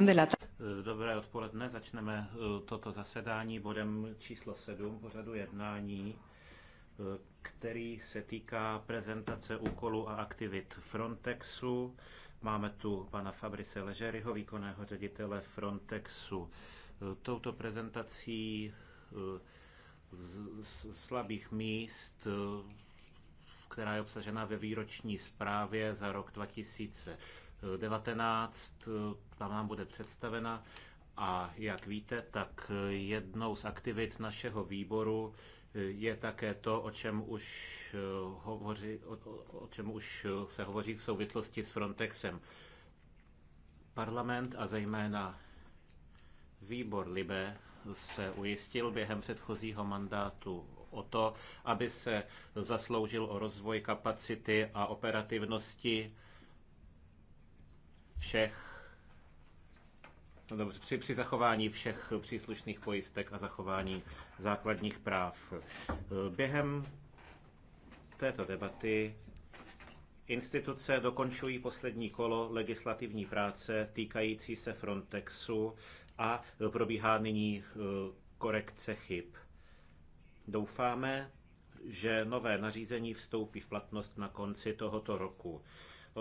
Eh, dobré odpoledne, začneme eh, toto zasedání bodem číslo 7 pořadu jednání, eh, který se týká prezentace úkolů a aktivit Frontexu. Máme tu pana Fabrice Ležeryho, výkonného ředitele Frontexu. Touto prezentací z, z slabých míst která je obsažena ve výroční zprávě za rok 2000. 19, tam nám bude představena. A jak víte, tak jednou z aktivit našeho výboru eh, je také to, o čem už, eh, hovoři, o, o čem už eh, se hovoří v souvislosti s Frontexem. Parlament a zejména výbor Libe se ujistil během předchozího mandátu o to, aby se zasloužil o rozvoj kapacity a operativnosti všech No dobře, při, při zachování všech příslušných pojistek a zachování základních práv. Během této debaty instituce dokončují poslední kolo legislativní práce týkající se Frontexu a probíhá nyní eh, korekce chyb. Doufáme, že nové nařízení vstoupí v platnost na konci tohoto roku.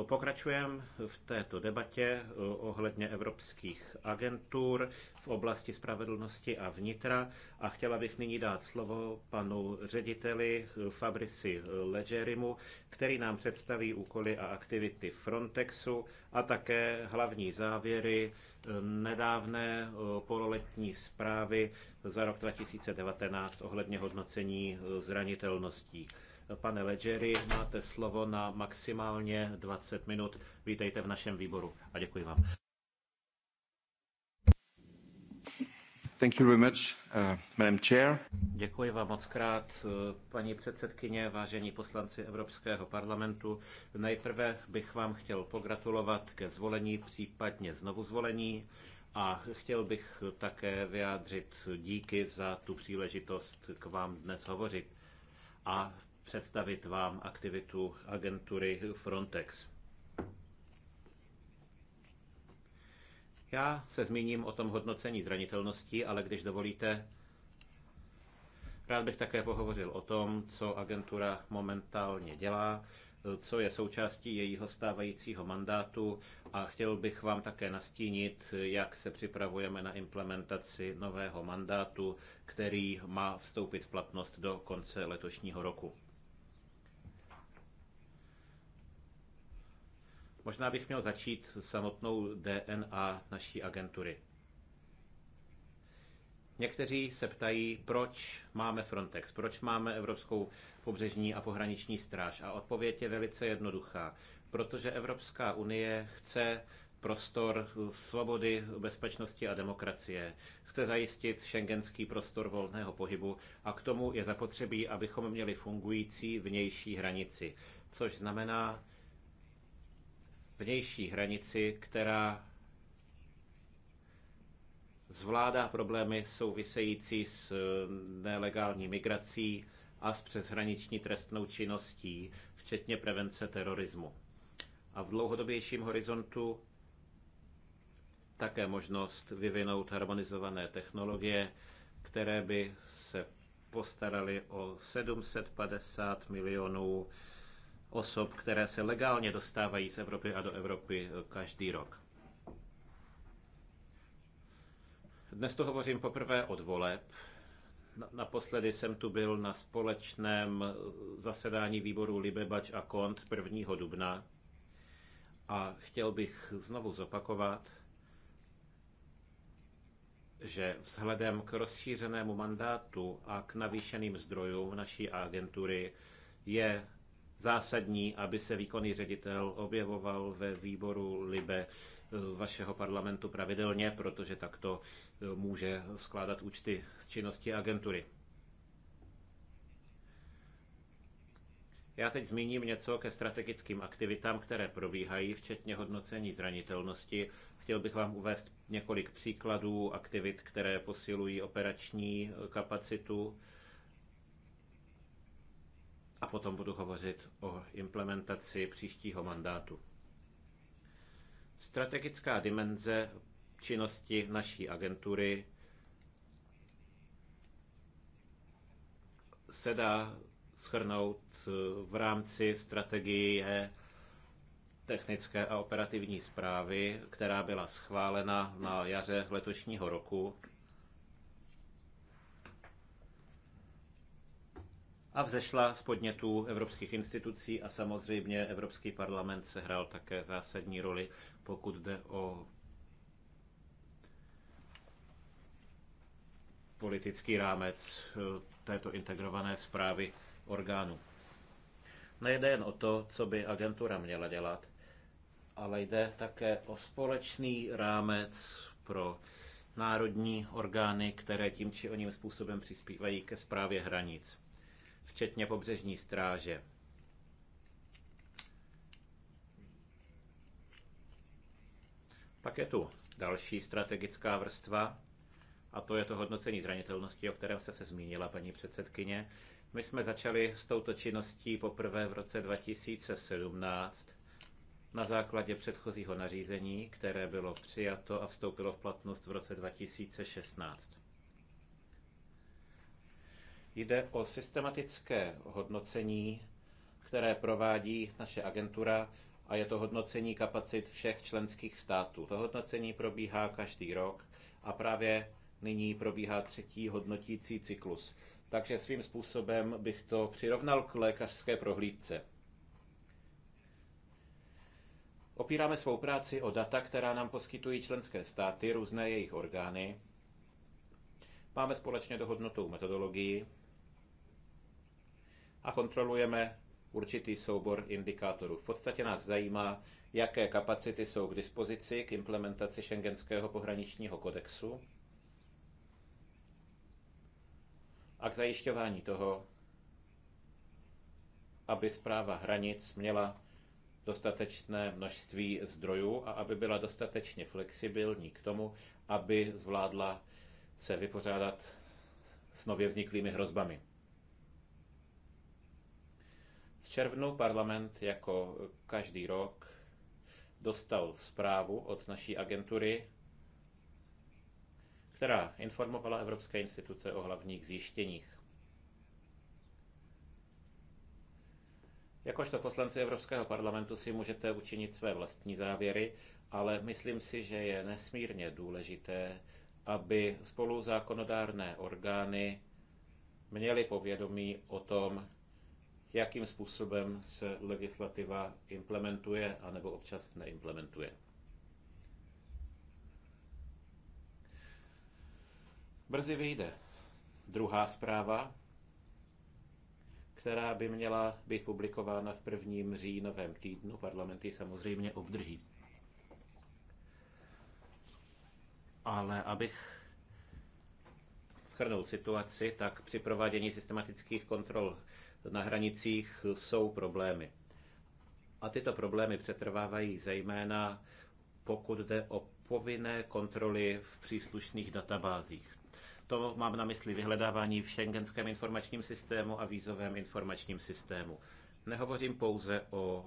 Pokračujeme v této debatě eh, ohledně evropských agentur v oblasti spravedlnosti a vnitra a chtěla bych nyní dát slovo panu řediteli eh, Fabrici Legerimu, který nám představí úkoly a aktivity Frontexu a také hlavní závěry eh, nedávné pololetní zprávy za rok 2019 ohledně hodnocení zranitelností. Pane Ledgeri, máte slovo na maximálně 20 minut. Vítejte v našem výboru a děkuji vám. Thank you very much, uh, Madam Chair. Děkuji vám moc krát, uh, paní předsedkyně, vážení poslanci Evropského parlamentu. Nejprve bych vám chtěl pogratulovat ke zvolení, případně znovu zvolení. A chtěl bych také vyjádřit díky za tu příležitost k vám dnes hovořit. A představit vám aktivitu agentury Frontex. Já se zmíním o tom hodnocení zranitelnosti, ale když dovolíte, rád bych také pohovořil o tom, co agentura momentálně dělá, co je součástí jejího stávajícího mandátu a chtěl bych vám také nastínit, jak se připravujeme na implementaci nového mandátu, který má vstoupit v platnost do konce letošního roku. Možná bych měl začít samotnou DNA naší agentury. Někteří se ptají, proč máme Frontex, proč máme Evropskou pobřežní a pohraniční stráž. A odpověď je velice jednoduchá. Protože Evropská unie chce prostor svobody, bezpečnosti a demokracie. Chce zajistit šengenský prostor volného pohybu a k tomu je zapotřebí, abychom měli fungující vnější hranici, což znamená vnější hranici, která zvládá problémy související s eh, nelegální migrací a s přeshraniční trestnou činností, včetně prevence terorismu. A v dlouhodobějším horizontu také možnost vyvinout harmonizované technologie, které by se postarali o 750 milionů osob, které se legálně dostávají z Evropy a do Evropy eh, každý rok. Dnes tu hovořím poprvé od voleb. Naposledy jsem tu byl na společném eh, zasedání výboru Libebač a Kont 1. dubna a chtěl bych znovu zopakovat, že vzhledem k rozšířenému mandátu a k navýšeným zdrojům naší agentury je zásadní, aby se výkonný ředitel objevoval ve výboru LIBE eh, vašeho parlamentu pravidelně, protože takto eh, může skládat účty z činnosti agentury. Já teď zmíním něco ke strategickým aktivitám, které probíhají, včetně hodnocení zranitelnosti. Chtěl bych vám uvést několik příkladů aktivit, které posilují operační eh, kapacitu a potom budu hovořit o implementaci příštího mandátu. Strategická dimenze činnosti naší agentury se dá schrnout eh, v rámci strategie technické a operativní zprávy, která byla schválena na jaře letošního roku a vzešla z podnětů evropských institucí a samozřejmě Evropský parlament sehrál také zásadní roli, pokud jde o politický rámec eh, této integrované zprávy orgánů. Nejde jen o to, co by agentura měla dělat, ale jde také o společný rámec pro národní orgány, které tím či oním způsobem přispívají ke zprávě hranic včetně pobřežní stráže. Pak je tu další strategická vrstva, a to je to hodnocení zranitelnosti, o kterém se se zmínila, paní předsedkyně. My jsme začali s touto činností poprvé v roce 2017 na základě předchozího nařízení, které bylo přijato a vstoupilo v platnost v roce 2016. Jde o systematické hodnocení, které provádí naše agentura a je to hodnocení kapacit všech členských států. To hodnocení probíhá každý rok a právě nyní probíhá třetí hodnotící cyklus. Takže svým způsobem bych to přirovnal k lékařské prohlídce. Opíráme svou práci o data, která nám poskytují členské státy, různé jejich orgány. Máme společně dohodnutou metodologii, a kontrolujeme určitý soubor indikátorů. V podstatě nás zajímá, jaké kapacity jsou k dispozici k implementaci šengenského pohraničního kodexu a k zajišťování toho, aby zpráva hranic měla dostatečné množství zdrojů a aby byla dostatečně flexibilní k tomu, aby zvládla se vypořádat s nově vzniklými hrozbami. V červnu parlament jako každý rok dostal zprávu od naší agentury, která informovala evropské instituce o hlavních zjištěních. Jakožto poslanci Evropského parlamentu si můžete učinit své vlastní závěry, ale myslím si, že je nesmírně důležité, aby spoluzákonodárné orgány měly povědomí o tom, jakým způsobem se legislativa implementuje anebo občas neimplementuje. Brzy vyjde druhá zpráva, která by měla být publikována v prvním říjnovém týdnu. Parlamenty samozřejmě obdrží. Ale abych schrnul situaci, tak při provádění systematických kontrol na hranicích jsou problémy. A tyto problémy přetrvávají zejména pokud jde o povinné kontroly v příslušných databázích. To mám na mysli vyhledávání v šengenském informačním systému a vízovém informačním systému. Nehovořím pouze o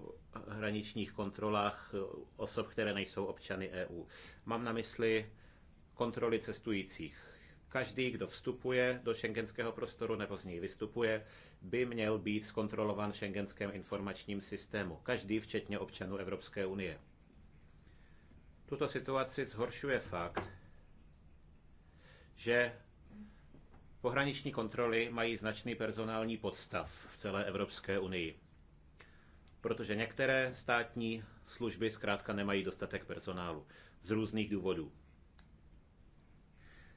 hraničních kontrolách osob, které nejsou občany EU. Mám na mysli kontroly cestujících, Každý, kdo vstupuje do šengenského prostoru nebo z něj vystupuje, by měl být zkontrolovan v šengenském informačním systému. Každý, včetně občanů Evropské unie. Tuto situaci zhoršuje fakt, že pohraniční kontroly mají značný personální podstav v celé Evropské unii, protože některé státní služby zkrátka nemají dostatek personálu z různých důvodů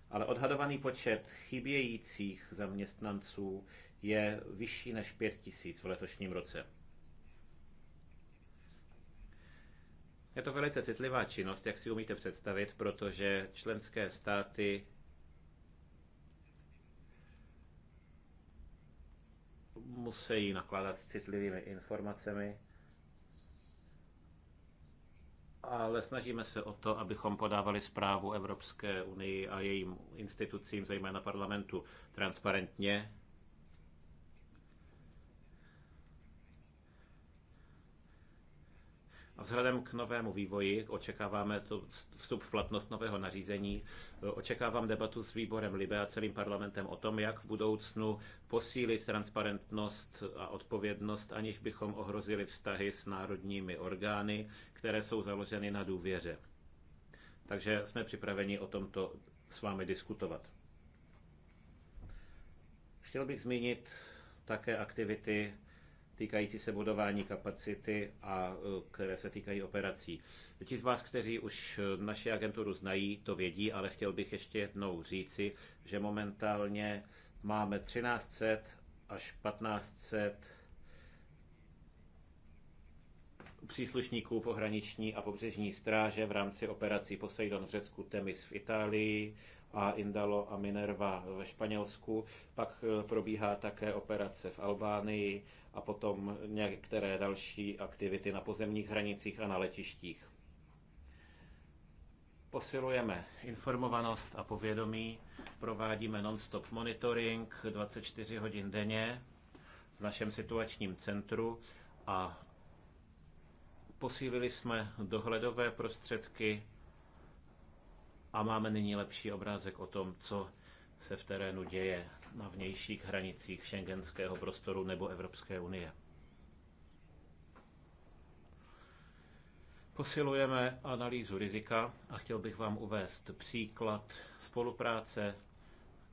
ale odhadovaný počet chybějících zaměstnanců je vyšší než 5 tisíc v letošním roce. Je to velice citlivá činnost, jak si umíte představit, protože členské státy musí nakládat s citlivými informacemi ale snažíme se o to, abychom podávali zprávu Evropské unii a jejím institucím, zejména parlamentu, transparentně. A vzhledem k novému vývoji očekáváme to vstup v platnost nového nařízení. Očekávám debatu s výborem Libe a celým parlamentem o tom, jak v budoucnu posílit transparentnost a odpovědnost, aniž bychom ohrozili vztahy s národními orgány, které jsou založeny na důvěře. Takže jsme připraveni o tomto s vámi diskutovat. Chtěl bych zmínit také aktivity týkající se budování kapacity a e, které se týkají operací. Ti z vás, kteří už e, naši agenturu znají, to vědí, ale chtěl bych ještě jednou říci, že momentálně máme 1300 až 1500 příslušníků pohraniční a pobřežní stráže v rámci operací Poseidon v Řecku, Temis v Itálii a Indalo a Minerva ve Španělsku. Pak eh, probíhá také operace v Albánii a potom některé další aktivity na pozemních hranicích a na letištích. Posilujeme informovanost a povědomí, provádíme non-stop monitoring 24 hodin denně v našem situačním centru a Posílili jsme dohledové prostředky a máme nyní lepší obrázek o tom, co se v terénu děje na vnějších hranicích šengenského prostoru nebo Evropské unie. Posilujeme analýzu rizika a chtěl bych vám uvést příklad spolupráce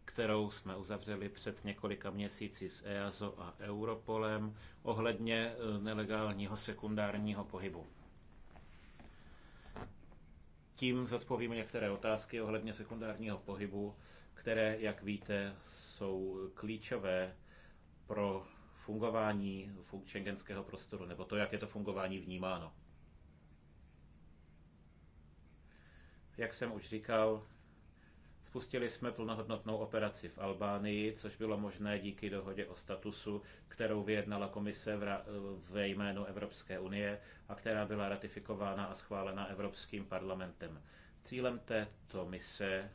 kterou jsme uzavřeli před několika měsíci s EASO a Europolem ohledně eh, nelegálního sekundárního pohybu. Tím zodpovíme některé otázky ohledně sekundárního pohybu, které, jak víte, jsou klíčové pro fungování šengenského prostoru, nebo to, jak je to fungování vnímáno. Jak jsem už říkal, Spustili jsme plnohodnotnou operaci v Albánii, což bylo možné díky dohodě o statusu, kterou vyjednala komise ve jménu Evropské unie a která byla ratifikována a schválena Evropským parlamentem. Cílem této mise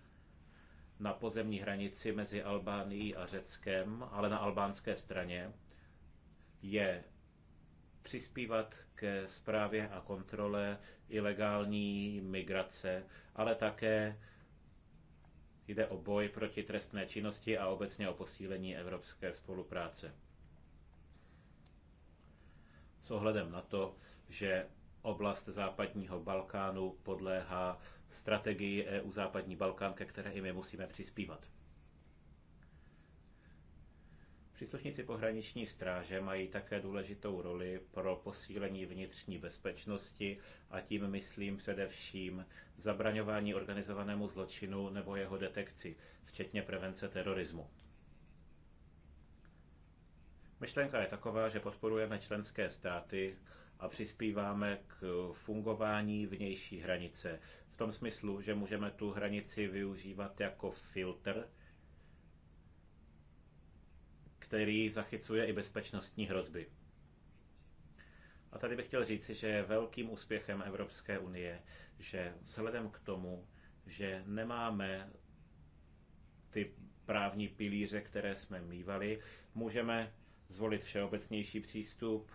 na pozemní hranici mezi Albánií a Řeckem, ale na albánské straně, je přispívat ke zprávě a kontrole ilegální migrace, ale také Jde o boj proti trestné činnosti a obecně o posílení evropské spolupráce. S ohledem na to, že oblast západního Balkánu podléhá strategii EU západní Balkán, ke které i my musíme přispívat. Příslušníci pohraniční stráže mají také důležitou roli pro posílení vnitřní bezpečnosti a tím myslím především zabraňování organizovanému zločinu nebo jeho detekci, včetně prevence terorismu. Myšlenka je taková, že podporujeme členské státy a přispíváme k fungování vnější hranice. V tom smyslu, že můžeme tu hranici využívat jako filtr, který zachycuje i bezpečnostní hrozby. A tady bych chtěl říci, že je velkým úspěchem Evropské unie, že vzhledem k tomu, že nemáme ty právní pilíře, které jsme mývali, můžeme zvolit všeobecnější přístup,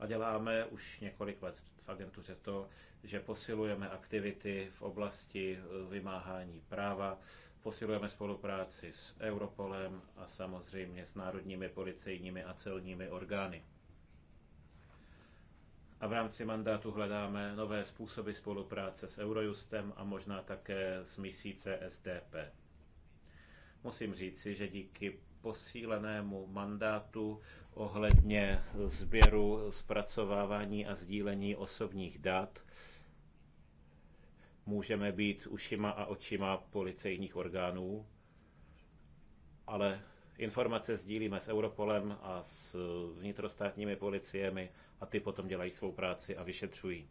a děláme už několik let v agentuře to, že posilujeme aktivity v oblasti eh, vymáhání práva, posilujeme spolupráci s Europolem a samozřejmě s národními policejními a celními orgány. A v rámci mandátu hledáme nové způsoby spolupráce s Eurojustem a možná také s misí CSDP. Musím říci, že díky posílenému mandátu ohledně sběru, zpracovávání a sdílení osobních dat můžeme být ušima a očima policejních orgánů, ale informace sdílíme s Europolem a s vnitrostátními policiemi a ty potom dělají svou práci a vyšetřují.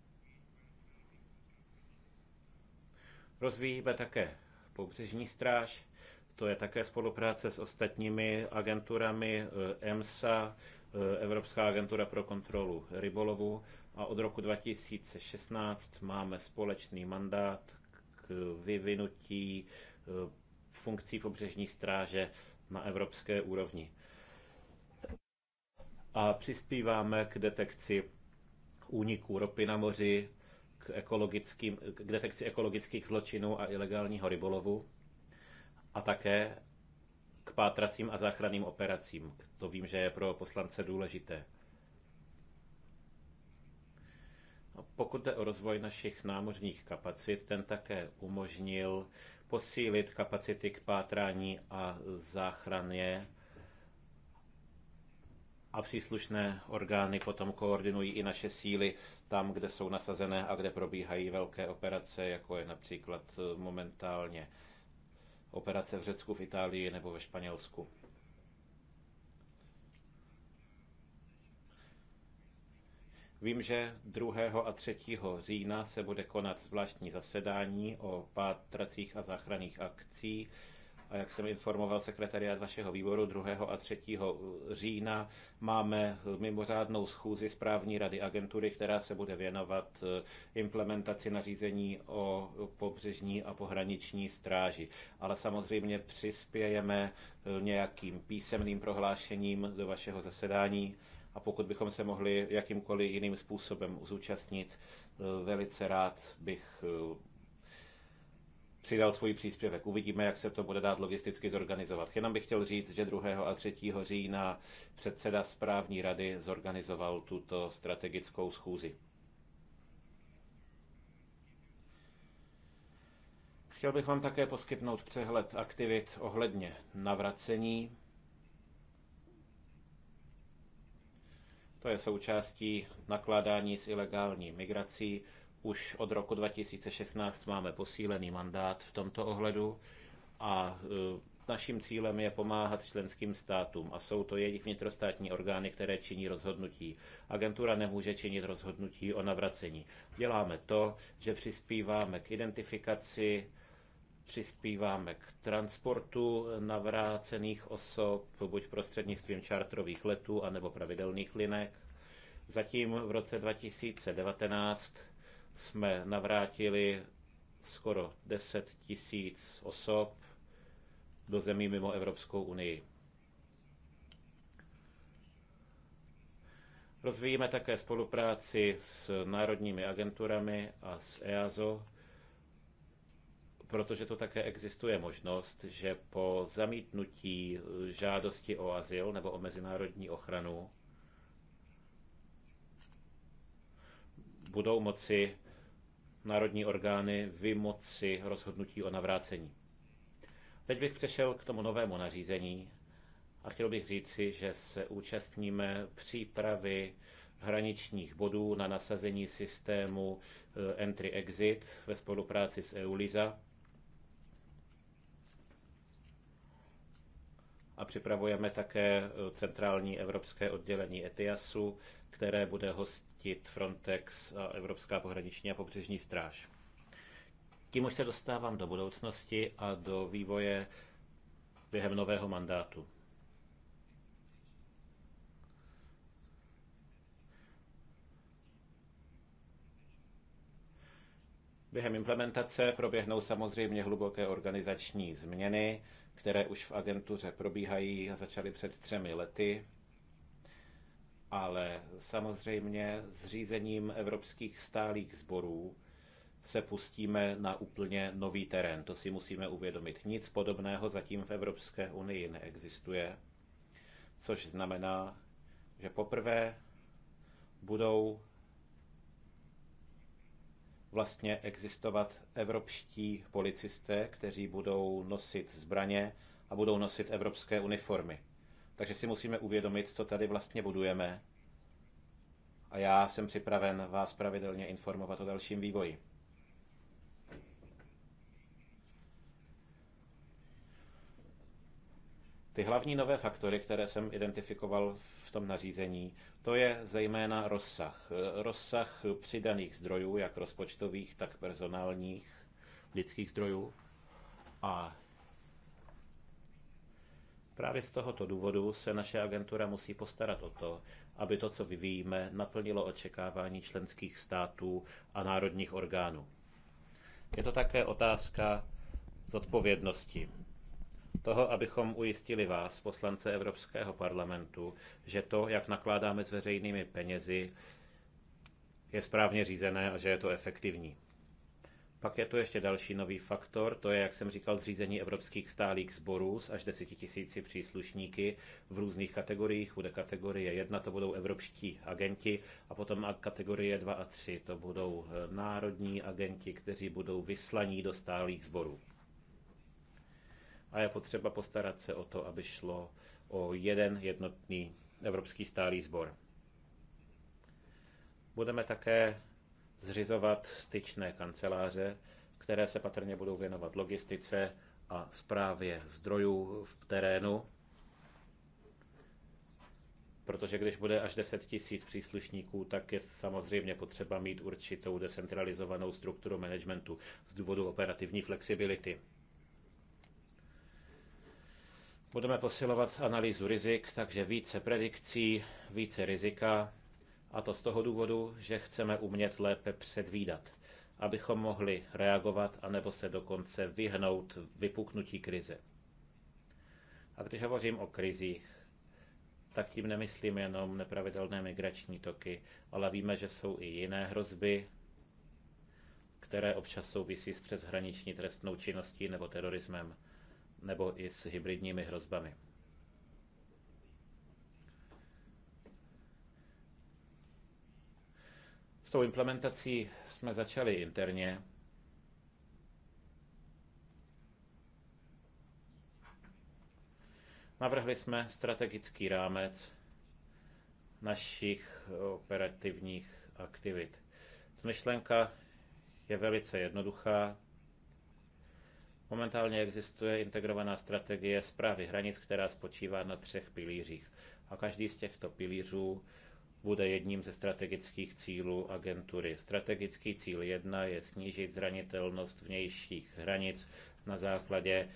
Rozvíjíme také pobřežní stráž to je také spolupráce s ostatními agenturami eh, EMSA, eh, Evropská agentura pro kontrolu rybolovu a od roku 2016 máme společný mandát k vyvinutí eh, funkcí pobřežní stráže na evropské úrovni. A přispíváme k detekci úniků ropy na moři, k, ekologickým, k detekci ekologických zločinů a ilegálního rybolovu a také k pátracím a záchranným operacím. To vím, že je pro poslance důležité. No, pokud jde o rozvoj našich námořních kapacit, ten také umožnil posílit kapacity k pátrání a záchraně a příslušné orgány potom koordinují i naše síly tam, kde jsou nasazené a kde probíhají velké operace, jako je například momentálně operace v Řecku, v Itálii nebo ve Španělsku. Vím, že 2. a 3. října se bude konat zvláštní zasedání o pátracích a záchranných akcí a jak jsem informoval sekretariát vašeho výboru 2. a 3. Uh, října, máme mimořádnou schůzi správní rady agentury, která se bude věnovat uh, implementaci nařízení o pobřežní a pohraniční stráži. Ale samozřejmě přispějeme uh, nějakým písemným prohlášením do vašeho zasedání a pokud bychom se mohli jakýmkoliv jiným způsobem zúčastnit, velice rád bych přidal svůj příspěvek. Uvidíme, jak se to bude dát logisticky zorganizovat. Jenom bych chtěl říct, že 2. a 3. října předseda správní rady zorganizoval tuto strategickou schůzi. Chtěl bych vám také poskytnout přehled aktivit ohledně navracení. To je součástí nakládání s ilegální migrací už od roku 2016 máme posílený mandát v tomto ohledu a e, naším cílem je pomáhat členským státům a jsou to jejich vnitrostátní orgány, které činí rozhodnutí. Agentura nemůže činit rozhodnutí o navracení. Děláme to, že přispíváme k identifikaci, přispíváme k transportu navrácených osob, buď prostřednictvím čártrových letů anebo pravidelných linek. Zatím v roce 2019 jsme navrátili skoro 10 tisíc osob do zemí mimo Evropskou unii. Rozvíjíme také spolupráci s národními agenturami a s EASO, protože to také existuje možnost, že po zamítnutí žádosti o azyl nebo o mezinárodní ochranu budou moci národní orgány vymoci rozhodnutí o navrácení. Teď bych přešel k tomu novému nařízení a chtěl bych říci, že se účastníme přípravy hraničních bodů na nasazení systému eh, Entry-Exit ve spolupráci s EULISA. A připravujeme také eh, centrální evropské oddělení ETIASu, které bude host zajistit Frontex a Evropská pohraniční a pobřežní stráž. Tím už se dostávám do budoucnosti a do vývoje během nového mandátu. Během implementace proběhnou samozřejmě hluboké organizační změny, které už v agentuře probíhají a začaly před třemi lety ale samozřejmě zřízením evropských stálých sborů se pustíme na úplně nový terén. To si musíme uvědomit. Nic podobného zatím v Evropské unii neexistuje, což znamená, že poprvé budou vlastně existovat evropští policisté, kteří budou nosit zbraně a budou nosit evropské uniformy. Takže si musíme uvědomit, co tady vlastně budujeme. A já jsem připraven vás pravidelně informovat o dalším vývoji. Ty hlavní nové faktory, které jsem identifikoval v tom nařízení, to je zejména rozsah. Rozsah přidaných zdrojů, jak rozpočtových, tak personálních, lidských zdrojů. A Právě z tohoto důvodu se naše agentura musí postarat o to, aby to, co vyvíjíme, naplnilo očekávání členských států a národních orgánů. Je to také otázka zodpovědnosti. Toho, abychom ujistili vás, poslance Evropského parlamentu, že to, jak nakládáme s veřejnými penězi, je správně řízené a že je to efektivní. Pak je tu ještě další nový faktor, to je, jak jsem říkal, zřízení evropských stálých sborů s až 10 tisíci příslušníky v různých kategoriích. Bude kategorie 1, to budou evropští agenti, a potom a kategorie 2 a 3, to budou eh, národní agenti, kteří budou vyslaní do stálých sborů. A je potřeba postarat se o to, aby šlo o jeden jednotný evropský stálý sbor. Budeme také zřizovat styčné kanceláře, které se patrně budou věnovat logistice a zprávě zdrojů v terénu, protože když bude až 10 tisíc příslušníků, tak je samozřejmě potřeba mít určitou decentralizovanou strukturu managementu z důvodu operativní flexibility. Budeme posilovat analýzu rizik, takže více predikcí, více rizika, a to z toho důvodu, že chceme umět lépe předvídat, abychom mohli reagovat anebo se dokonce vyhnout vypuknutí krize. A když hovořím o krizích, tak tím nemyslím jenom nepravidelné migrační toky, ale víme, že jsou i jiné hrozby, které občas souvisí s přeshraniční trestnou činností nebo terorismem, nebo i s hybridními hrozbami. S tou implementací jsme začali interně. Navrhli jsme strategický rámec našich operativních aktivit. Myšlenka je velice jednoduchá. Momentálně existuje integrovaná strategie zprávy hranic, která spočívá na třech pilířích. A každý z těchto pilířů bude jedním ze strategických cílů agentury. Strategický cíl 1 je snížit zranitelnost vnějších hranic na základě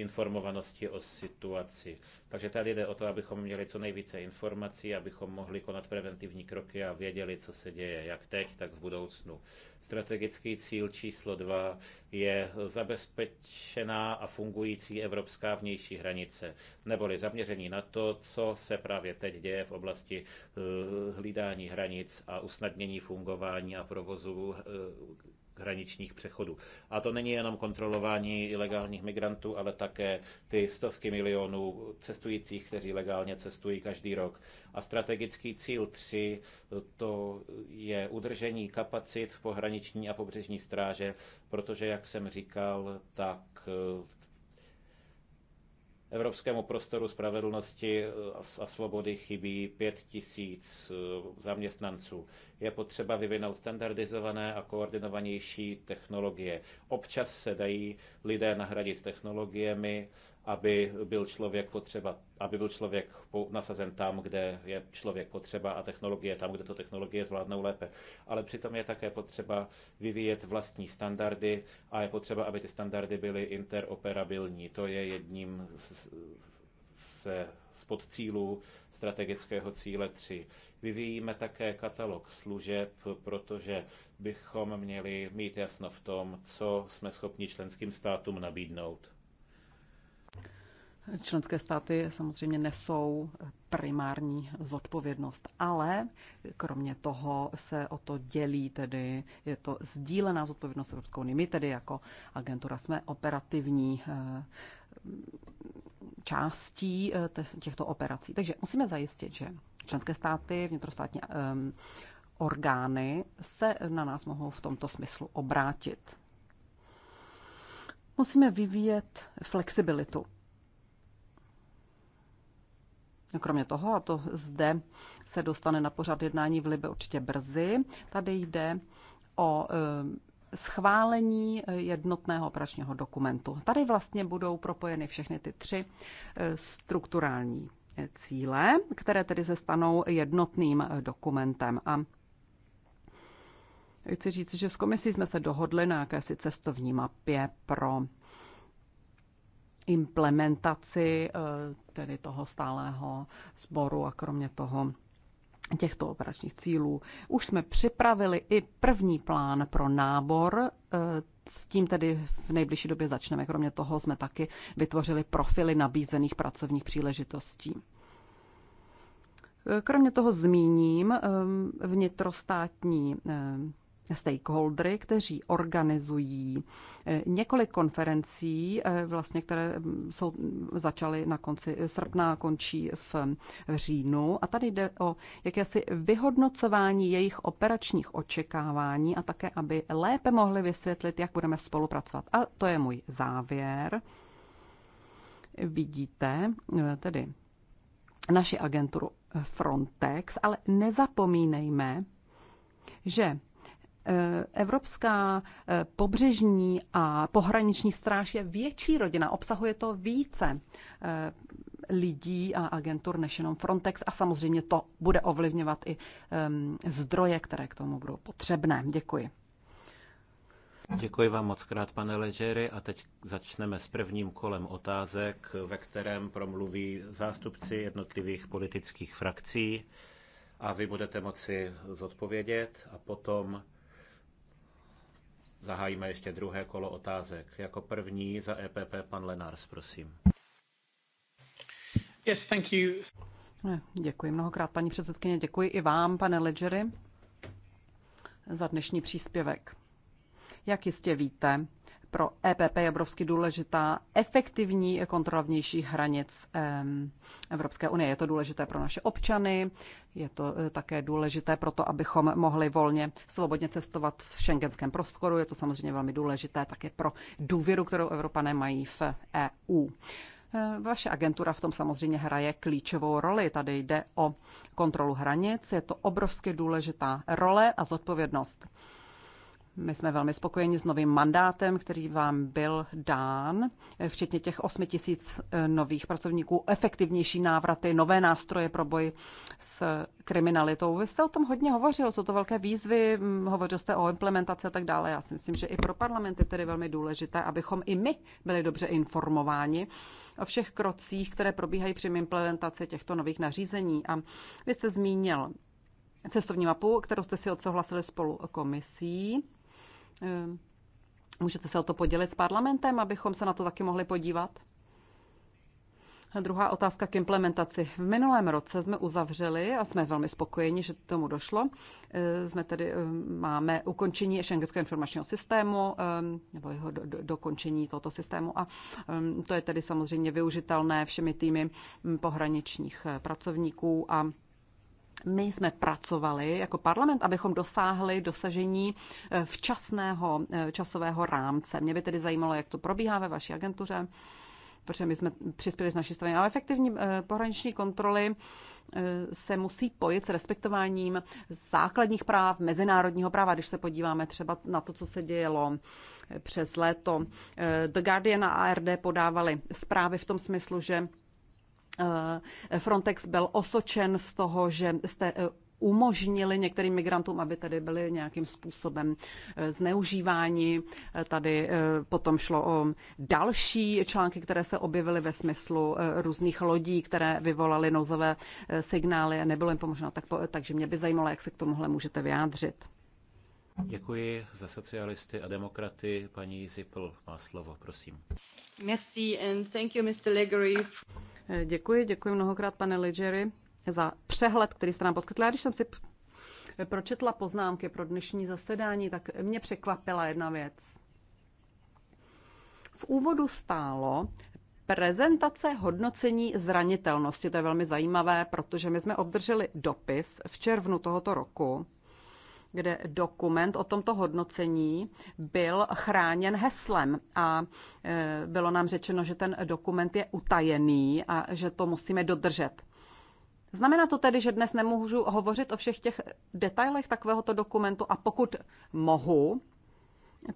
informovanosti o situaci. Takže tady jde o to, abychom měli co nejvíce informací, abychom mohli konat preventivní kroky a věděli, co se děje, jak teď, tak v budoucnu. Strategický cíl číslo dva je zabezpečená a fungující evropská vnější hranice, neboli zaměření na to, co se právě teď děje v oblasti eh, hlídání hranic a usnadnění fungování a provozu eh, hraničních přechodů. A to není jenom kontrolování ilegálních migrantů, ale také ty stovky milionů cestujících, kteří legálně cestují každý rok. A strategický cíl 3 to je udržení kapacit pohraniční a pobřežní stráže, protože, jak jsem říkal, tak Evropskému prostoru spravedlnosti eh, a svobody chybí pět tisíc eh, zaměstnanců. Je potřeba vyvinout standardizované a koordinovanější technologie. Občas se dají lidé nahradit technologiemi, aby byl člověk potřeba, aby byl člověk nasazen tam, kde je člověk potřeba a technologie tam, kde to technologie zvládnou lépe. Ale přitom je také potřeba vyvíjet vlastní standardy a je potřeba, aby ty standardy byly interoperabilní. To je jedním z, z spod strategického cíle 3. Vyvíjíme také katalog služeb, protože bychom měli mít jasno v tom, co jsme schopni členským státům nabídnout. Členské státy samozřejmě nesou primární zodpovědnost, ale kromě toho se o to dělí, tedy je to sdílená zodpovědnost Evropskou unii. My tedy jako agentura jsme operativní eh, částí eh, těchto operací. Takže musíme zajistit, že členské státy, vnitrostátní eh, orgány se na nás mohou v tomto smyslu obrátit. Musíme vyvíjet flexibilitu Kromě toho, a to zde se dostane na pořad jednání v Libe určitě brzy, tady jde o eh, schválení eh, jednotného operačního dokumentu. Tady vlastně budou propojeny všechny ty tři eh, strukturální cíle, které tedy se stanou jednotným dokumentem. A chci říct, že s komisí jsme se dohodli na jakési cestovní mapě pro implementaci eh, tedy toho stálého sboru a kromě toho těchto operačních cílů. Už jsme připravili i první plán pro nábor, eh, s tím tedy v nejbližší době začneme. Kromě toho jsme taky vytvořili profily nabízených pracovních příležitostí. Eh, kromě toho zmíním vnitrostátní stakeholdery, kteří organizují eh, několik konferencí, eh, vlastně, které mm, jsou, mm, začaly na konci srpna a končí v říjnu. A tady jde o jakési vyhodnocování jejich operačních očekávání a také, aby lépe mohli vysvětlit, jak budeme spolupracovat. A to je můj závěr. Vidíte eh, tedy naši agenturu Frontex, ale nezapomínejme, že Eh, evropská eh, pobřežní a pohraniční stráž je větší rodina, obsahuje to více eh, lidí a agentur než jenom Frontex a samozřejmě to bude ovlivňovat i ehm, zdroje, které k tomu budou potřebné. Děkuji. Děkuji vám moc krát, pane Ležery, a teď začneme s prvním kolem otázek, ve kterém promluví zástupci jednotlivých politických frakcí a vy budete moci zodpovědět a potom Zahájíme ještě druhé kolo otázek. Jako první za EPP pan Lenars, prosím. Yes, thank you. Eh, děkuji mnohokrát, paní předsedkyně. Děkuji i vám, pane Ledgery, za dnešní příspěvek. Jak jistě víte, pro EPP je obrovsky důležitá efektivní kontrola vnějších hranic ehm, Evropské unie. Je to důležité pro naše občany, je to e, také důležité pro to, abychom mohli volně svobodně cestovat v šengenském prostoru. Je to samozřejmě velmi důležité také pro důvěru, kterou Evropané mají v EU. E, vaše agentura v tom samozřejmě hraje klíčovou roli. Tady jde o kontrolu hranic, je to obrovsky důležitá role a zodpovědnost. My jsme velmi spokojeni s novým mandátem, který vám byl dán, včetně těch 8 tisíc eh, nových pracovníků, efektivnější návraty, nové nástroje pro boj s kriminalitou. Vy jste o tom hodně hovořil, jsou to velké výzvy, hovořil jste o implementaci a tak dále. Já si myslím, že i pro parlament je tedy velmi důležité, abychom i my byli dobře informováni o všech krocích, které probíhají při implementaci těchto nových nařízení. A vy jste zmínil cestovní mapu, kterou jste si odsouhlasili spolu komisí. Ehm, můžete se o to podělit s parlamentem, abychom se na to taky mohli podívat? A druhá otázka k implementaci. V minulém roce jsme uzavřeli a jsme velmi spokojeni, že tomu došlo. Ehm, jsme tedy, ehm, máme ukončení šengenského informačního systému nebo jeho do, do, dokončení tohoto systému a to je tedy samozřejmě využitelné všemi týmy pohraničních eh, pracovníků a my jsme pracovali jako parlament, abychom dosáhli dosažení eh, včasného eh, časového rámce. Mě by tedy zajímalo, jak to probíhá ve vaší agentuře, protože my jsme přispěli z naší strany. Ale efektivní eh, pohraniční kontroly se musí pojit s respektováním základních práv, mezinárodního práva, když se podíváme třeba na to, co se dělo přes léto. The Guardian a ARD podávali zprávy v tom smyslu, že Eh, Frontex byl osočen z toho, že jste eh, umožnili některým migrantům, aby tady byli nějakým způsobem eh, zneužíváni. Tady potom šlo o další články, které se objevily ve smyslu různých lodí, které vyvolaly nouzové signály a nebylo jim pomoženo. Tak, takže mě by zajímalo, jak se k tomuhle můžete vyjádřit. Děkuji za socialisty a demokraty. Paní Zipl má slovo, prosím. Merci and thank you, Mr. Legory. Děkuji, děkuji mnohokrát, pane Legery, za přehled, který jste nám poskytl. Já když jsem si pročetla poznámky pro dnešní zasedání, tak mě překvapila jedna věc. V úvodu stálo prezentace hodnocení zranitelnosti. To je velmi zajímavé, protože my jsme obdrželi dopis v červnu tohoto roku kde dokument o tomto hodnocení byl chráněn heslem a e, bylo nám řečeno, že ten dokument je utajený a že to musíme dodržet. Znamená to tedy, že dnes nemůžu hovořit o všech těch detailech takovéhoto dokumentu a pokud mohu,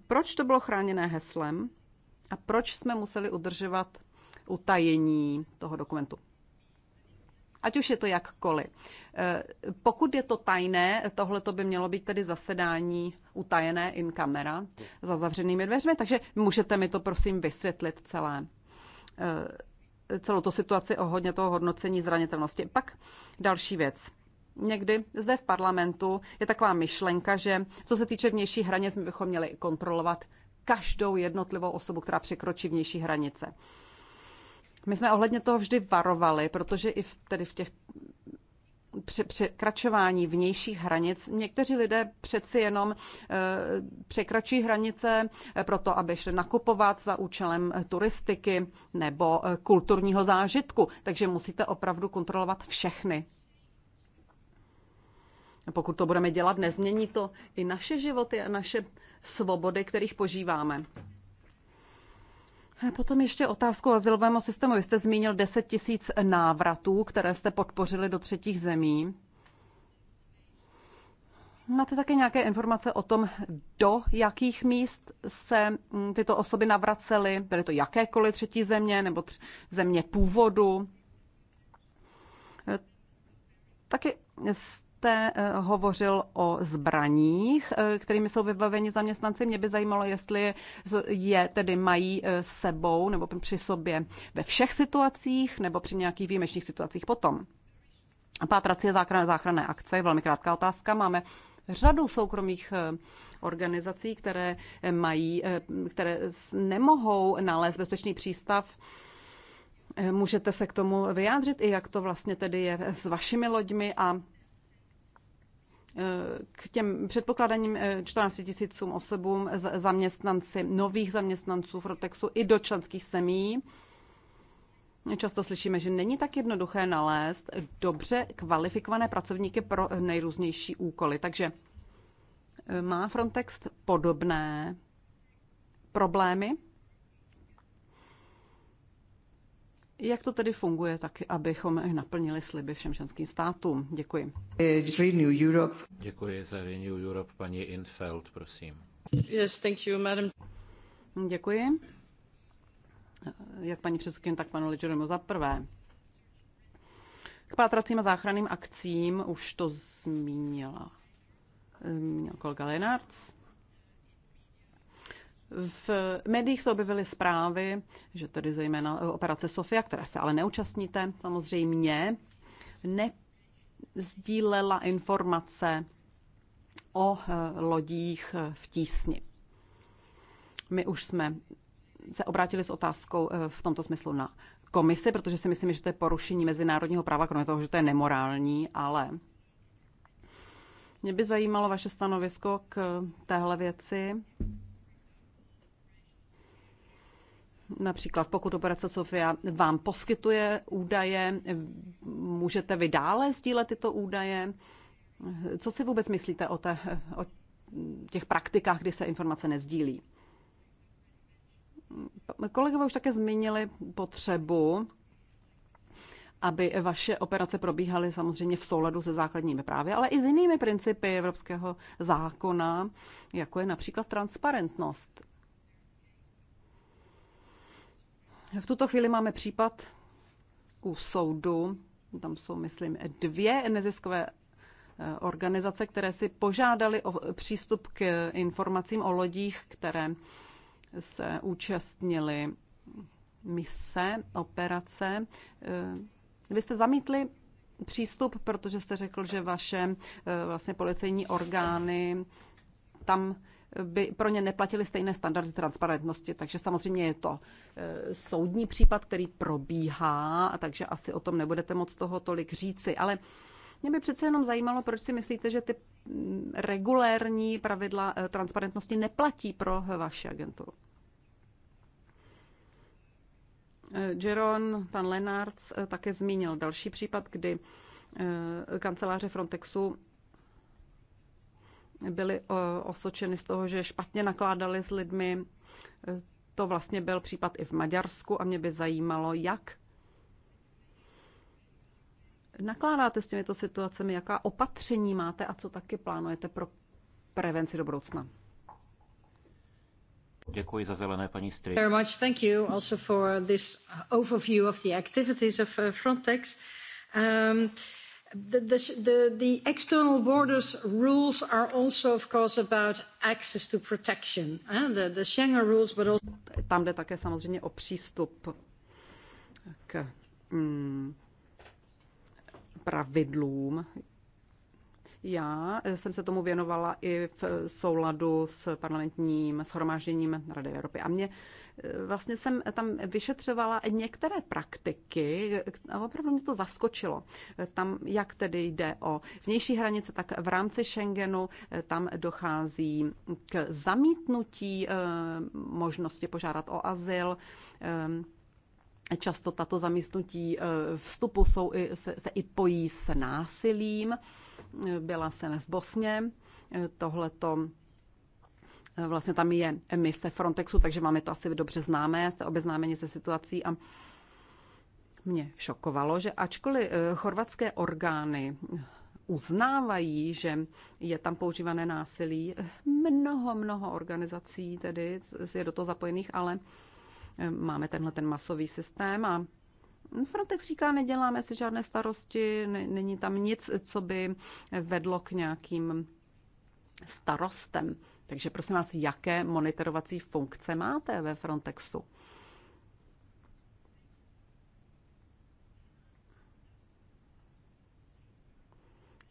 proč to bylo chráněné heslem a proč jsme museli udržovat utajení toho dokumentu? ať už je to jakkoliv. Eh, pokud je to tajné, tohle to by mělo být tedy zasedání utajené in camera za zavřenými dveřmi, takže můžete mi to prosím vysvětlit celé eh, celou tu situaci ohodně toho hodnocení zranitelnosti. Pak další věc. Někdy zde v parlamentu je taková myšlenka, že co se týče vnější hranic, my bychom měli kontrolovat každou jednotlivou osobu, která překročí vnější hranice. My jsme ohledně toho vždy varovali, protože i v, tedy v těch překračování vnějších hranic. Někteří lidé přeci jenom eh, překračují hranice eh, proto, aby šli nakupovat za účelem eh, turistiky nebo kulturního zážitku. Takže musíte opravdu kontrolovat všechny. Pokud to budeme dělat, nezmění to i naše životy a naše svobody, kterých požíváme. Eh, potom ještě otázku o azylovému systému. Vy jste zmínil 10 tisíc návratů, které jste podpořili do třetích zemí. Máte také nějaké informace o tom, do jakých míst se mm, tyto osoby navracely? Byly to jakékoliv třetí země nebo tř- země původu? Eh, taky jste eh, hovořil o zbraních, eh, kterými jsou vybaveni zaměstnanci. Mě by zajímalo, jestli je tedy mají eh, sebou nebo při sobě ve všech situacích nebo při nějakých výjimečných situacích potom. Pátracie záchranné, záchranné akce je velmi krátká otázka. Máme řadu soukromých organizací, které mají, které nemohou nalézt bezpečný přístav. Můžete se k tomu vyjádřit i jak to vlastně tedy je s vašimi loďmi a k těm předpokladaným 14 eh, tisícům osobům zaměstnanci, nových zaměstnanců Frontexu i do členských semí. Často slyšíme, že není tak jednoduché nalézt dobře kvalifikované pracovníky pro nejrůznější úkoly. Takže eh, má Frontex podobné problémy? Jak to tedy funguje, tak abychom naplnili sliby všem členským státům? Děkuji. Renew Europe. Děkuji za Renew Europe, paní Infeld, prosím. Yes, thank you, madam. Děkuji. Jak paní předsedkyně, tak panu Ledgeremu za prvé. K pátracím a záchranným akcím už to zmínila, zmínil kolega Lenarts. V médiích se objevily zprávy, že tedy zejména eh, operace Sofia, které se ale neúčastníte, samozřejmě nezdílela informace o eh, lodích eh, v tísni. My už jsme se obrátili s otázkou v tomto smyslu na komisi, protože si myslím, že to je porušení mezinárodního práva, kromě toho, že to je nemorální, ale mě by zajímalo vaše stanovisko k téhle věci. Například pokud operace Sofia vám poskytuje údaje, můžete vy dále sdílet tyto údaje. Co si vůbec myslíte o, te, o těch praktikách, kdy se informace nezdílí? Kolegové už také zmínili potřebu, aby vaše operace probíhaly samozřejmě v souladu se základními právy, ale i s jinými principy evropského zákona, jako je například transparentnost. V tuto chvíli máme případ u soudu. Tam jsou, myslím, dvě neziskové eh, organizace, které si požádali o přístup k informacím o lodích, které se účastnily mise, operace. Eh, vy jste zamítli přístup, protože jste řekl, že vaše eh, vlastně policejní orgány tam by pro ně neplatily stejné standardy transparentnosti. Takže samozřejmě je to e, soudní případ, který probíhá, takže asi o tom nebudete moc toho tolik říci. Ale mě by přece jenom zajímalo, proč si myslíte, že ty mm, regulérní pravidla e, transparentnosti neplatí pro vaši agenturu. E, Jeron, pan Lenards, také zmínil další případ, kdy kanceláře Frontexu byli eh, osočeny z toho, že špatně nakládali s lidmi. Eh, to vlastně byl případ i v Maďarsku a mě by zajímalo, jak nakládáte s těmito situacemi, jaká opatření máte a co taky plánujete pro prevenci do budoucna. Děkuji za zelené paní Stry. Very much thank you also for this overview of the activities of eh, Frontex. Um, The, the, the, the external borders rules are also, of course, about access to protection. Eh? The, the Schengen rules, but also... Tam jde také samozřejmě o přístup k mm, pravidlům, já jsem se tomu věnovala i v souladu s parlamentním shromážděním Rady Evropy. A mě eh, vlastně jsem tam vyšetřovala některé praktiky a opravdu mě to zaskočilo. Eh, tam, jak tedy jde o vnější hranice, tak v rámci Schengenu eh, tam dochází k zamítnutí možnosti požádat o azyl. Často tato zamítnutí vstupu jsou, se, se i pojí s násilím byla jsem v Bosně, tohleto eh, vlastně tam je emise Frontexu, takže máme to asi dobře známé, jste obeznámeni se situací a mě šokovalo, že ačkoliv eh, chorvatské orgány uznávají, že je tam používané násilí, mnoho, mnoho organizací tedy je do toho zapojených, ale eh, máme tenhle ten masový systém a Frontex říká, neděláme si žádné starosti, není tam nic, co by vedlo k nějakým starostem. Takže prosím vás, jaké monitorovací funkce máte ve Frontexu?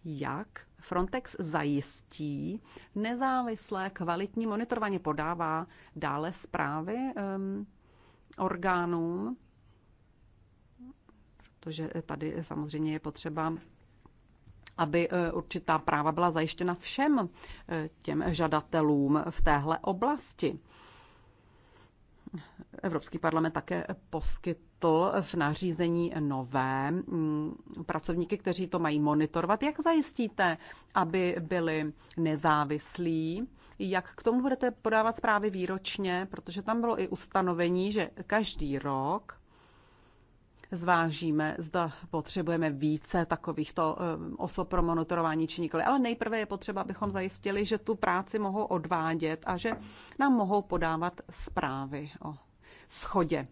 Jak Frontex zajistí nezávislé kvalitní monitorování, podává dále zprávy um, orgánům protože tady samozřejmě je potřeba aby e, určitá práva byla zajištěna všem e, těm žadatelům v téhle oblasti. Evropský parlament také poskytl v nařízení nové mm, pracovníky, kteří to mají monitorovat. Jak zajistíte, aby byli nezávislí? Jak k tomu budete podávat zprávy výročně? Protože tam bylo i ustanovení, že každý rok zvážíme, zda potřebujeme více takovýchto eh, osob pro monitorování či nikoli. Ale nejprve je potřeba, abychom zajistili, že tu práci mohou odvádět a že nám mohou podávat zprávy o schodě.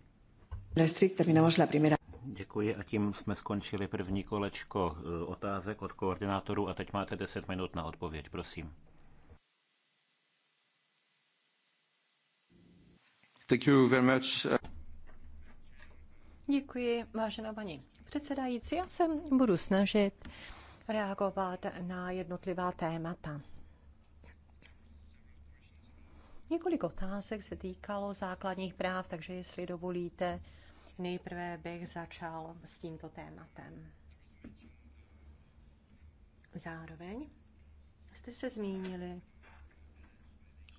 Děkuji a tím jsme skončili první kolečko eh, otázek od koordinátorů a teď máte 10 minut na odpověď, prosím. Thank you very much. Děkuji, vážená paní předsedající. Já se budu snažit reagovat na jednotlivá témata. Několik otázek se týkalo základních práv, takže jestli dovolíte, nejprve bych začal s tímto tématem. Zároveň jste se zmínili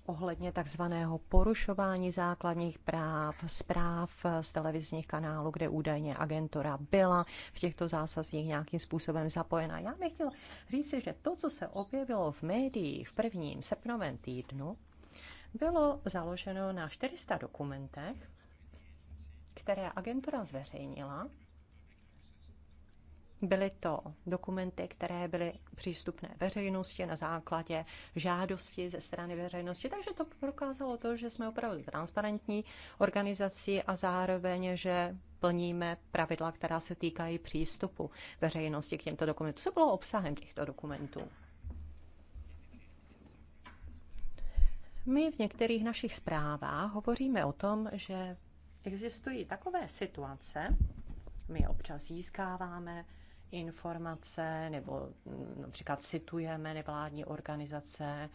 ohledně takzvaného porušování základních práv, zpráv z televizních kanálů, kde údajně agentura byla v těchto zásazích nějakým způsobem zapojena. Já bych chtěl říct, že to, co se objevilo v médiích v prvním srpnovém týdnu, bylo založeno na 400 dokumentech, které agentura zveřejnila Byly to dokumenty, které byly přístupné veřejnosti na základě žádosti ze strany veřejnosti, takže to prokázalo to, že jsme opravdu transparentní organizací a zároveň, že plníme pravidla, která se týkají přístupu veřejnosti k těmto dokumentům. Co bylo obsahem těchto dokumentů? My v některých našich zprávách hovoříme o tom, že existují takové situace, my občas získáváme informace nebo mm, například citujeme nevládní organizace,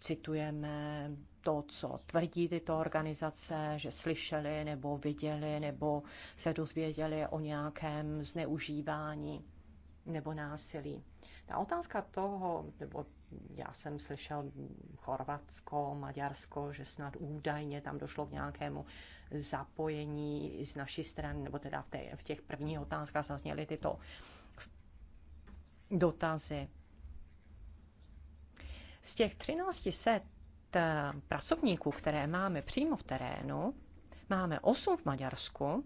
citujeme to, co tvrdí tyto organizace, že slyšeli nebo viděli nebo se dozvěděli o nějakém zneužívání nebo násilí. Ta otázka toho, nebo já jsem slyšel Chorvatsko, Maďarsko, že snad údajně tam došlo k nějakému zapojení z naší strany, nebo teda v, té, v těch prvních otázkách zazněly tyto dotazy. Z těch 1300 eh, pracovníků, které máme přímo v terénu, máme 8 v Maďarsku,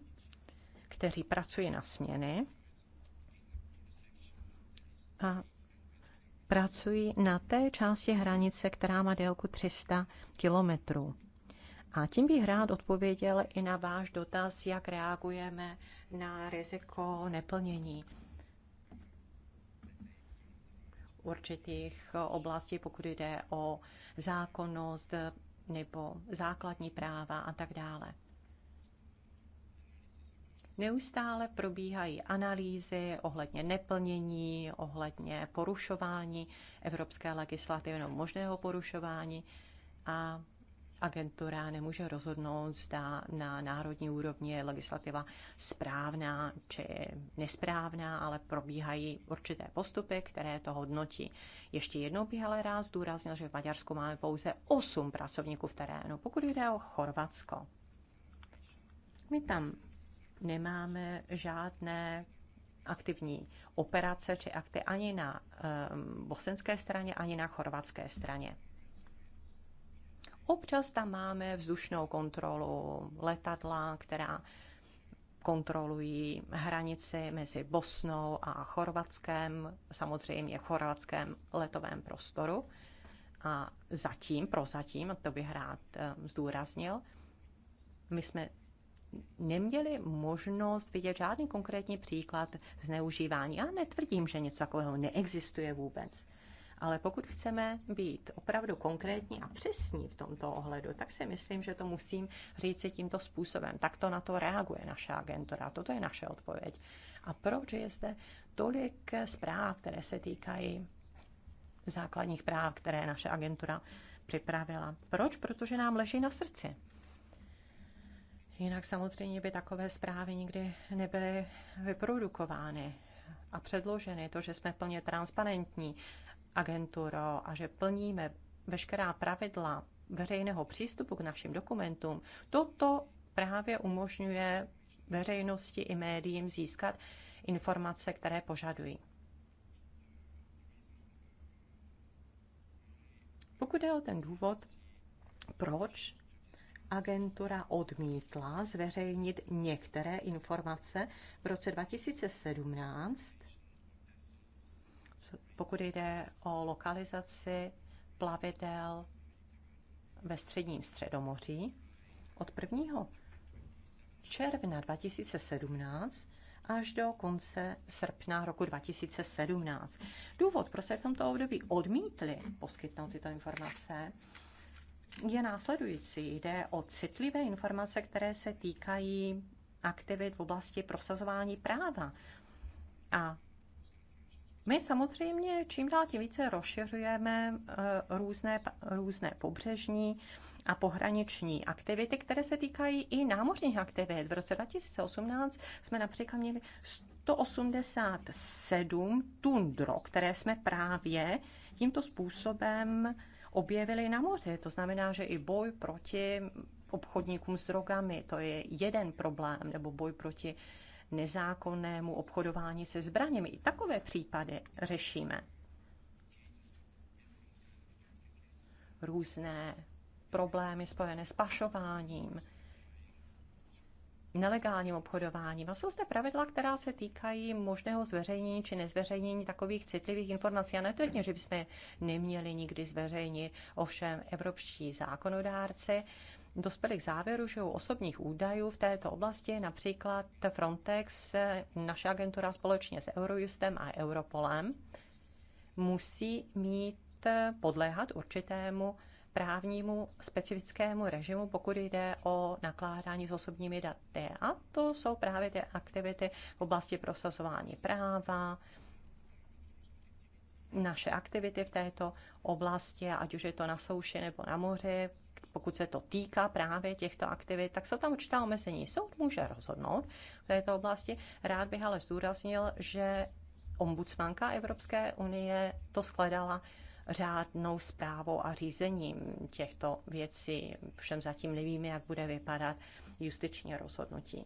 kteří pracují na směny a pracují na té části hranice, která má délku 300 kilometrů. A tím bych rád odpověděl i na váš dotaz, jak reagujeme na riziko neplnění určitých oblastí, pokud jde o zákonnost nebo základní práva a tak dále. Neustále probíhají analýzy ohledně neplnění, ohledně porušování evropské legislativy nebo možného porušování a agentura nemůže rozhodnout, zda na národní úrovni je legislativa správná či nesprávná, ale probíhají určité postupy, které to hodnotí. Ještě jednou bych ale rád zdůraznil, že v Maďarsku máme pouze 8 pracovníků v terénu, pokud jde o Chorvatsko. My tam nemáme žádné aktivní operace či akty ani na um, bosenské straně, ani na chorvatské straně. Občas tam máme vzdušnou kontrolu letadla, která kontrolují hranici mezi Bosnou a Chorvatském, samozřejmě chorvatském letovém prostoru. A zatím, prozatím, to bych rád ehm, zdůraznil, my jsme neměli možnost vidět žádný konkrétní příklad zneužívání. Já netvrdím, že něco takového neexistuje vůbec. Ale pokud chceme být opravdu konkrétní a přesní v tomto ohledu, tak si myslím, že to musím říct si tímto způsobem. Tak to na to reaguje naše agentura. Toto je naše odpověď. A proč je zde tolik zpráv, které se týkají základních práv, které naše agentura připravila? Proč? Protože nám leží na srdci. Jinak samozřejmě by takové zprávy nikdy nebyly vyprodukovány a předloženy. To, že jsme plně transparentní agenturo a že plníme veškerá pravidla veřejného přístupu k našim dokumentům, toto právě umožňuje veřejnosti i médiím získat informace, které požadují. Pokud je o ten důvod, proč agentura odmítla zveřejnit některé informace v roce 2017, pokud jde o lokalizaci plavidel ve středním středomoří. Od 1. června 2017 až do konce srpna roku 2017. Důvod, proč se v tomto období odmítli poskytnout tyto informace, je následující. Jde o citlivé informace, které se týkají aktivit v oblasti prosazování práva. A my samozřejmě čím dál tím více rozšiřujeme eh, různé, různé pobřežní a pohraniční aktivity, které se týkají i námořních aktivit. V roce 2018 jsme například měli 187 tun drog, které jsme právě tímto způsobem Objevili na moři. To znamená, že i boj proti obchodníkům s drogami, to je jeden problém, nebo boj proti nezákonnému obchodování se zbraněmi. I takové případy řešíme. Různé problémy spojené s pašováním, nelegálním obchodováním. A vlastně jsou zde pravidla, která se týkají možného zveřejnění či nezveřejnění takových citlivých informací. A netvrdím, že bychom neměli nikdy zveřejnit. Ovšem, evropští zákonodárci dospěli k závěru, že u osobních údajů v této oblasti například Frontex, naše agentura společně s Eurojustem a Europolem, musí mít podléhat určitému právnímu specifickému režimu, pokud jde o nakládání s osobními daty. A to jsou právě ty aktivity v oblasti prosazování práva, naše aktivity v této oblasti, ať už je to na souši nebo na moři, pokud se to týká právě těchto aktivit, tak jsou tam určitá omezení. Soud může rozhodnout v této oblasti. Rád bych ale zdůraznil, že ombudsmanka Evropské unie to skladala řádnou zprávou a řízením těchto věcí. Všem zatím nevíme, jak bude vypadat justiční rozhodnutí.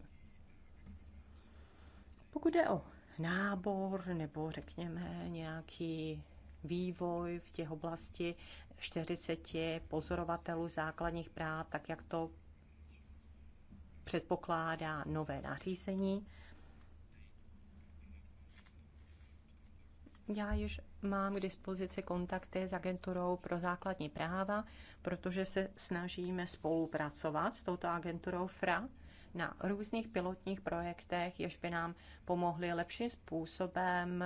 Pokud jde o nábor nebo řekněme nějaký vývoj v těch oblasti 40 pozorovatelů základních práv, tak jak to předpokládá nové nařízení, Já již mám k dispozici kontakty s agenturou pro základní práva, protože se snažíme spolupracovat s touto agenturou FRA na různých pilotních projektech, jež by nám pomohly lepším způsobem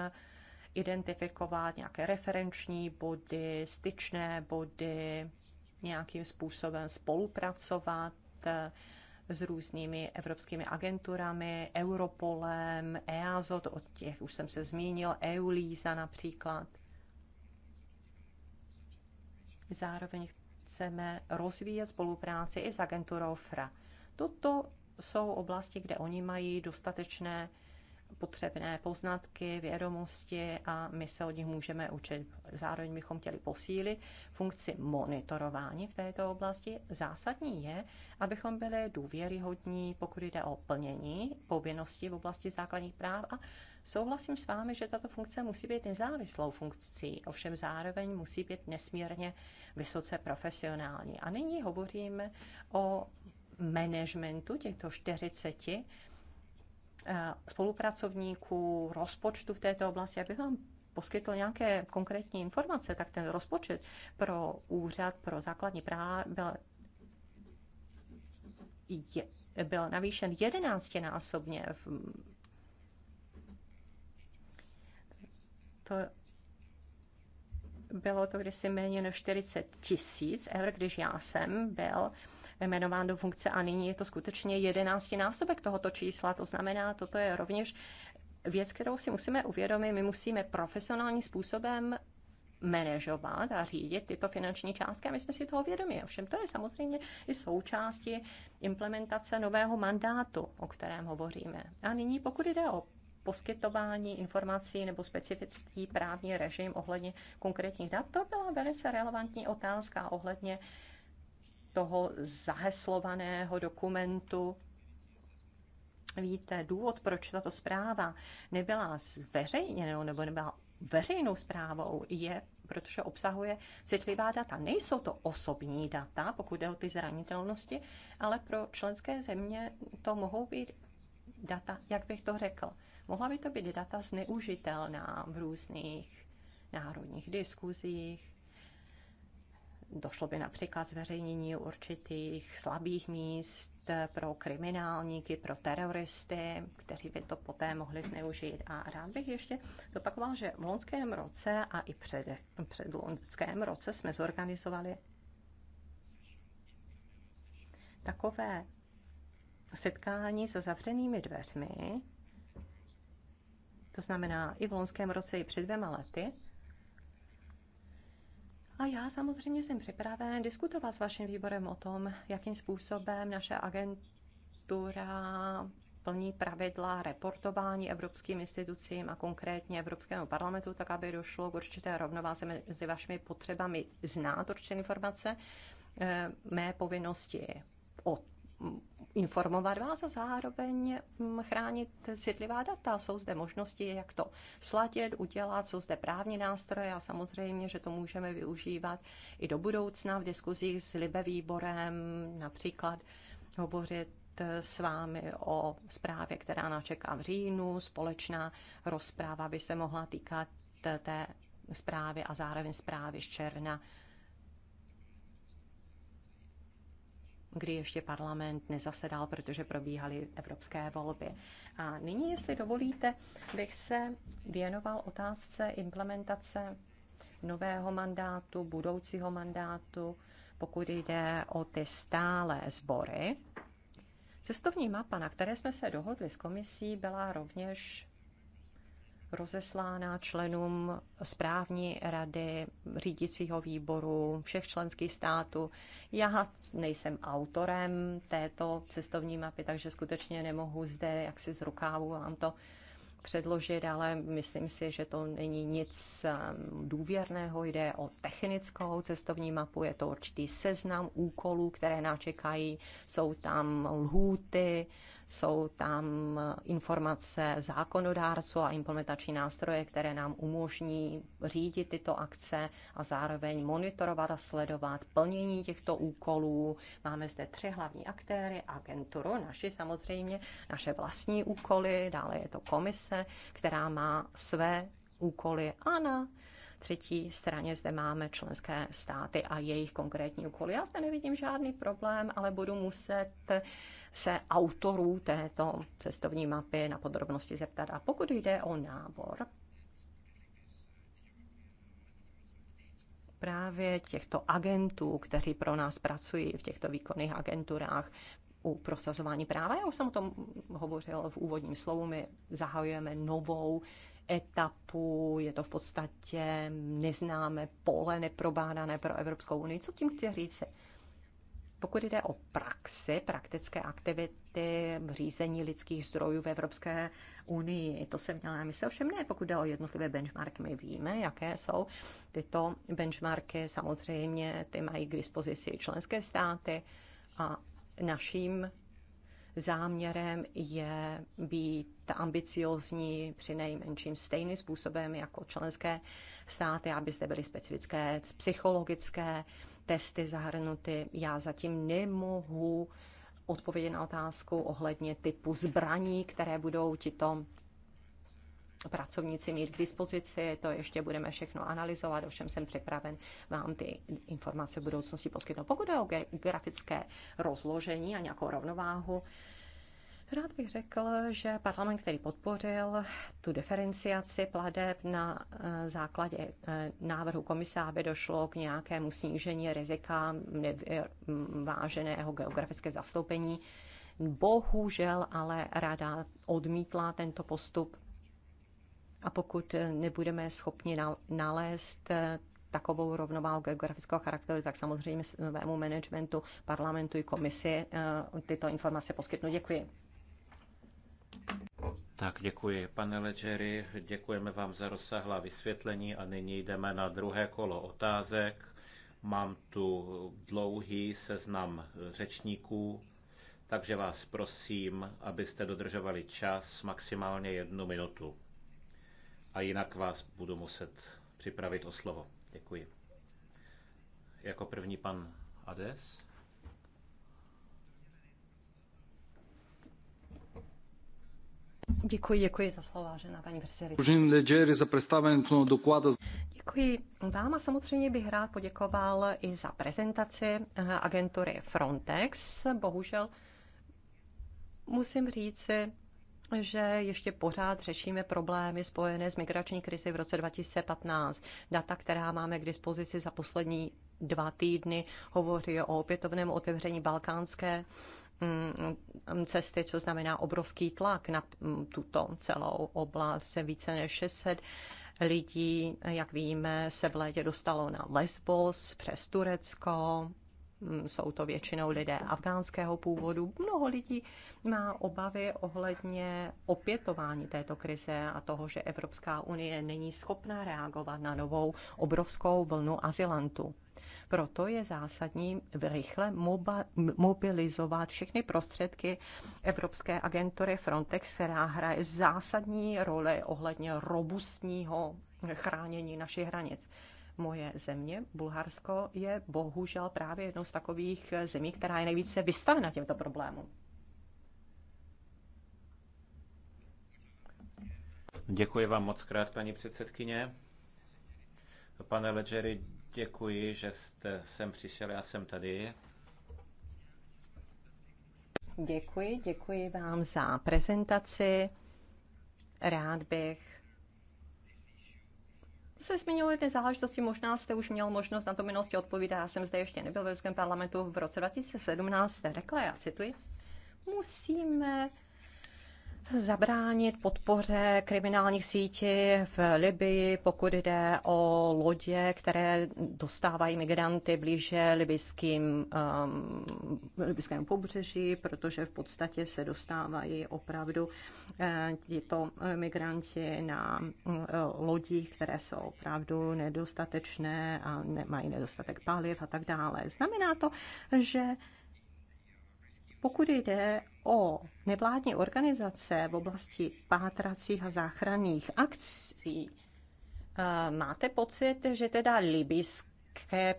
identifikovat nějaké referenční body, styčné body, nějakým způsobem spolupracovat s různými evropskými agenturami, Europolem, EASO, to od těch už jsem se zmínil, EULISA například. Zároveň chceme rozvíjet spolupráci i s agenturou FRA. Toto jsou oblasti, kde oni mají dostatečné potřebné poznatky, vědomosti a my se od nich můžeme učit. Zároveň bychom chtěli posílit funkci monitorování v této oblasti. Zásadní je, abychom byli důvěryhodní, pokud jde o plnění povinností v oblasti základních práv a Souhlasím s vámi, že tato funkce musí být nezávislou funkcí, ovšem zároveň musí být nesmírně vysoce profesionální. A nyní hovoříme o managementu těchto 40 Eh, spolupracovníků, rozpočtu v této oblasti, aby vám poskytl nějaké konkrétní informace, tak ten rozpočet pro úřad pro základní práva byl, byl navýšen jedenáctinásobně. V, to bylo to kdysi méně než 40 tisíc eur, když já jsem byl jmenován do funkce a nyní je to skutečně jedenáctinásobek tohoto čísla. To znamená, toto je rovněž věc, kterou si musíme uvědomit. My musíme profesionálním způsobem manažovat a řídit tyto finanční částky a my jsme si toho vědomi. Ovšem to je samozřejmě i součástí implementace nového mandátu, o kterém hovoříme. A nyní pokud jde o poskytování informací nebo specifický právní režim ohledně konkrétních dat, to byla velice relevantní otázka ohledně uh, toho zaheslovaného dokumentu. Víte, důvod, proč tato zpráva nebyla zveřejněnou nebo nebyla veřejnou zprávou, je, protože obsahuje citlivá data. Nejsou to osobní data, pokud jde o ty zranitelnosti, ale pro členské země to mohou být data, jak bych to řekl. Mohla by to být data zneužitelná v různých národních diskuzích, Došlo by například zveřejnění určitých slabých míst pro kriminálníky, pro teroristy, kteří by to poté mohli zneužít. A rád bych ještě zopakoval, že v loňském roce a i před, před loňském roce jsme zorganizovali takové setkání se zavřenými dveřmi, to znamená i v loňském roce, i před dvěma lety, a já samozřejmě jsem připraven diskutovat s vaším výborem o tom, jakým způsobem naše agentura plní pravidla reportování evropským institucím a konkrétně Evropskému parlamentu, tak aby došlo k určité rovnováze mezi vašimi potřebami znát určité informace, eh, mé povinnosti o informovat vás a zároveň mm, chránit citlivá data. Jsou zde možnosti, jak to sladit, udělat, jsou zde právní nástroje a samozřejmě, že to můžeme využívat i do budoucna v diskuzích s Libe výborem, například hovořit eh, s vámi o zprávě, která nás čeká v říjnu. Společná rozpráva by se mohla týkat té zprávy a zároveň zprávy z června kdy ještě parlament nezasedal, protože probíhaly evropské volby. A nyní, jestli dovolíte, bych se věnoval otázce implementace nového mandátu, budoucího mandátu, pokud jde o ty stále sbory. Cestovní mapa, na které jsme se dohodli s komisí, byla rovněž rozeslána členům správní rady, řídicího výboru všech členských států. Já nejsem autorem této cestovní mapy, takže skutečně nemohu zde jaksi z rukávu vám to předložit, ale myslím si, že to není nic um, důvěrného, jde o technickou cestovní mapu, je to určitý seznam úkolů, které nás čekají, jsou tam lhůty, jsou tam informace zákonodárců a implementační nástroje, které nám umožní řídit tyto akce a zároveň monitorovat a sledovat plnění těchto úkolů. Máme zde tři hlavní aktéry, agenturu, naši samozřejmě, naše vlastní úkoly, dále je to komise, která má své úkoly a na třetí straně zde máme členské státy a jejich konkrétní úkoly. Já zde nevidím žádný problém, ale budu muset se autorů této cestovní mapy na podrobnosti zeptat. A pokud jde o nábor, právě těchto agentů, kteří pro nás pracují v těchto výkonných agenturách u prosazování práva. Já už jsem o tom hovořil v úvodním slovu. My zahajujeme novou etapu, je to v podstatě neznámé pole neprobádané pro Evropskou unii. Co tím chci říct? Pokud jde o praxi, praktické aktivity řízení lidských zdrojů v Evropské unii, to jsem měla na mysli, ovšem ne, pokud jde o jednotlivé benchmarky, my víme, jaké jsou tyto benchmarky, samozřejmě ty mají k dispozici členské státy a naším záměrem je být ambiciozní při nejmenším stejným způsobem jako členské státy, aby zde byly specifické psychologické testy zahrnuty. Já zatím nemohu odpovědět na otázku ohledně typu zbraní, které budou tito pracovníci mít k dispozici, to ještě budeme všechno analyzovat, ovšem jsem připraven vám ty informace v budoucnosti poskytnout. Pokud je o grafické rozložení a nějakou rovnováhu, Rád bych řekl, že parlament, který podpořil tu diferenciaci pladeb na eh, základě eh, návrhu komise, aby došlo k nějakému snížení rizika váženého geografické zastoupení, bohužel ale rada odmítla tento postup a pokud eh, nebudeme schopni nalézt eh, takovou rovnováhu geografického charakteru, tak samozřejmě svému managementu, parlamentu i komisi eh, tyto informace poskytnu. Děkuji. Tak děkuji, pane Ledžery. děkujeme vám za rozsáhlá vysvětlení a nyní jdeme na druhé kolo otázek. Mám tu dlouhý seznam řečníků, takže vás prosím, abyste dodržovali čas maximálně jednu minutu a jinak vás budu muset připravit o slovo. Děkuji. Jako první pan Ades. Děkuji, děkuji za slovo, vážená paní předsedající. Děkuji vám a samozřejmě bych rád poděkoval i za prezentaci eh, agentury Frontex. Bohužel musím říci, že ještě pořád řešíme problémy spojené s migrační krizi v roce 2015. Data, která máme k dispozici za poslední dva týdny, hovoří o opětovném otevření balkánské mm, cesty, co znamená obrovský tlak na mm, tuto celou oblast. Více než 600 lidí, jak víme, se v létě dostalo na Lesbos přes Turecko, Mm, jsou to většinou lidé afgánského původu. Mnoho lidí má obavy ohledně opětování této krize a toho, že Evropská unie není schopná reagovat na novou obrovskou vlnu azylantů. Proto je zásadní rychle mobilizovat všechny prostředky Evropské agentury Frontex, která hraje zásadní roli ohledně robustního chránění našich hranic. Moje země, Bulharsko, je bohužel právě jednou z takových zemí, která je nejvíce vystavena těmto problémům. Děkuji vám moc krát, paní předsedkyně. Pane Ledgeri, děkuji, že jste sem přišel, já jsem tady. Děkuji, děkuji vám za prezentaci. Rád bych se zmínil ty záležitosti, možná jste už měl možnost na to minulosti odpovídat, já jsem zde ještě nebyl v Evropském parlamentu v roce 2017, jste řekla, já cituji, musíme zabránit podpoře kriminálních sítí v Libii, pokud jde o lodě, které dostávají migranty blíže libyským, um, libyskému pobřeží, protože v podstatě se dostávají opravdu uh, tito migranti na uh, lodích, které jsou opravdu nedostatečné a mají nedostatek paliv a tak dále. Znamená to, že pokud jde o nevládní organizace v oblasti pátracích a záchranných akcí, eh, máte pocit, že teda libyské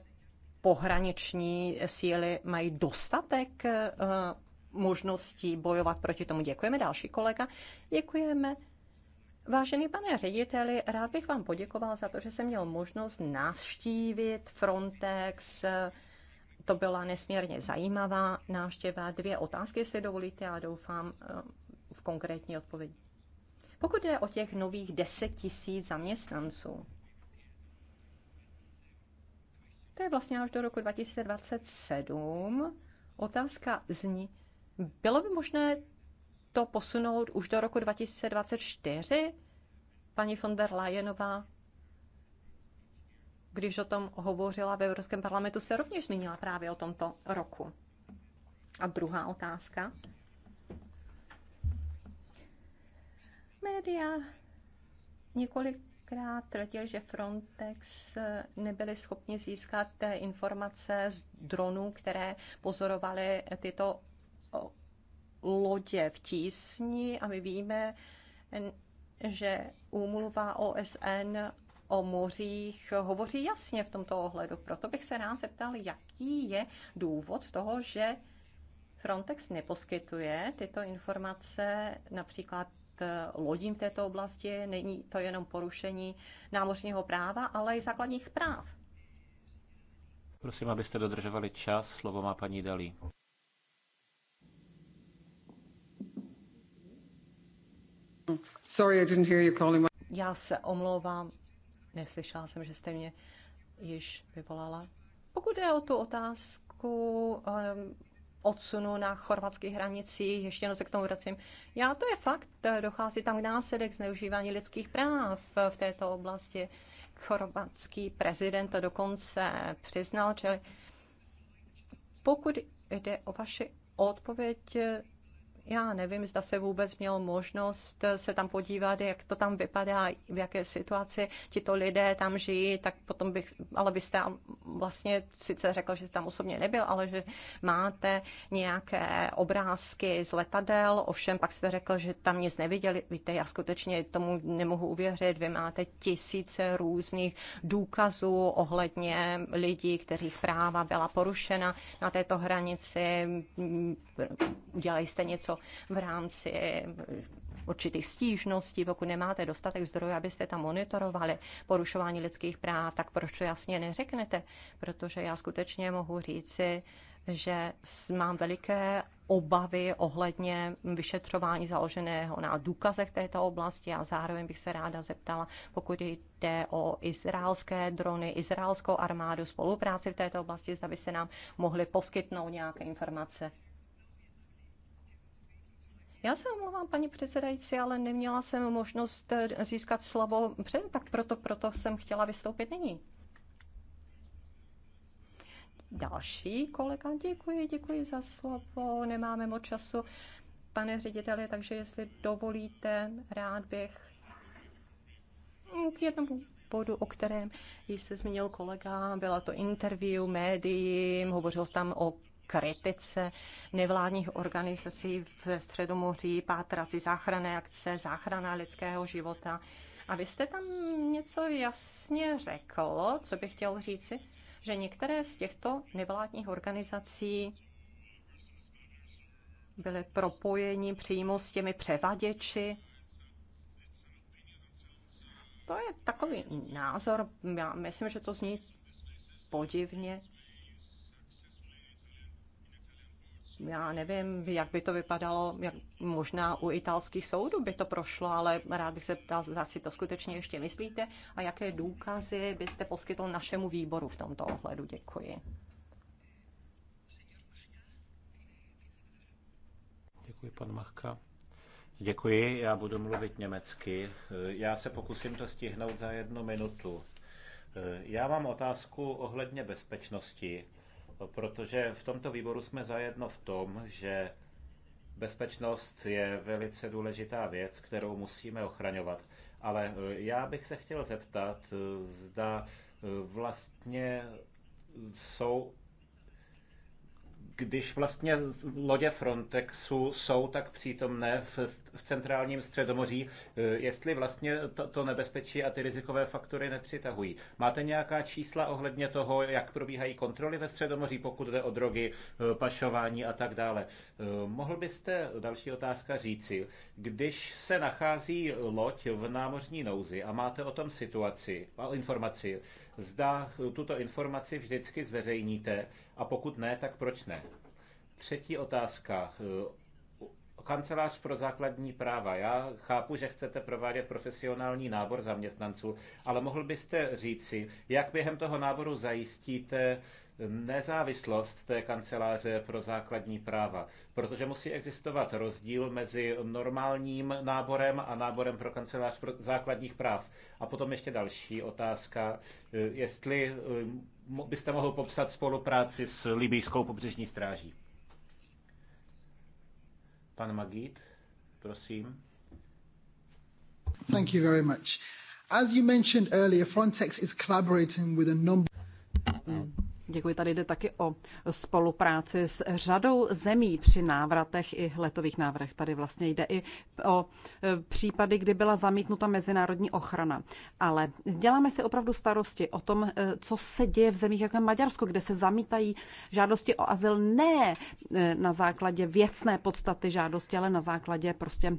pohraniční síly mají dostatek eh, možností bojovat proti tomu. Děkujeme, další kolega. Děkujeme. Vážený pane řediteli, rád bych vám poděkoval za to, že jsem měl možnost navštívit Frontex, eh, to byla nesmírně zajímavá návštěva. Dvě otázky, si dovolíte, a doufám eh, v konkrétní odpovědi. Pokud jde o těch nových 10 tisíc zaměstnanců, to je vlastně až do roku 2027. Otázka zní, bylo by možné to posunout už do roku 2024? Paní von der Leyenová když o tom hovořila v Evropském parlamentu, se rovněž zmínila právě o tomto roku. A druhá otázka. Média několikrát tvrdil, že Frontex nebyli schopni získat informace z dronů, které pozorovaly tyto lodě v tísni a my víme, že úmluva OSN o mořích hovoří jasně v tomto ohledu. Proto bych se rád zeptal, jaký je důvod toho, že Frontex neposkytuje tyto informace například lodím v této oblasti. Není to jenom porušení námořního práva, ale i základních práv. Prosím, abyste dodržovali čas. Slovo má paní Dalí. Sorry, I didn't hear you calling my... Já se omlouvám, Neslyšela jsem, že jste mě již vyvolala. Pokud je o tu otázku ehm, odsunu na chorvatských hranicích, ještě jednou se k tomu vracím. Já to je fakt, dochází tam k následek zneužívání lidských práv v této oblasti. Chorvatský prezident to dokonce přiznal, že pokud jde o vaši odpověď, já nevím, zda se vůbec měl možnost se tam podívat, jak to tam vypadá, v jaké situaci tito lidé tam žijí, tak potom bych, ale vy jste vlastně sice řekl, že jste tam osobně nebyl, ale že máte nějaké obrázky z letadel, ovšem pak jste řekl, že tam nic neviděli. Víte, já skutečně tomu nemohu uvěřit, vy máte tisíce různých důkazů ohledně lidí, kterých práva byla porušena na této hranici, udělali jste něco v rámci určitých stížností, pokud nemáte dostatek zdrojů, abyste tam monitorovali porušování lidských práv, tak proč to jasně neřeknete? Protože já skutečně mohu říci, že mám veliké obavy ohledně vyšetřování založeného na důkazech této oblasti a zároveň bych se ráda zeptala, pokud jde o izraelské drony, izraelskou armádu, spolupráci v této oblasti, zda byste nám mohli poskytnout nějaké informace. Já se omlouvám, paní předsedající, ale neměla jsem možnost eh, získat slovo před, tak proto, proto jsem chtěla vystoupit nyní. Další kolega, děkuji, děkuji za slovo, nemáme moc času, pane řediteli, takže jestli dovolíte, rád bych k jednomu bodu, o kterém již se zmínil kolega, byla to interview médiím, hovořil tam o kritice nevládních organizací v Středomoří, pátrací záchranné akce, záchrana lidského života. A vy jste tam něco jasně řekl, co bych chtěl říci, že některé z těchto nevládních organizací byly propojeni přímo s těmi převaděči. To je takový názor, já myslím, že to zní podivně, já nevím, jak by to vypadalo, jak možná u italských soudů by to prošlo, ale rád bych se ptal, zda si to skutečně ještě myslíte a jaké důkazy byste poskytl našemu výboru v tomto ohledu. Děkuji. Děkuji, pan Machka. Děkuji, já budu mluvit německy. Já se pokusím to stihnout za jednu minutu. Já mám otázku ohledně bezpečnosti protože v tomto výboru jsme zajedno v tom, že bezpečnost je velice důležitá věc, kterou musíme ochraňovat. Ale e, já bych se chtěl zeptat, e, zda e, vlastně jsou když vlastně lodě Frontexu jsou tak přítomné v, v centrálním středomoří, eh, jestli vlastně to, to nebezpečí a ty rizikové faktory nepřitahují. Máte nějaká čísla ohledně toho, jak probíhají kontroly ve středomoří, pokud jde o drogy, eh, pašování a tak dále? Eh, mohl byste, další otázka, říci, když se nachází loď v námořní nouzi a máte o tom situaci, informaci, zda tuto informaci vždycky zveřejníte a pokud ne, tak proč ne? Třetí otázka. Kancelář pro základní práva. Já chápu, že chcete provádět profesionální nábor zaměstnanců, ale mohl byste říci, jak během toho náboru zajistíte, nezávislost té kanceláře pro základní práva, protože musí existovat rozdíl mezi normálním náborem a náborem pro kancelář pro základních práv. A potom ještě další otázka, jestli eh, byste mohl popsat spolupráci s libýskou pobřežní stráží. Pan Magid, prosím. Thank you very much. As you mentioned earlier, Frontex is collaborating with a number. Mm Děkuji, tady jde taky o spolupráci s řadou zemí při návratech i letových návrh. Tady vlastně jde i o e, případy, kdy byla zamítnuta mezinárodní ochrana. Ale děláme si opravdu starosti o tom, e, co se děje v zemích jako Maďarsko, kde se zamítají žádosti o azyl ne e, na základě věcné podstaty žádosti, ale na základě prostě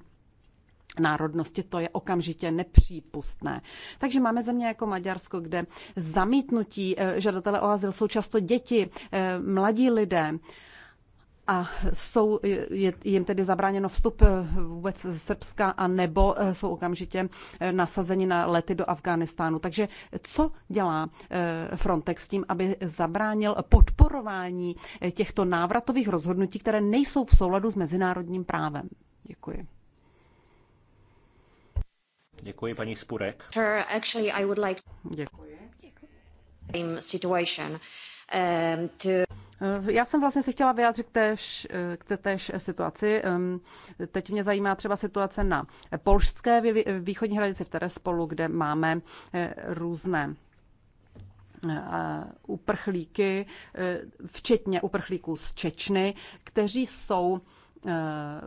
národnosti, to je okamžitě nepřípustné. Takže máme země jako Maďarsko, kde zamítnutí eh, žadatele o azyl jsou často děti, eh, mladí lidé a jsou, je jim tedy zabráněno vstup eh, vůbec z Srbska a nebo jsou okamžitě nasazeni na lety do Afghánistánu. Takže co dělá Frontex tím, aby zabránil podporování těchto návratových rozhodnutí, které nejsou v souladu s mezinárodním právem? Děkuji. Děkuji, paní Spurek. Actually, I would like... Děkuji. Um, eh, já jsem vlastně se chtěla vyjádřit též, k též eh, situaci. Teď mě zajímá třeba situace na polské východní hranici v Terespolu, kde máme eh, různé uprchlíky, včetně uprchlíků z Čečny, kteří jsou Eh,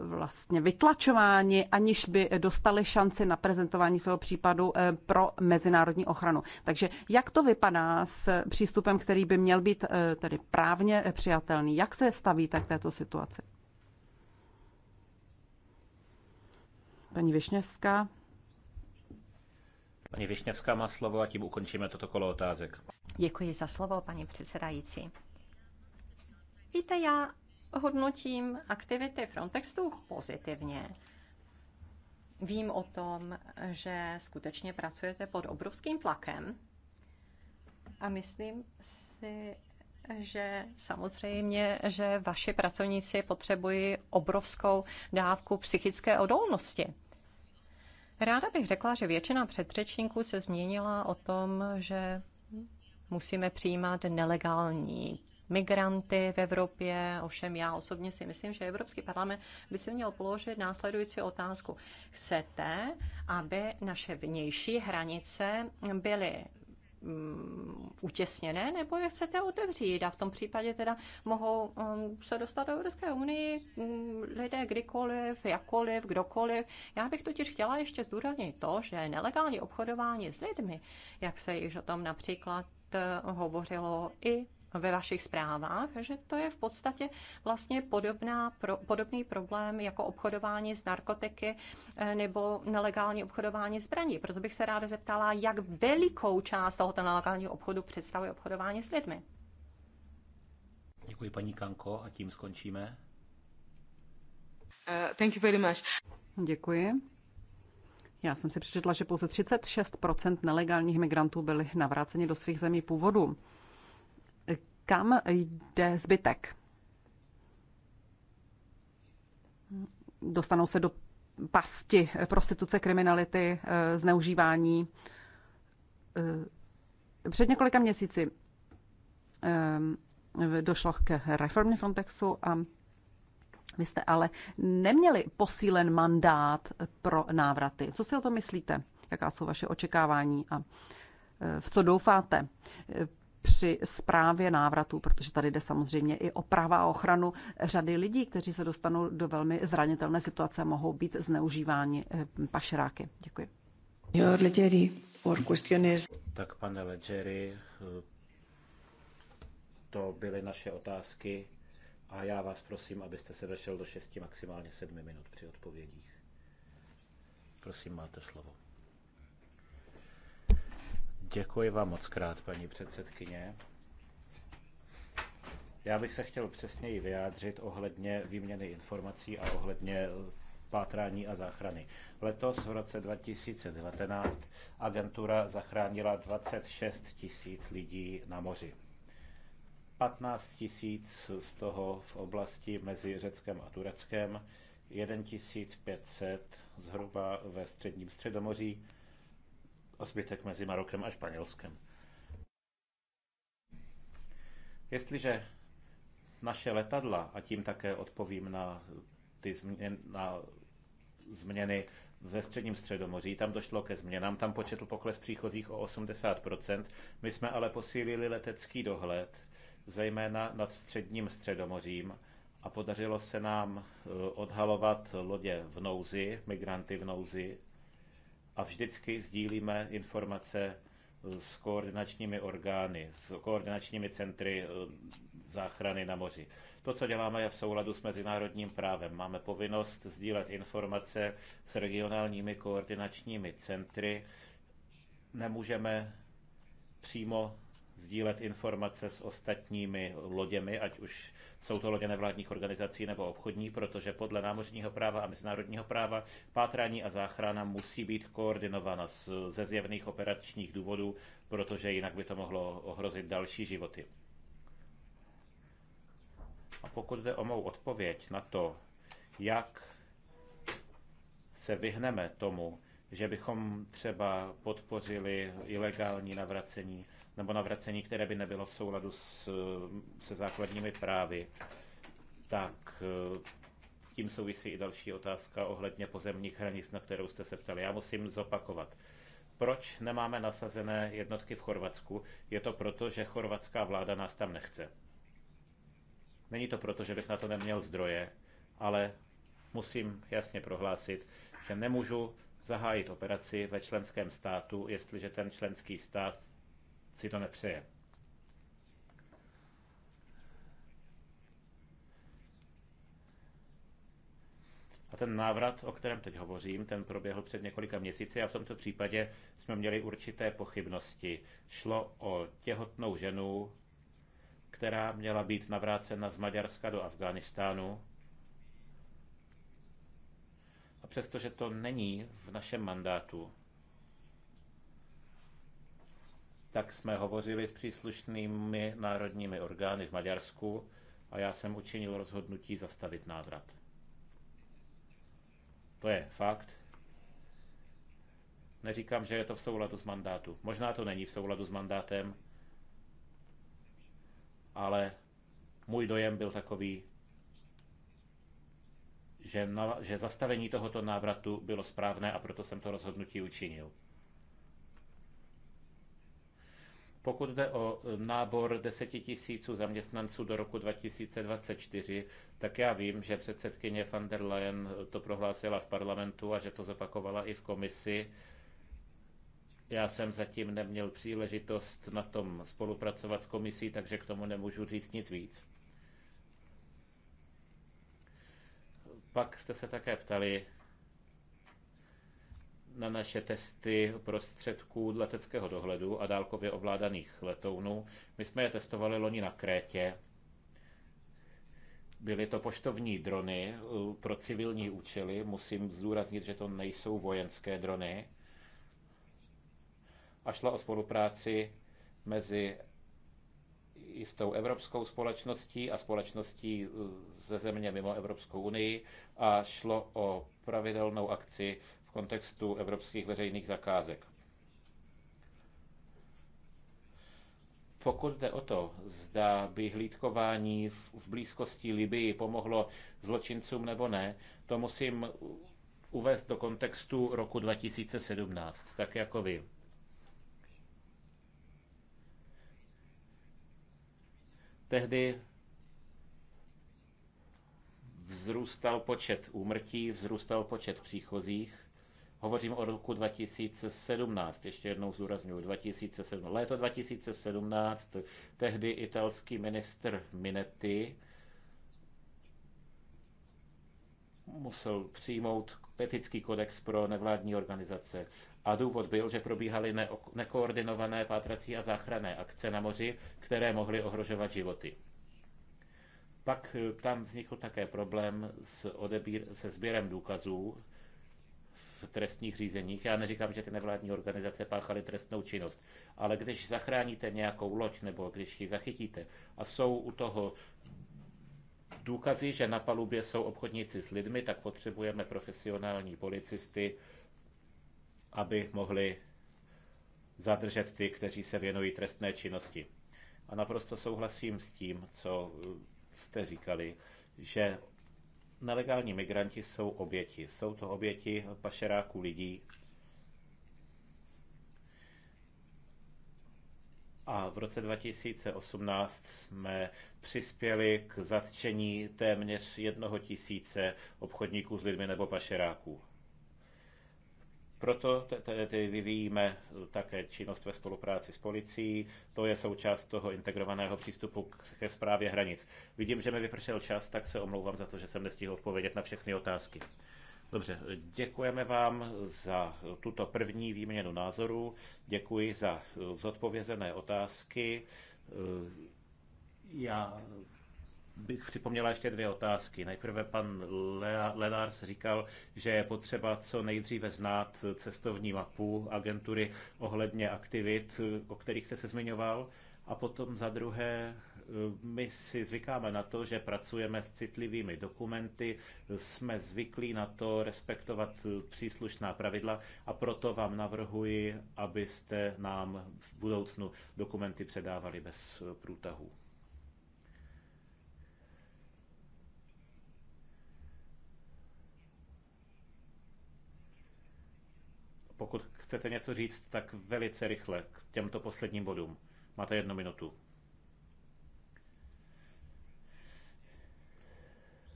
vlastně vytlačováni, aniž by dostali šanci na prezentování svého případu eh, pro mezinárodní ochranu. Takže jak to vypadá s přístupem, který by měl být eh, tedy právně přijatelný? Jak se stavíte k této situaci? Paní Višněvská. Paní Višněvská má slovo a tím ukončíme toto kolo otázek. Děkuji za slovo, paní předsedající. Víte, já hodnotím aktivity Frontextu pozitivně. Vím o tom, že skutečně pracujete pod obrovským tlakem a myslím si, že samozřejmě, že vaši pracovníci potřebují obrovskou dávku psychické odolnosti. Ráda bych řekla, že většina předřečníků se změnila o tom, že musíme přijímat nelegální migranty v Evropě. Ovšem já osobně si myslím, že Evropský parlament by si měl položit následující otázku. Chcete, aby naše vnější hranice byly mm, utěsněné, nebo je chcete otevřít. A v tom případě teda mohou mm, se dostat do Evropské unii mm, lidé kdykoliv, jakkoliv, kdokoliv. Já bych totiž chtěla ještě zdůraznit to, že nelegální obchodování s lidmi, jak se již o tom například eh, hovořilo i ve vašich zprávách, že to je v podstatě vlastně podobná, pro, podobný problém jako obchodování s narkotiky eh, nebo nelegální obchodování zbraní. Proto bych se ráda zeptala, jak velikou část tohoto nelegálního obchodu představuje obchodování s lidmi. Děkuji paní Kanko a tím skončíme. Uh, thank you very much. Děkuji. Já jsem si přečetla, že pouze 36 nelegálních migrantů byli navráceni do svých zemí původu kam jde zbytek. Dostanou se do pasti prostituce, kriminality, eh, zneužívání. Eh, před několika měsíci eh, došlo k reformě Frontexu a vy jste ale neměli posílen mandát pro návraty. Co si o to myslíte? Jaká jsou vaše očekávání a v co doufáte? při zprávě návratů, protože tady jde samozřejmě i o práva a ochranu řady lidí, kteří se dostanou do velmi zranitelné situace mohou být zneužíváni eh, pašeráky. Děkuji. Tak pane Ledgeri, to byly naše otázky a já vás prosím, abyste se došel do 6, maximálně 7 minut při odpovědích. Prosím, máte slovo. Děkuji vám moc krát, paní předsedkyně. Já bych se chtěl přesněji vyjádřit ohledně výměny informací a ohledně pátrání a záchrany. Letos v roce 2019 agentura zachránila 26 tisíc lidí na moři. 15 tisíc z toho v oblasti mezi Řeckem a Tureckem, 1500 zhruba ve středním středomoří, a zbytek mezi Marokem a Španělskem. Jestliže naše letadla, a tím také odpovím na ty změny, na změny ve středním středomoří, tam došlo ke změnám, tam početl pokles příchozích o 80%, my jsme ale posílili letecký dohled, zejména nad středním středomořím a podařilo se nám eh, odhalovat lodě v nouzi, migranty v nouzi, a vždycky sdílíme informace s koordinačními orgány, s koordinačními centry eh, záchrany na moři. To, co děláme, je v souladu s mezinárodním právem. Máme povinnost sdílet informace s regionálními koordinačními centry. Nemůžeme přímo sdílet informace s ostatními loděmi, ať už jsou to lodě nevládních organizací nebo obchodní, protože podle námořního práva a mezinárodního práva pátrání a záchrana musí být koordinována ze zjevných operačních důvodů, protože jinak by to mohlo ohrozit další životy. A pokud jde o mou odpověď na to, jak se vyhneme tomu, že bychom třeba podpořili ilegální navracení nebo navracení, které by nebylo v souladu s, se základními právy, tak eh, s tím souvisí i další otázka ohledně pozemních hranic, na kterou jste se ptali. Já musím zopakovat. Proč nemáme nasazené jednotky v Chorvatsku? Je to proto, že chorvatská vláda nás tam nechce. Není to proto, že bych na to neměl zdroje, ale musím jasně prohlásit, že nemůžu zahájit operaci ve členském státu, jestliže ten členský stát si to nepřeje. A ten návrat, o kterém teď hovořím, ten proběhl před několika měsíci a v tomto případě jsme měli určité pochybnosti. Šlo o těhotnou ženu, která měla být navrácena z Maďarska do Afghánistánu přestože to není v našem mandátu, tak jsme hovořili s příslušnými národními orgány v Maďarsku a já jsem učinil rozhodnutí zastavit návrat. To je fakt. Neříkám, že je to v souladu s mandátu. Možná to není v souladu s mandátem, ale můj dojem byl takový, že, na, že zastavení tohoto návratu bylo správné a proto jsem to rozhodnutí učinil. Pokud jde o e, nábor 10 tisíců zaměstnanců do roku 2024, tak já vím, že předsedkyně van der Leyen to prohlásila v parlamentu a že to zopakovala i v komisi. Já jsem zatím neměl příležitost na tom spolupracovat s komisí, takže k tomu nemůžu říct nic víc. Pak jste se také ptali na naše testy prostředků leteckého dohledu a dálkově ovládaných letounů. My jsme je testovali loni na Krétě. Byly to poštovní drony pro civilní účely. Musím zdůraznit, že to nejsou vojenské drony. A šlo o spolupráci mezi i s tou evropskou společností a společností eh, ze země mimo Evropskou unii a šlo o pravidelnou akci v kontextu evropských veřejných zakázek. Pokud jde o to, zda by hlídkování v blízkosti Libii pomohlo zločincům nebo ne, to musím uvést do kontextu roku 2017, tak jako vy. Tehdy vzrůstal počet úmrtí, vzrůstal počet příchozích. Hovořím o roku 2017, ještě jednou zúraznuju, 2017. Léto 2017, tehdy italský ministr Minetti musel přijmout etický kodex pro nevládní organizace. A důvod byl, že probíhaly nekoordinované pátrací a záchranné akce na moři, které mohly ohrožovat životy. Pak eh, tam vznikl také problém s odebír, se sběrem důkazů v trestních řízeních. Já neříkám, že ty nevládní organizace páchaly trestnou činnost, ale když zachráníte nějakou loď nebo když ji zachytíte a jsou u toho důkazy, že na palubě jsou obchodníci s lidmi, tak potřebujeme profesionální policisty, aby mohli zadržet ty, kteří se věnují trestné činnosti. A naprosto souhlasím s tím, co jste říkali, že nelegální migranti jsou oběti. Jsou to oběti pašeráků lidí. A v roce 2018 jsme přispěli k zatčení téměř jednoho tisíce obchodníků s lidmi nebo pašeráků. Proto tedy vyvíjíme také činnost ve spolupráci s policií. To je součást toho integrovaného přístupu ke zprávě hranic. Vidím, že mi vypršel čas, tak se omlouvám za to, že jsem nestihl odpovědět na všechny otázky. Dobře, děkujeme vám za tuto první výměnu názorů. Děkuji za zodpovězené otázky. Já bych připomněla ještě dvě otázky. Nejprve pan Lenars říkal, že je potřeba co nejdříve znát cestovní mapu agentury ohledně aktivit, o kterých jste se zmiňoval. A potom za druhé, my si zvykáme na to, že pracujeme s citlivými dokumenty, jsme zvyklí na to respektovat příslušná pravidla a proto vám navrhuji, abyste nám v budoucnu dokumenty předávali bez průtahů. Pokud chcete něco říct, tak velice rychle k těmto posledním bodům. Máte jednu minutu.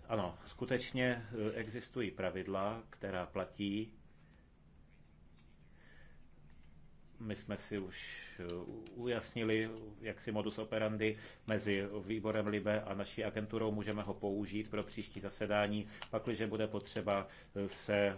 Ano, skutečně eh, existují pravidla, která platí my jsme si už eh, ujasnili, jak si modus operandi mezi výborem LIBE a naší agenturou můžeme ho použít pro příští zasedání, pakliže bude potřeba eh, se eh,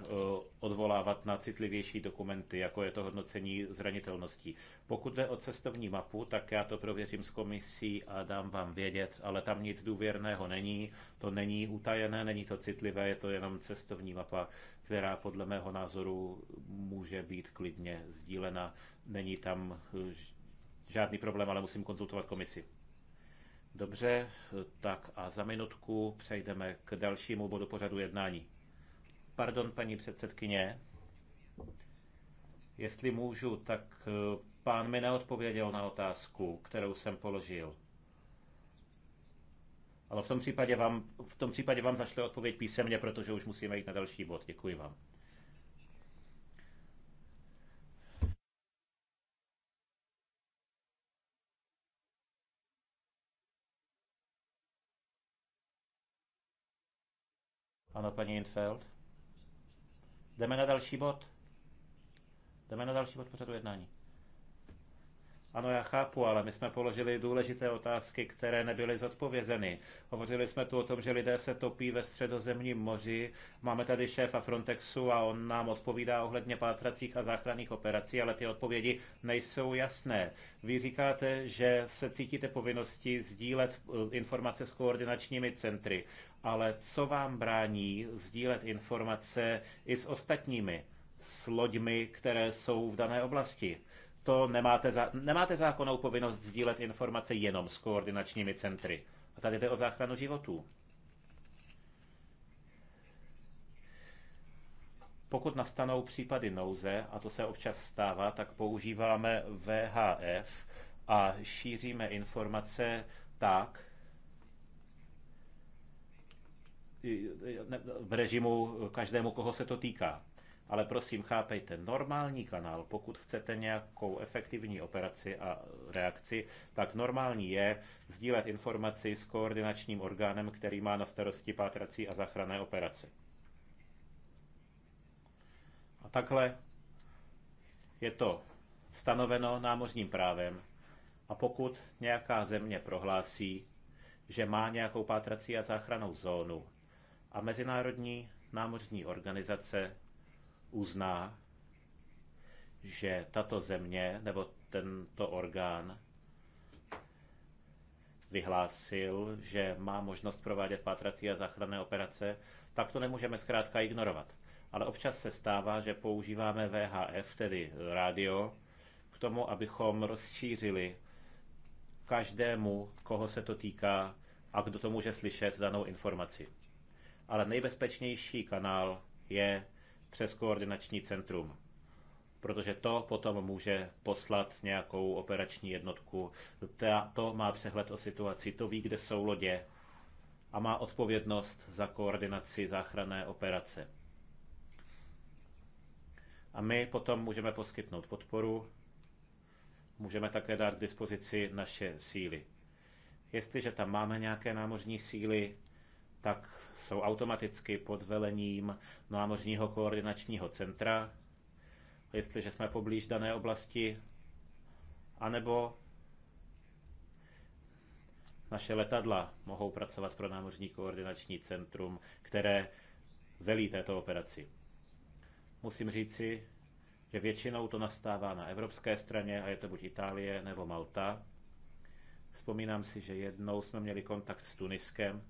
odvolávat na citlivější dokumenty, jako je to hodnocení zranitelností. Pokud jde o cestovní mapu, tak já to prověřím s komisí a dám vám vědět, ale tam nic důvěrného není, to není utajené, není to citlivé, je to jenom cestovní mapa která podle mého názoru může být klidně sdílena. Není tam eh, žádný problém, ale musím konzultovat komisi. Dobře, eh, tak a za minutku přejdeme k dalšímu bodu pořadu jednání. Pardon, paní předsedkyně, jestli můžu, tak eh, pán mi neodpověděl na otázku, kterou jsem položil. Ale v tom případě vám, v tom případě vám zašle odpověď písemně, protože už musíme jít na další bod. Děkuji vám. Ano, paní Infeld. Jdeme na další bod. Jdeme na další bod pořadu jednání. Ano, já chápu, ale my jsme položili důležité otázky, které nebyly zodpovězeny. Hovořili jsme tu o tom, že lidé se topí ve středozemním moři. Máme tady šéfa Frontexu a on nám odpovídá ohledně pátracích a záchranných operací, ale ty odpovědi nejsou jasné. Vy říkáte, že se cítíte povinnosti sdílet eh, informace s koordinačními centry, ale co vám brání sdílet informace i s ostatními, s loďmi, které jsou v dané oblasti? to nemáte, za, nemáte zákonnou povinnost sdílet informace jenom s koordinačními centry. A tady jde o záchranu životů. Pokud nastanou případy nouze, a to se občas stává, tak používáme VHF a šíříme informace tak, v režimu každému, koho se to týká. Ale prosím, chápejte, normální kanál, pokud chcete nějakou efektivní operaci a reakci, tak normální je sdílet informaci s koordinačním orgánem, který má na starosti pátrací a záchranné operace. A takhle je to stanoveno námořním právem. A pokud nějaká země prohlásí, že má nějakou pátrací a záchranou zónu a mezinárodní námořní organizace uzná, že tato země nebo tento orgán vyhlásil, že má možnost provádět pátrací a záchranné operace, tak to nemůžeme zkrátka ignorovat. Ale občas se stává, že používáme VHF, tedy rádio, k tomu, abychom rozšířili každému, koho se to týká a kdo to může slyšet, danou informaci. Ale nejbezpečnější kanál je přes koordinační centrum. Protože to potom může poslat nějakou operační jednotku. To má přehled o situaci, to ví, kde jsou lodě a má odpovědnost za koordinaci záchranné operace. A my potom můžeme poskytnout podporu, můžeme také dát k dispozici naše síly. Jestliže tam máme nějaké námořní síly, tak jsou automaticky pod velením námořního koordinačního centra, jestliže jsme poblíž dané oblasti, anebo naše letadla mohou pracovat pro námořní koordinační centrum, které velí této operaci. Musím říci, že většinou to nastává na evropské straně a je to buď Itálie nebo Malta. Vzpomínám si, že jednou jsme měli kontakt s Tuniskem,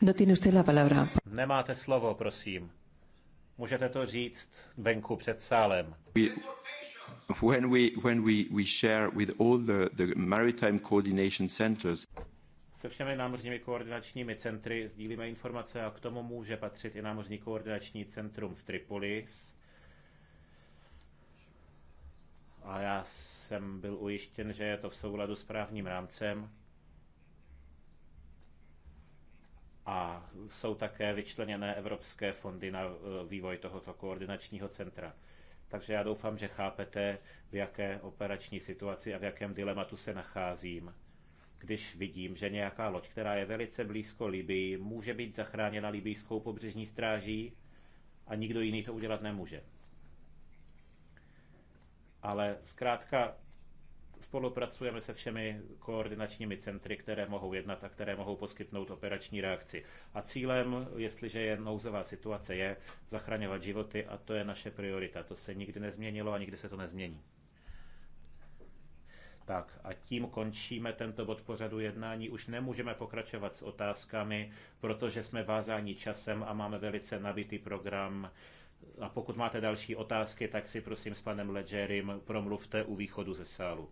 No tiene usted la palabra. Nemáte slovo, prosím. Můžete to říct venku před sálem. We, when we, when we, we share with all the, the maritime coordination centers, se všemi námořními koordinačními centry sdílíme informace a k tomu může patřit i námořní koordinační centrum v Tripolis. A já jsem byl ujištěn, že je to v souladu s právním rámcem. a jsou také vyčleněné evropské fondy na eh, vývoj tohoto koordinačního centra. Takže já doufám, že chápete, v jaké operační situaci a v jakém dilematu se nacházím, když vidím, že nějaká loď, která je velice blízko Libii, může být zachráněna libijskou pobřežní stráží a nikdo jiný to udělat nemůže. Ale zkrátka Spolupracujeme se všemi koordinačními centry, které mohou jednat a které mohou poskytnout operační reakci. A cílem, jestliže je nouzová situace, je zachraňovat životy a to je naše priorita. To se nikdy nezměnilo a nikdy se to nezmění. Tak a tím končíme tento bod pořadu jednání. Už nemůžeme pokračovat s otázkami, protože jsme vázáni časem a máme velice nabitý program. A pokud máte další otázky, tak si prosím s panem Ledgerim promluvte u východu ze sálu.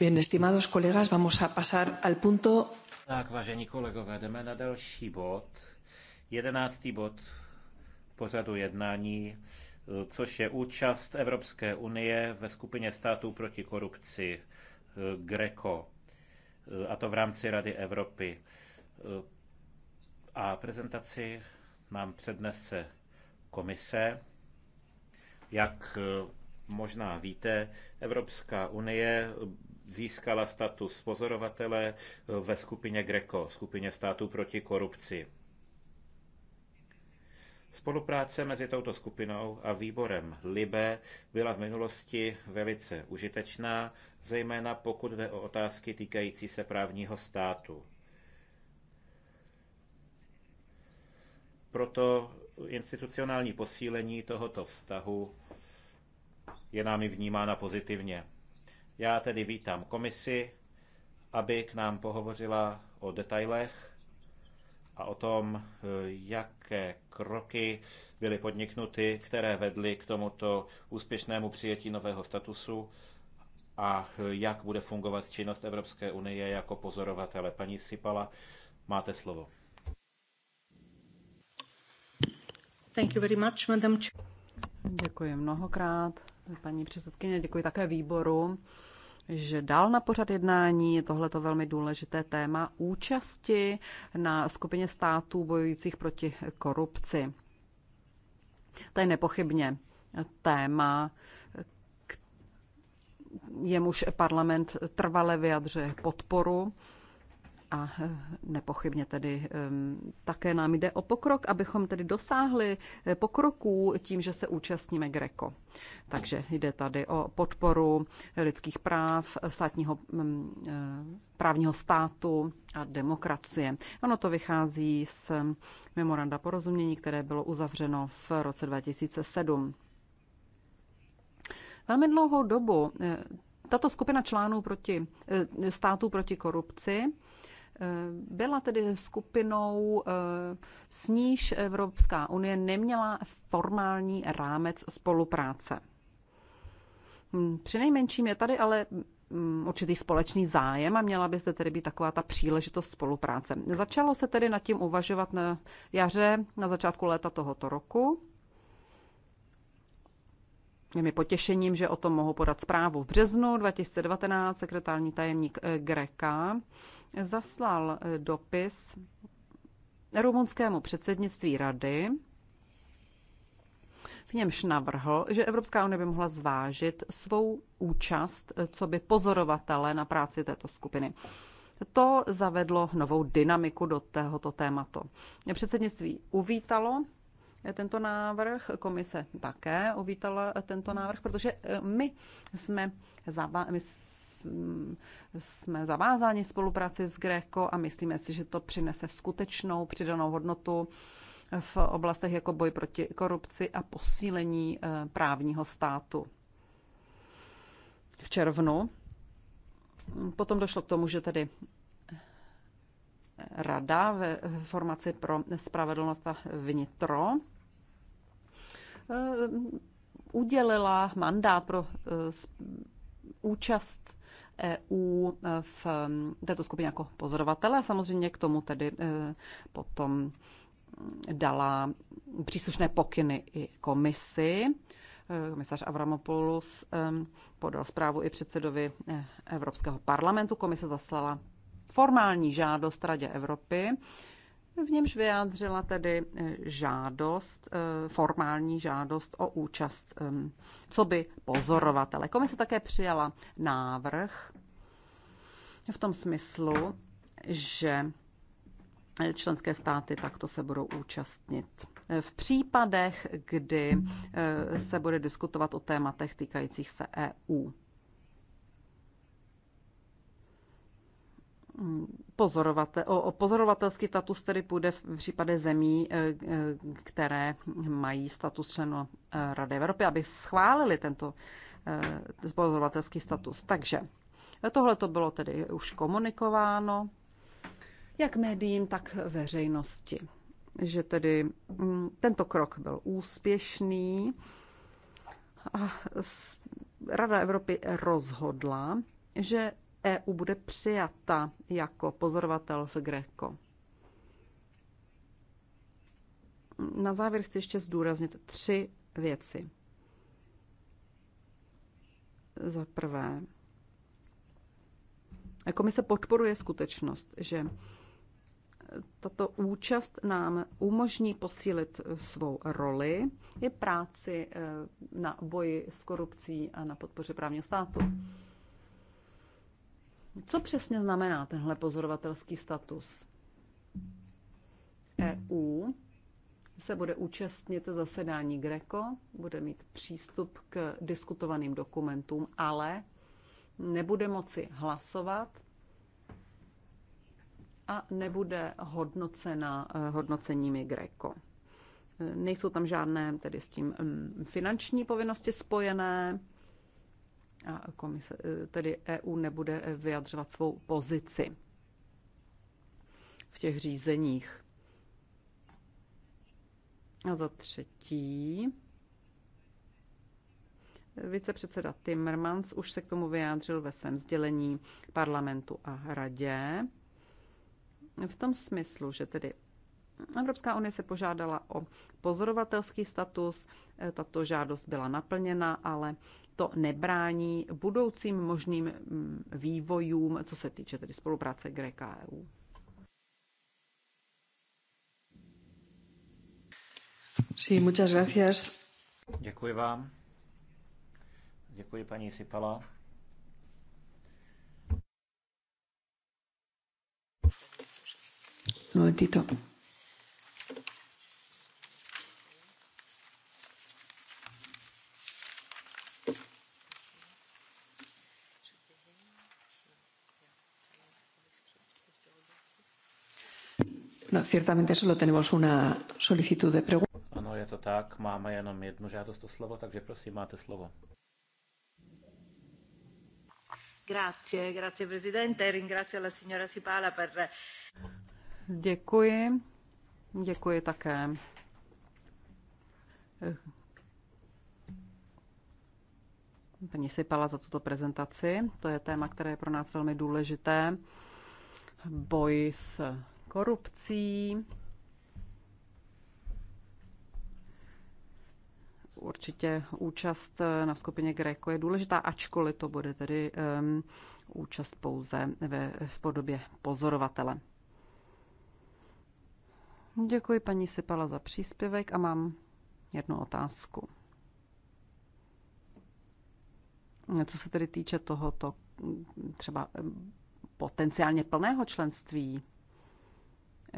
Bien, estimados colegas, vamos a pasar al punto... Tak, vážení kolegové, jdeme na další bod. Jedenáctý bod pořadu jednání, což je účast Evropské unie ve skupině států proti korupci GRECO, a to v rámci Rady Evropy. A prezentaci nám přednese komise. Jak možná víte, Evropská unie získala status pozorovatele eh, ve skupině GRECO, skupině států proti korupci. Spolupráce mezi touto skupinou a výborem LIBE byla v minulosti velice užitečná, zejména pokud jde o otázky týkající se právního státu. Proto institucionální posílení tohoto vztahu je námi vnímána pozitivně. Já tedy vítám komisi, aby k nám pohovořila o detailech a o tom, eh, jaké kroky byly podniknuty, které vedly k tomuto úspěšnému přijetí nového statusu a eh, jak bude fungovat činnost Evropské unie jako pozorovatele. Paní Sipala, máte slovo. Thank you very much, madam. Děkuji mnohokrát, paní předsedkyně, děkuji také výboru že dál na pořad jednání je tohleto velmi důležité téma účasti na skupině států bojujících proti korupci. To je nepochybně téma, jemuž parlament trvale vyjadřuje podporu a eh, nepochybně tedy ehm, také nám jde o pokrok, abychom tedy dosáhli eh, pokroků tím, že se účastníme Greco. Takže jde tady o podporu lidských práv, státního mm, eh, právního státu a demokracie. Ono to vychází z memoranda porozumění, které bylo uzavřeno v roce 2007. Velmi dlouhou dobu tato skupina článů proti, států proti korupci Eh, byla tedy skupinou, eh, s níž Evropská unie neměla formální rámec spolupráce. Hmm, přinejmenším je tady ale mm, určitý společný zájem a měla by zde tedy být taková ta příležitost spolupráce. Začalo se tedy nad tím uvažovat na jaře, na začátku léta tohoto roku. Je mi potěšením, že o tom mohu podat zprávu v březnu 2019 sekretární tajemník eh, Greka zaslal eh, dopis rumunskému předsednictví rady, v němž navrhl, že Evropská unie by mohla zvážit svou účast eh, co by pozorovatele na práci této skupiny. To zavedlo novou dynamiku do tohoto tématu. Předsednictví uvítalo eh, tento návrh, komise také uvítala tento návrh, protože my jsme, my jsme zavázáni spolupráci s Gréko a myslíme si, že to přinese skutečnou přidanou hodnotu v oblastech jako boj proti korupci a posílení eh, právního státu. V červnu potom došlo k tomu, že tedy Rada ve formaci pro spravedlnost a vnitro eh, udělila mandát pro eh, účast EU e, v této skupině jako pozorovatele a samozřejmě k tomu tedy e, potom dala příslušné pokyny i komisi. E, komisař Avramopoulos podal zprávu i předsedovi Evropského parlamentu. Komise zaslala formální žádost Radě Evropy v němž vyjádřila tedy eh, žádost, eh, formální žádost o účast ehm, co by pozorovatele. Komise také přijala návrh v tom smyslu, že členské státy takto se budou účastnit. V případech, kdy eh, se bude diskutovat o tématech týkajících se EU. pozorovatel, o pozorovatelský status tedy půjde v případě zemí, eh, eh, které mají status členu eh, Rady Evropy, aby schválili tento pozorovatelský status. Takže tohle to bylo tedy už komunikováno jak médiím, tak veřejnosti. Že tedy mm, tento krok byl úspěšný. Rada Evropy rozhodla, že EU bude přijata jako pozorovatel v Greco. Na závěr chci ještě zdůraznit tři věci. Za prvé, komise podporuje skutečnost, že tato účast nám umožní posílit svou roli i práci e, na boji s korupcí a na podpoře právního státu. Co přesně znamená tenhle pozorovatelský status? EU se bude účastnit zasedání Greco, bude mít přístup k diskutovaným dokumentům, ale nebude moci hlasovat a nebude hodnocena eh, hodnoceními Greco. Eh, nejsou tam žádné tedy s tím mm, finanční povinnosti spojené, a komise, eh, tedy EU nebude eh, vyjadřovat svou pozici v těch řízeních. A za třetí, vicepředseda Timmermans už se k tomu vyjádřil ve svém sdělení parlamentu a radě v tom smyslu, že tedy Evropská unie se požádala o pozorovatelský status, e, tato žádost byla naplněna, ale to nebrání budoucím možným mm, vývojům, co se týče tedy spolupráce Greka a EU. Sí, muchas gracias. Děkuji vám. Děkuji paní Sipala. No No, No, ciertamente solo tenemos una solicitud de pregunta. Ano, je to tak, máme jenom jednu žádost o slovo, takže prosím, máte slovo. Grazie, grazie presidente, ringrazio la signora Sipala per... Děkuji, děkuji také paní Sipala za tuto prezentaci. To je téma, které je pro nás velmi důležité. Boj s korupcí. Určitě účast na skupině Greco je důležitá, ačkoliv to bude tedy um, účast pouze ve, v podobě pozorovatele. Děkuji paní Sipala za příspěvek a mám jednu otázku. Co se tedy týče tohoto třeba potenciálně plného členství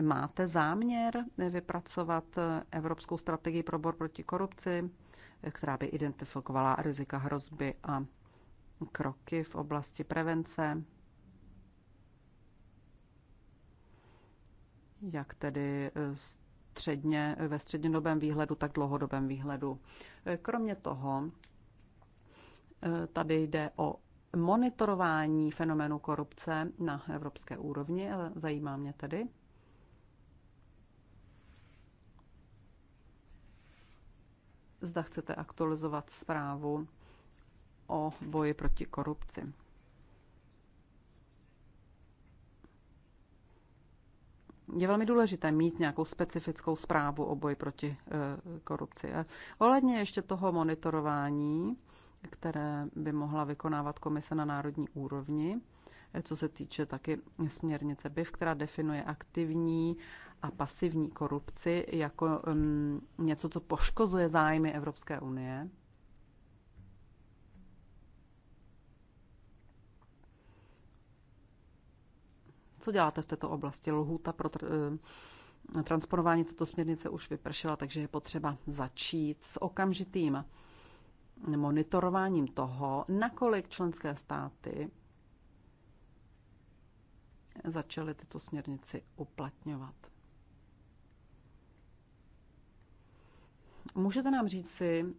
Máte záměr vypracovat evropskou strategii pro bor proti korupci, která by identifikovala rizika hrozby a kroky v oblasti prevence? Jak tedy eh, středně, ve střednědobém výhledu, tak dlouhodobém výhledu. Eh, kromě toho, eh, tady jde o monitorování fenoménu korupce na evropské úrovni. Zajímá mě tedy, zda chcete aktualizovat zprávu o boji proti korupci. je velmi důležité mít nějakou specifickou zprávu o boji proti eh, korupci. Eh, ohledně ještě toho monitorování, které by mohla vykonávat komise na národní úrovni, eh, co se týče taky směrnice BIF, která definuje aktivní a pasivní korupci jako um, něco, co poškozuje zájmy Evropské unie. Co děláte v této oblasti? Lhůta pro tr- transponování této směrnice už vypršela, takže je potřeba začít s okamžitým monitorováním toho, nakolik členské státy začaly tyto směrnici uplatňovat. Můžete nám říct, si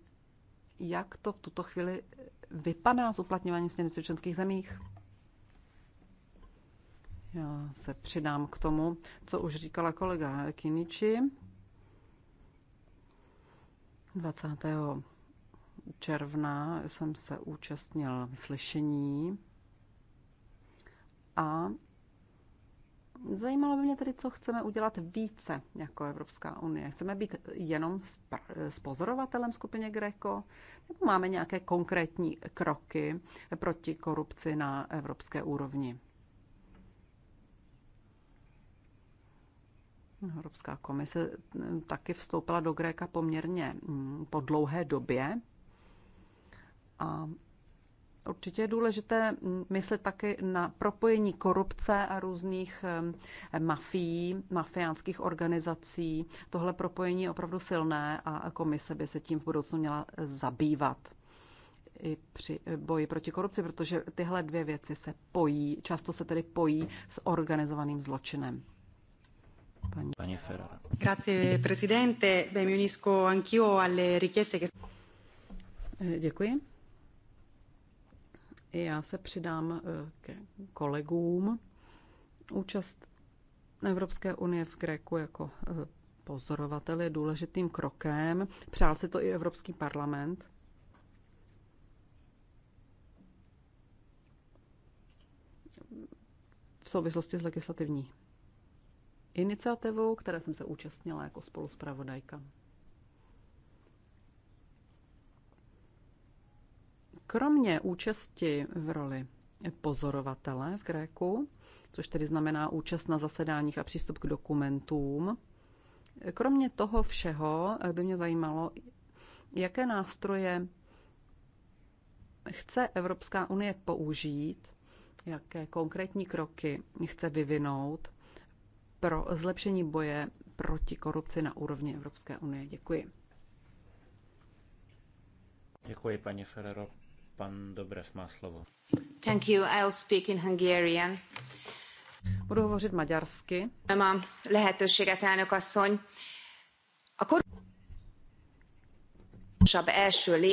jak to v tuto chvíli vypadá s uplatňováním směrnic v členských zemích? Já se přidám k tomu, co už říkala kolega Kiniči. 20. června jsem se účastnil slyšení a Zajímalo by mě tedy, co chceme udělat více jako Evropská unie. Chceme být jenom pozorovatelem skupině Greco, nebo máme nějaké konkrétní kroky proti korupci na evropské úrovni? Evropská komise taky vstoupila do Gréka poměrně mm, po dlouhé době a Určitě je důležité myslet taky na propojení korupce a různých mafií, mafiánských organizací. Tohle propojení je opravdu silné a komise by se tím v budoucnu měla zabývat i při boji proti korupci, protože tyhle dvě věci se pojí, často se tedy pojí s organizovaným zločinem. Paní, Paní Grazie, presidente. Beh, mi unisco anch'io alle richieste che... Eh, děkuji. I já se přidám eh, ke kolegům. Účast Evropské unie v Gréku jako eh, pozorovatel je důležitým krokem. Přál si to i Evropský parlament. V souvislosti s legislativní iniciativou, které jsem se účastnila jako spoluspravodajka. Kromě účasti v roli pozorovatele v Gréku, což tedy znamená účast na zasedáních a přístup k dokumentům, kromě toho všeho by mě zajímalo, jaké nástroje chce Evropská unie použít, jaké konkrétní kroky chce vyvinout pro zlepšení boje proti korupci na úrovni Evropské unie. Děkuji. Děkuji, paní Ferrero. Pan Dobrev má slovo. Thank you. I'll speak in Hungarian. Budu hovořit maďarsky. Mám lehetőséget, elnök asszony. A kor...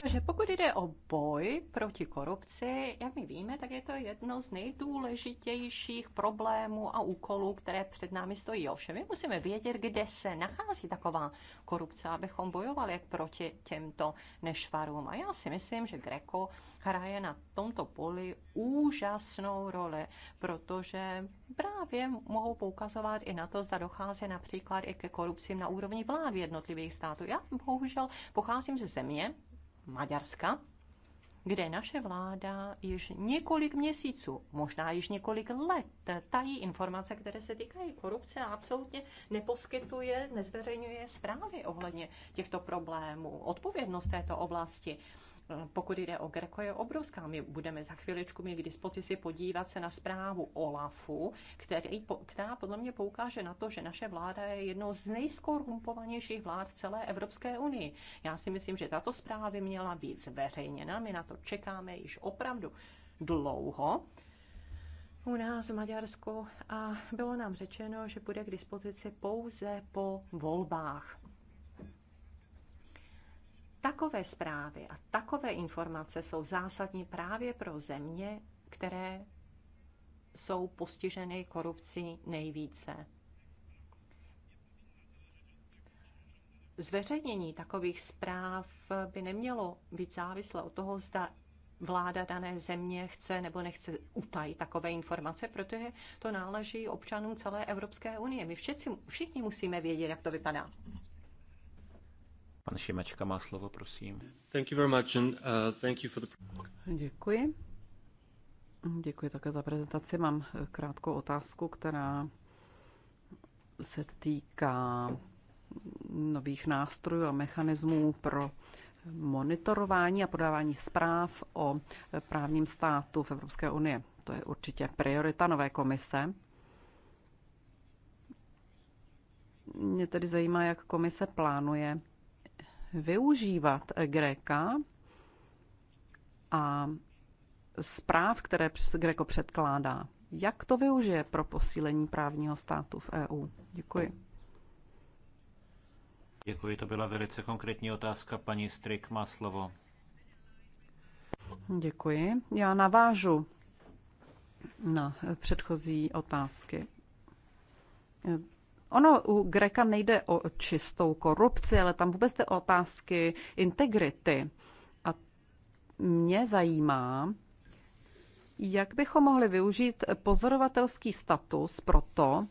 Takže pokud jde o boj proti korupci, jak my víme, tak je to jedno z nejdůležitějších problémů a úkolů, které před námi stojí. Ovšem, my musíme vědět, kde se nachází taková korupce, abychom bojovali proti těmto nešvarům. A já si myslím, že Greko hraje na tomto poli úžasnou roli, protože právě mohou poukazovat i na to, zda dochází například i ke korupcím na úrovni vlád jednotlivých států. Já bohužel pocházím ze země, Maďarska, kde naše vláda již několik měsíců, možná již několik let tají informace, které se týkají korupce a absolutně neposkytuje, nezveřejňuje zprávy ohledně těchto problémů, odpovědnost této oblasti pokud jde o Greco, je obrovská. My budeme za chviličku mít k dispozici podívat se na zprávu OLAFu, který, která podle mě poukáže na to, že naše vláda je jednou z nejskorumpovanějších vlád v celé Evropské unii. Já si myslím, že tato zpráva by měla být zveřejněna. My na to čekáme již opravdu dlouho u nás v Maďarsku a bylo nám řečeno, že bude k dispozici pouze po volbách takové zprávy a takové informace jsou zásadní právě pro země, které jsou postiženy korupcí nejvíce. Zveřejnění takových zpráv by nemělo být závislé od toho, zda vláda dané země chce nebo nechce utajit takové informace, protože to náleží občanům celé Evropské unie. My všichni, všichni musíme vědět, jak to vypadá. Pan Šimečka má slovo, prosím. Thank you very much and, uh, thank you for the... Děkuji. Děkuji také za prezentaci. Mám eh, krátkou otázku, která se týká mm, nových nástrojů a mechanismů pro monitorování a podávání zpráv o eh, právním státu v Evropské unii. To je určitě priorita nové komise. Mě tedy zajímá, jak komise plánuje využívat Greka a zpráv, které Greko předkládá. Jak to využije pro posílení právního státu v EU? Děkuji. Děkuji, to byla velice konkrétní otázka. Paní Strik má slovo. Děkuji. Já navážu na předchozí otázky. Ono u Greka nejde o čistou korupci, ale tam vůbec jde o otázky integrity. A mě zajímá, jak bychom mohli využít pozorovatelský status pro to,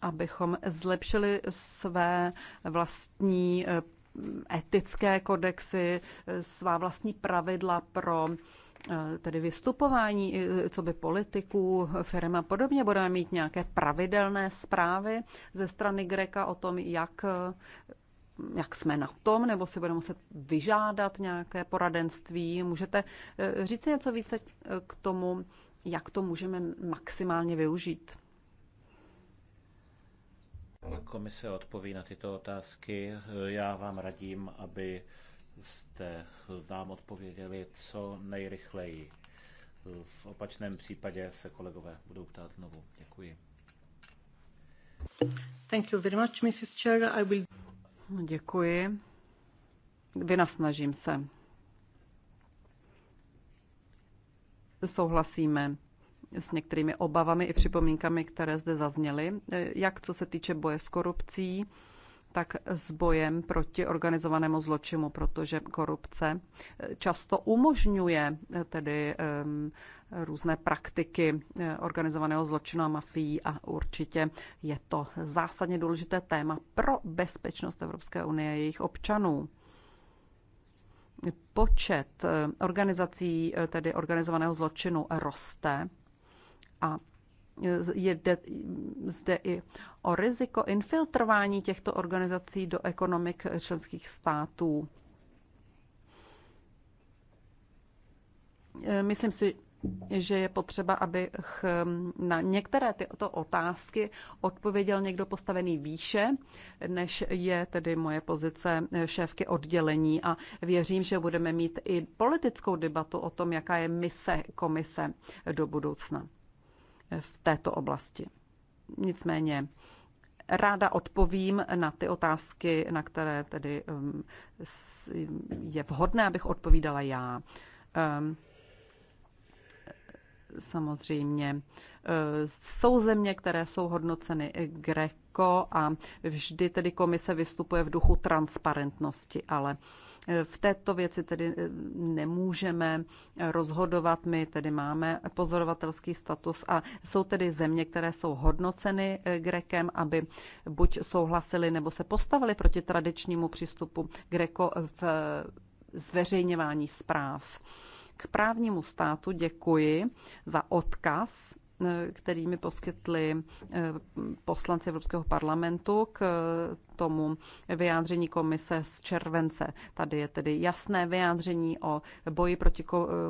abychom zlepšili své vlastní eh, etické kodexy, eh, svá vlastní pravidla pro Eh, tedy vystupování, eh, co by politiků, firma a podobně. Budeme mít nějaké pravidelné zprávy ze strany Greka o tom, jak eh, jak jsme na tom, nebo si budeme muset vyžádat nějaké poradenství. Můžete říct něco více k tomu, jak to můžeme maximálně využít? Komise odpoví na tyto otázky. Já vám radím, aby jste nám odpověděli co nejrychleji. V opačném případě se kolegové budou ptát znovu. Děkuji. Thank you very much, Mrs. Chair. I will... Děkuji. Vynasnažím se. Souhlasíme s některými obavami i připomínkami, které zde zazněly, jak co se týče boje s korupcí, tak s bojem proti organizovanému zločinu, protože korupce eh, často umožňuje eh, tedy různé praktiky eh, organizovaného zločinu a mafií a určitě je to zásadně důležité téma pro bezpečnost Evropské unie a jejich občanů počet organizací, tedy organizovaného zločinu, roste a jde zde i o riziko infiltrování těchto organizací do ekonomik členských států. Eh, myslím si, že je potřeba, aby hm, na některé tyto otázky odpověděl někdo postavený výše, než je tedy moje pozice eh, šéfky oddělení. A věřím, že budeme mít i politickou debatu o tom, jaká je mise komise do budoucna v této oblasti. Nicméně ráda odpovím na ty otázky, na které tedy um, je vhodné, abych odpovídala já. Um, samozřejmě uh, jsou země, které jsou hodnoceny Greco a vždy tedy komise vystupuje v duchu transparentnosti, ale v této věci tedy eh, nemůžeme rozhodovat, my tedy máme pozorovatelský status a jsou tedy země, které jsou hodnoceny eh, Grekem, aby buď souhlasili nebo se postavili proti tradičnímu přístupu Greko v eh, zveřejňování zpráv. K právnímu státu děkuji za odkaz Eh, mi poskytli eh, poslanci Evropského parlamentu k eh, tomu vyjádření komise z července. Tady je tedy jasné vyjádření o boji proti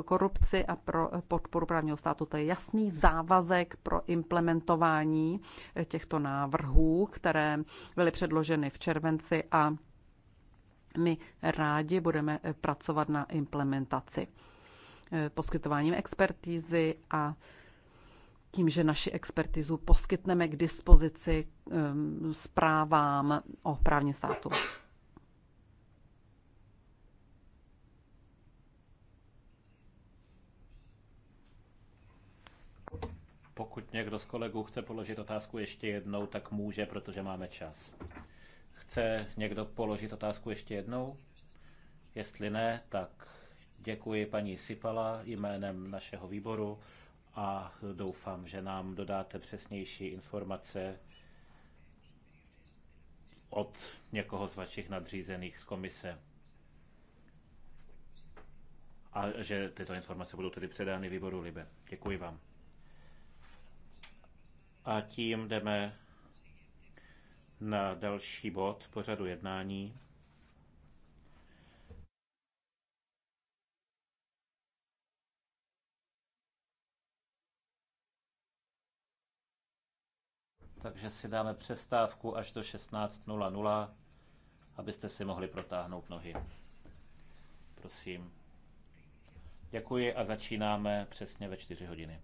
korupci a pro podporu právního státu. To je jasný závazek pro implementování těchto návrhů, které byly předloženy v červenci a my rádi budeme pracovat na implementaci poskytováním expertízy a tím, že naši expertizu poskytneme k dispozici ehm, zprávám o právním státu. Pokud někdo z kolegů chce položit otázku ještě jednou, tak může, protože máme čas. Chce někdo položit otázku ještě jednou? Jestli ne, tak děkuji paní Sipala jménem našeho výboru a doufám, že nám dodáte přesnější informace od někoho z vašich nadřízených z komise. A že tyto informace budou tedy předány výboru Libe. Děkuji vám. A tím jdeme na další bod pořadu jednání. takže si dáme přestávku až do 16.00, abyste si mohli protáhnout nohy. Prosím. Děkuji a začínáme přesně ve 4 hodiny.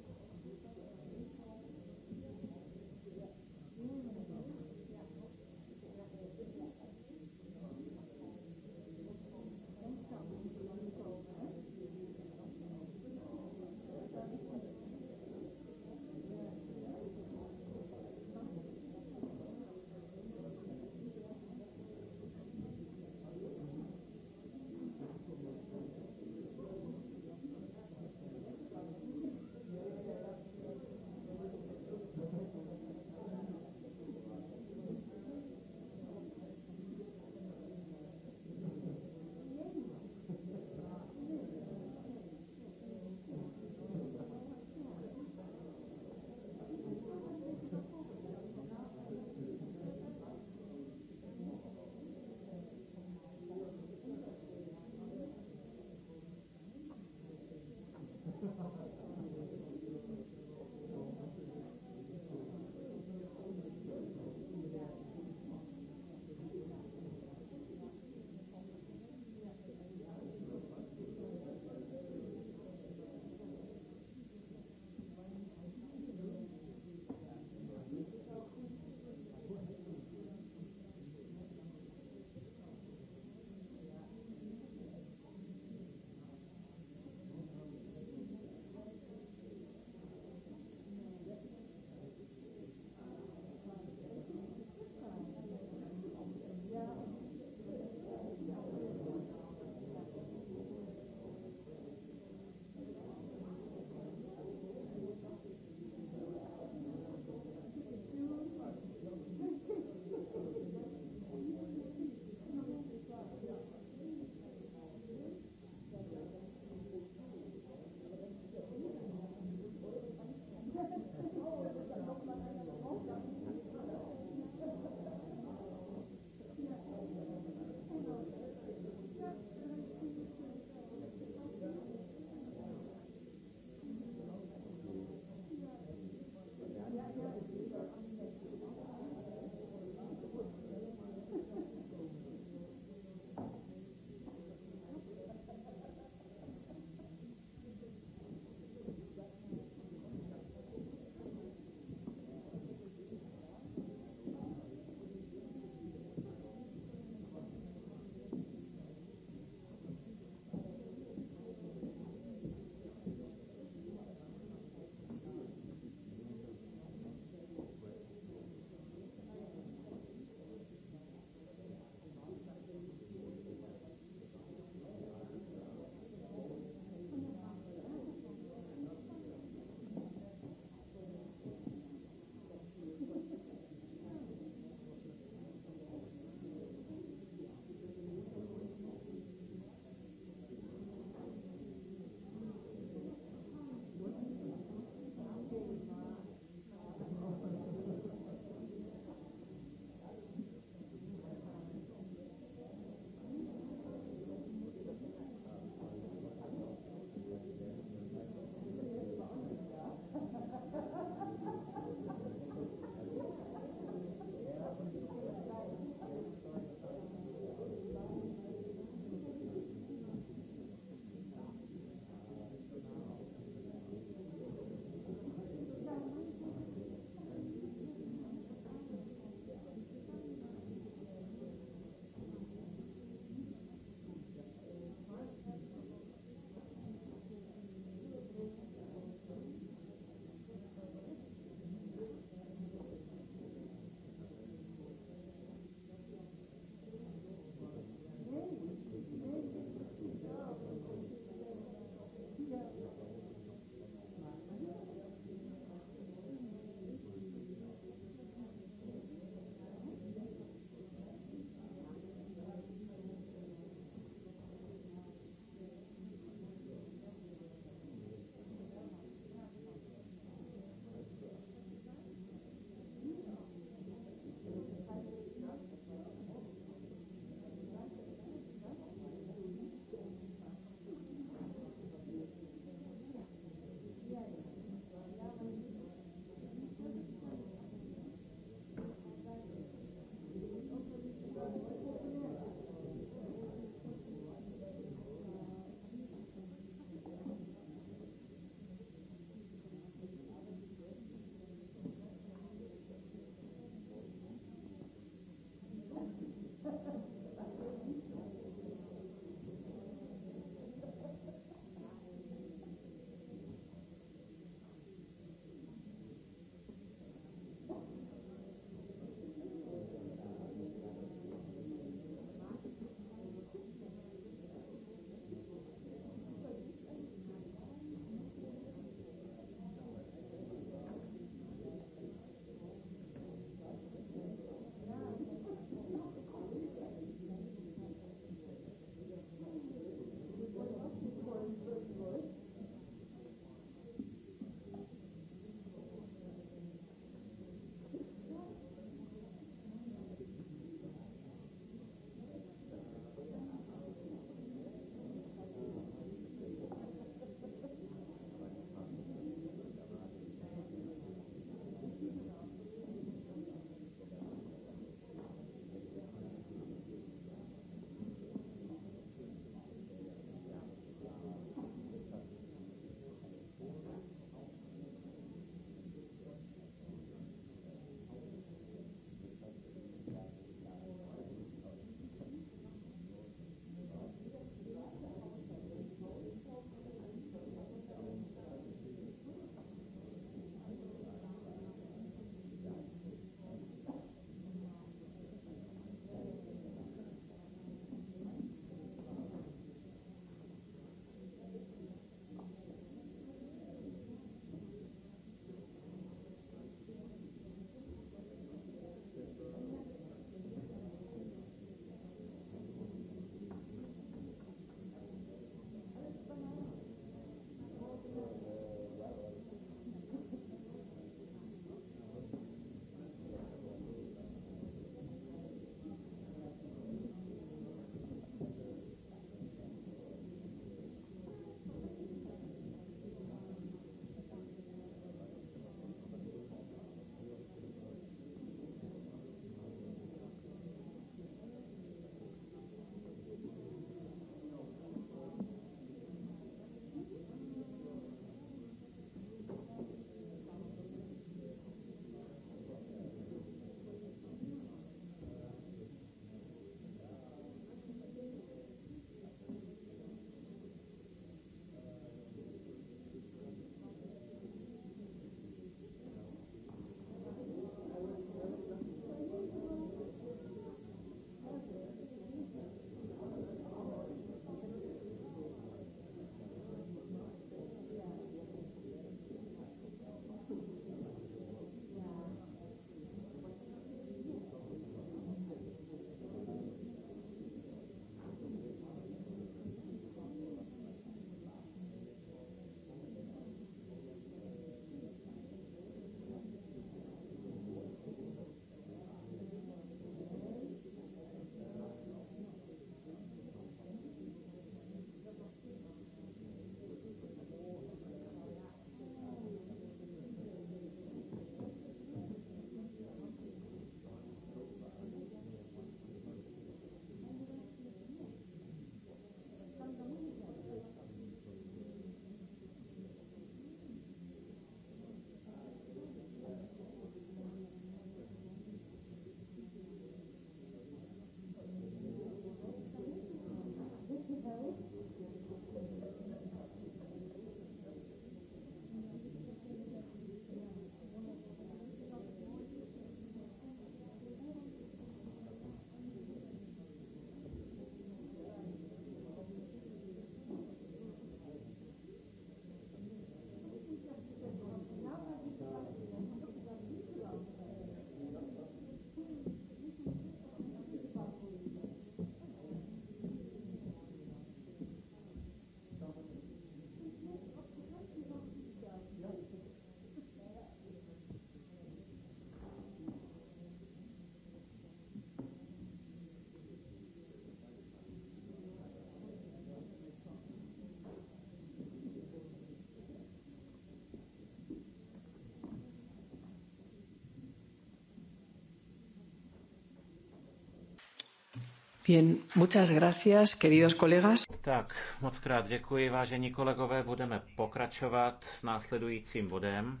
Bien, muchas gracias, queridos colegas. Tak, moc krát děkuji, vážení kolegové. Budeme pokračovat s následujícím bodem.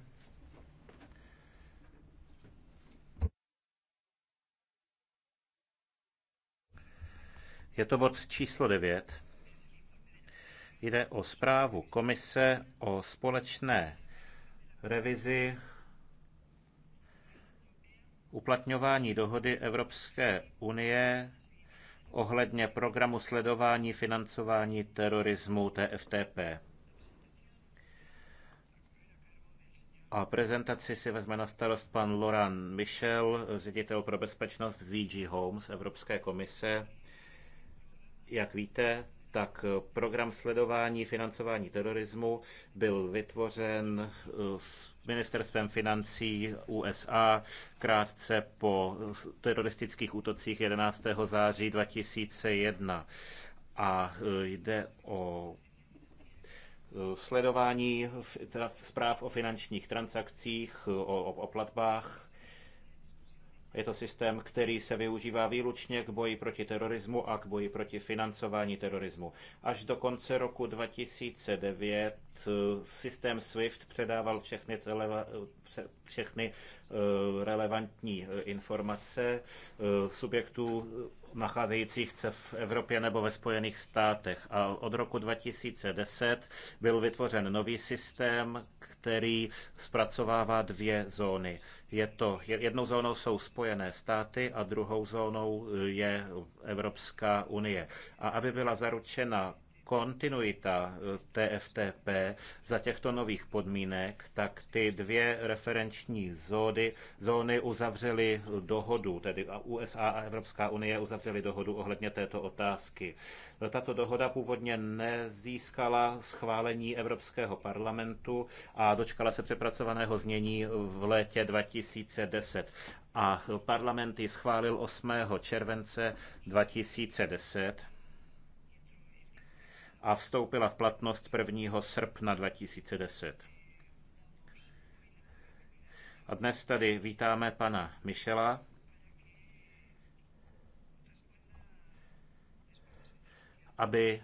Je to bod číslo 9. Jde o zprávu komise o společné revizi uplatňování dohody Evropské unie ohledně programu sledování financování terorismu TFTP. A prezentaci si vezme na starost pan Loran Michel, ředitel pro bezpečnost ZG Homes Evropské komise. Jak víte, tak eh, program sledování financování terorismu byl vytvořen eh, s ministerstvem financí USA krátce po eh, teroristických útocích 11. září 2001. A jde o sledování zpráv o finančních transakcích, o, o, o platbách je to systém, který se využívá výlučně k boji proti terorismu a k boji proti financování terorismu. Až do konce roku 2009 eh, systém SWIFT předával všechny, televa, eh, všechny eh, relevantní informace subjektů nacházejících se v Evropě nebo ve Spojených státech. A od roku 2010 byl vytvořen nový systém, který zpracovává dvě zóny. Je to, jednou zónou jsou Spojené státy a druhou zónou je Evropská unie. A aby byla zaručena kontinuita eh, TFTP za těchto nových podmínek, tak ty dvě referenční zóny, zóny uzavřely dohodu, tedy USA a Evropská unie uzavřely dohodu ohledně této otázky. Eh, tato dohoda původně nezískala schválení Evropského parlamentu a dočkala se přepracovaného znění v létě 2010 a parlament ji schválil 8. července 2010 a vstoupila v platnost 1. srpna 2010. A dnes tady vítáme pana Michela, aby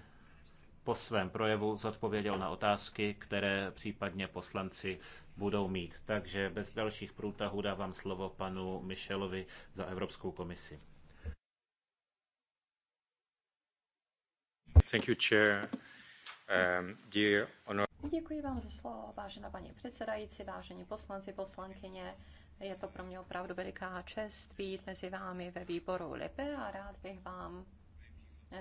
po svém projevu zodpověděl na otázky, které případně poslanci budou mít. Takže bez dalších průtahů dávám slovo panu Michelovi za Evropskou komisi. Thank you, chair. Um, dear honor... Děkuji vám za slovo, vážená paní předsedající, vážení poslanci, poslankyně. Je to pro mě opravdu veliká čest být mezi vámi ve výboru LIPE a rád bych vám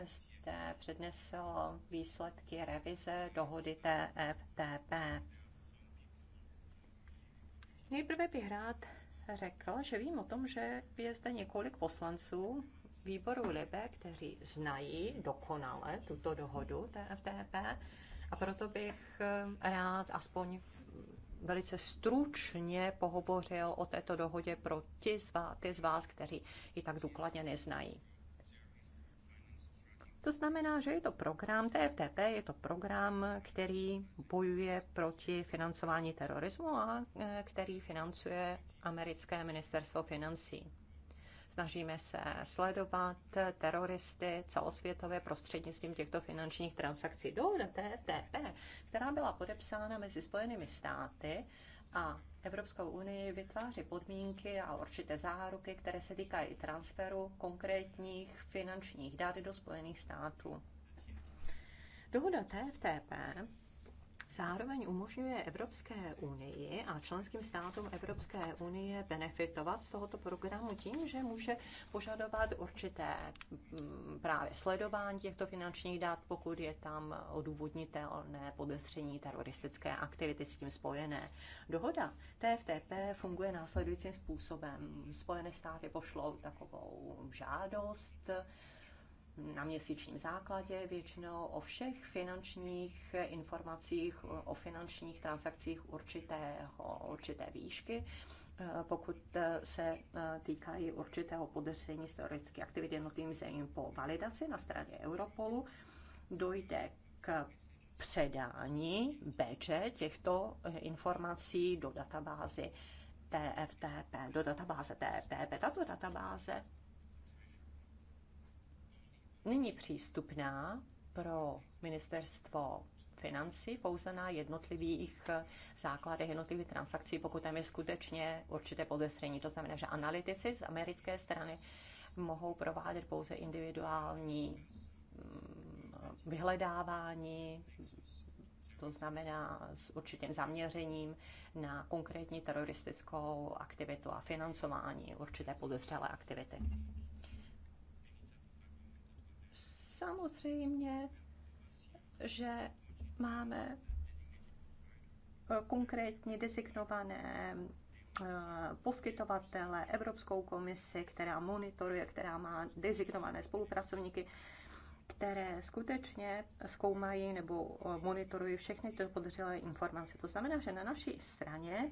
zde přednesl výsledky revize dohody TFTP. Nejprve bych rád řekl, že vím o tom, že je zde několik poslanců, výboru Libe, kteří znají dokonale tuto dohodu TFTP a proto bych eh, rád aspoň velice stručně pohovořil o této dohodě pro ty z vás, ty z vás kteří ji tak důkladně neznají. To znamená, že je to program TFTP, je to program, který bojuje proti financování terorismu a eh, který financuje americké ministerstvo financí. Snažíme se sledovat teroristy celosvětově prostřednictvím těchto finančních transakcí. Dohoda TTP, která byla podepsána mezi Spojenými státy a Evropskou unii vytváří podmínky a určité záruky, které se týkají transferu konkrétních finančních dat do Spojených států. Dohoda TFTP Zároveň umožňuje Evropské unii a členským státům Evropské unie benefitovat z tohoto programu tím, že může požadovat určité mm, právě sledování těchto finančních dat, pokud je tam odůvodnitelné podezření teroristické aktivity s tím spojené. Dohoda TFTP funguje následujícím způsobem. Spojené státy pošlou takovou žádost na měsíčním základě většinou o všech finančních informacích, o finančních transakcích určitého, určité výšky, eh, pokud eh, se eh, týkají určitého podezření z teoretické aktivity jednotlivým zemím po validaci na straně Europolu, dojde k předání beče těchto informací do databázy TFTP, do databáze TFTP. Tato databáze není přístupná pro ministerstvo financí pouze na jednotlivých eh, základech jednotlivých transakcí, pokud tam je skutečně určité podezření. To znamená, že analytici z americké strany mohou provádět pouze individuální mm, vyhledávání, to znamená s určitým zaměřením na konkrétní teroristickou aktivitu a financování určité podezřelé aktivity. Samozřejmě, že máme eh, konkrétně designované eh, poskytovatele, Evropskou komisi, která monitoruje, která má designované spolupracovníky, které skutečně zkoumají nebo eh, monitorují všechny ty podřelé informace. To znamená, že na naší straně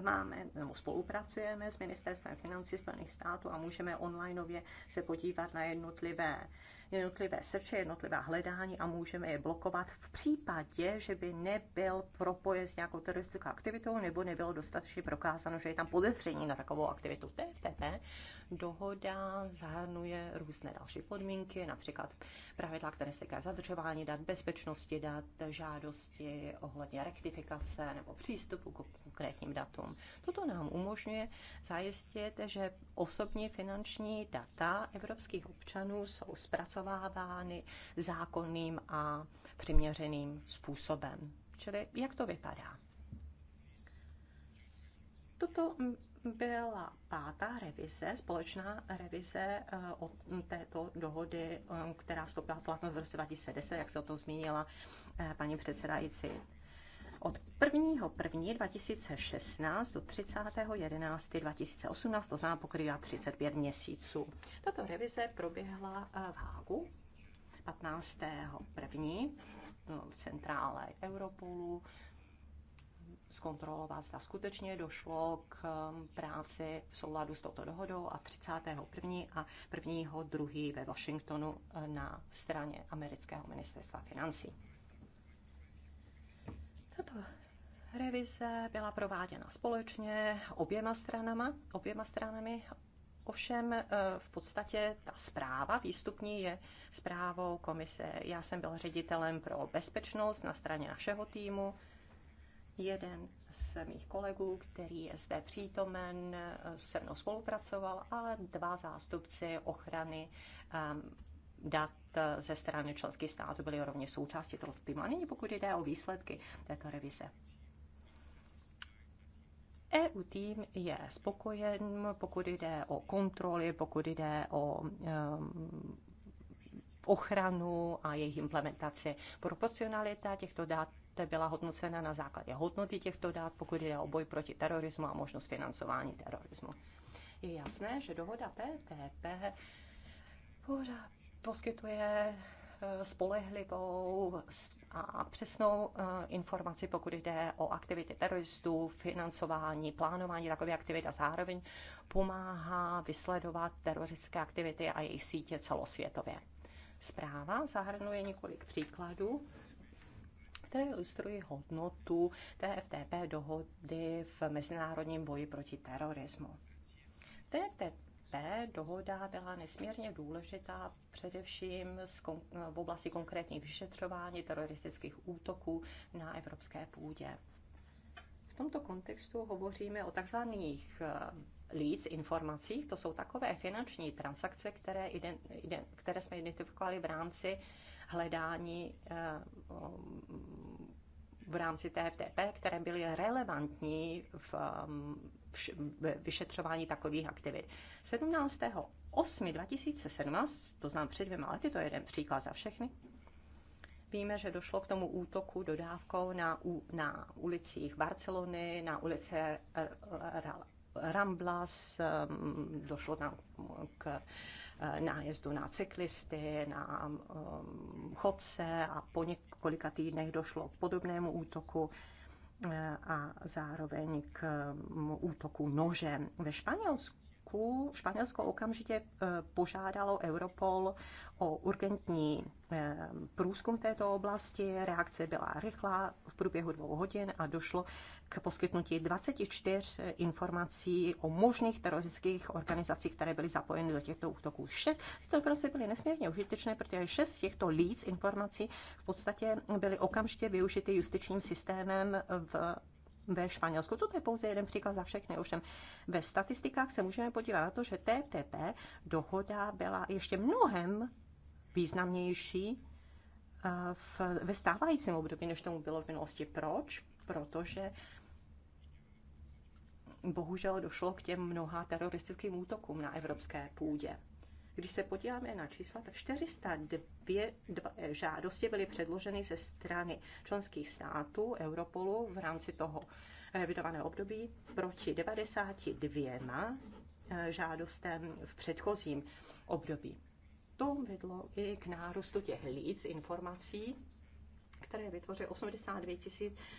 máme nebo spolupracujeme s Ministerstvem financí Spojených států a můžeme onlineově se podívat na jednotlivé jednotlivé srdče, jednotlivá hledání a můžeme je blokovat v případě, že by nebyl propojen s nějakou teroristickou aktivitou nebo nebylo dostatečně prokázáno, že je tam podezření na takovou aktivitu. TFTP dohoda zahrnuje různé další podmínky, například pravidla, které se týkají zadržování dat, bezpečnosti dat, žádosti ohledně rektifikace nebo přístupu k konkrétním datům. Toto nám umožňuje zajistit, že osobní finanční data evropských občanů jsou zpracovány zpracovávány zákonným a přiměřeným způsobem. Čili jak to vypadá? Toto byla pátá revize, společná revize eh, o této dohody, eh, která vstoupila v platnost v roce 2010, jak se o tom zmínila eh, paní předsedající od 1.1.2016 do 30.11.2018, to znamená pokrývá 35 měsíců. Tato revize proběhla eh, v Hágu 15.1. No, v centrále Europolu zkontrolovat, zda skutečně došlo k hm, práci v souladu s touto dohodou a 31. a 1. 2. ve Washingtonu eh, na straně amerického ministerstva financí to? revize byla prováděna společně oběma stranama, oběma stranami. Ovšem eh, v podstatě ta zpráva výstupní je zprávou komise. Já jsem byl ředitelem pro bezpečnost na straně našeho týmu. Jeden z mých kolegů, který je zde přítomen, eh, se mnou spolupracoval, a dva zástupci ochrany ehm, dat ze strany členských států byly rovněž součástí toho týmu. pokud jde o výsledky této revize. EU tým je spokojen, pokud jde o kontroly, pokud jde o um, ochranu a jejich implementaci. Proporcionalita těchto dat byla hodnocena na základě hodnoty těchto dat, pokud jde o boj proti terorismu a možnost financování terorismu. Je jasné, že dohoda PTP. pořád poskytuje eh, spolehlivou a přesnou eh, informaci, pokud jde o aktivity teroristů, financování, plánování takových aktivit a zároveň pomáhá vysledovat teroristické aktivity a jejich sítě celosvětově. Zpráva zahrnuje několik příkladů které ilustrují hodnotu TFTP dohody v mezinárodním boji proti terorismu. TFTP dohoda byla nesmírně důležitá především v oblasti konkrétních vyšetřování teroristických útoků na evropské půdě. V tomto kontextu hovoříme o takzvaných eh, leads, informacích. To jsou takové finanční transakce, které, ide, ide, které jsme identifikovali v rámci hledání eh, v rámci TFTP, které byly relevantní v vyšetřování takových aktivit. 17. 8. 2017, to znám před dvěma lety, to je jeden příklad za všechny, Víme, že došlo k tomu útoku dodávkou na, na ulicích Barcelony, na ulice eh, eh, Ramblas, mm, došlo tam k eh, nájezdu na cyklisty, na mm, chodce a po několika týdnech došlo k podobnému útoku a zároveň k útoku nožem ve Španělsku roku Španělsko okamžitě eh, požádalo Europol o urgentní eh, průzkum této oblasti. Reakce byla rychlá v průběhu dvou hodin a došlo k poskytnutí 24 informací o možných teroristických organizacích, které byly zapojeny do těchto útoků. Šest tyto informace byly nesmírně užitečné, protože šest z těchto líc informací v podstatě byly okamžitě využity justičním systémem v ve Španělsku. Toto je pouze jeden příklad za všechny. Ovšem ve statistikách se můžeme podívat na to, že TTP dohoda byla ještě mnohem významnější eh, v, ve stávajícím období, než tomu bylo v minulosti. Proč? Protože bohužel došlo k těm mnoha teroristickým útokům na evropské půdě. Když se podíváme na čísla, tak 402 eh, žádosti byly předloženy ze strany členských států Europolu v rámci toho revidovaného období proti 92 eh, žádostem v předchozím období. To vedlo i k nárůstu těch líc informací, které vytvořily 82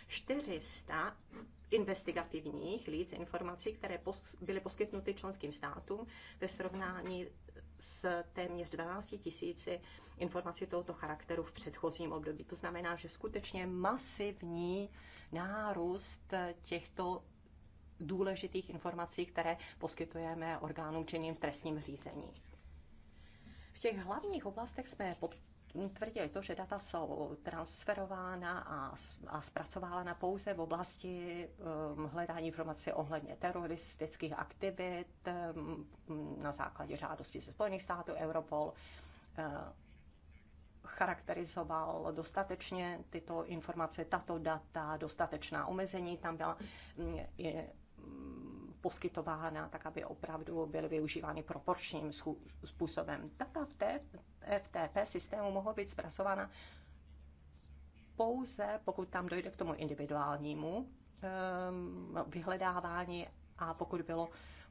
400 investigativních líc informací, které byly poskytnuty členským státům ve srovnání s téměř 12 tisíci informací tohoto charakteru v předchozím období. To znamená, že skutečně masivní nárůst těchto důležitých informací, které poskytujeme orgánům činným v trestním řízení. V těch hlavních oblastech jsme pod tvrdili to, že data jsou transferována a, a zpracována pouze v oblasti um, hledání informací ohledně teroristických aktivit um, na základě žádosti ze Spojených států, Europol uh, charakterizoval dostatečně tyto informace, tato data, dostatečná omezení tam byla. Um, je, um, poskytována, tak aby opravdu byly využívány proporčním způsobem. Data v FTP systému mohou být zpracována pouze, pokud tam dojde k tomu individuálnímu ehm, vyhledávání a pokud bylo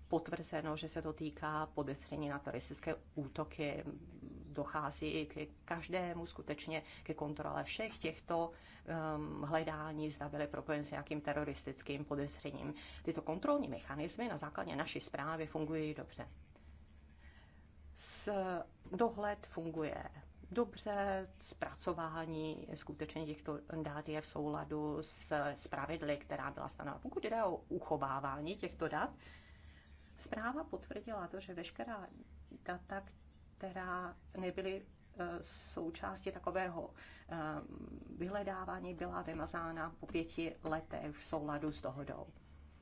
potvrzeno, že se to týká podezření na teroristické útoky dochází k každému skutečně ke kontrole všech těchto um, hledání, zda byly propojeny s nějakým teroristickým podezřením. Tyto kontrolní mechanismy na základě naší zprávy fungují dobře. S dohled funguje dobře, zpracování skutečně těchto dát je v souladu s, s pravidly, která byla stanovena. Pokud jde o uchovávání těchto dat, zpráva potvrdila to, že veškerá data, která nebyly eh, součástí takového eh, vyhledávání byla vymazána po pěti letech v souladu s dohodou.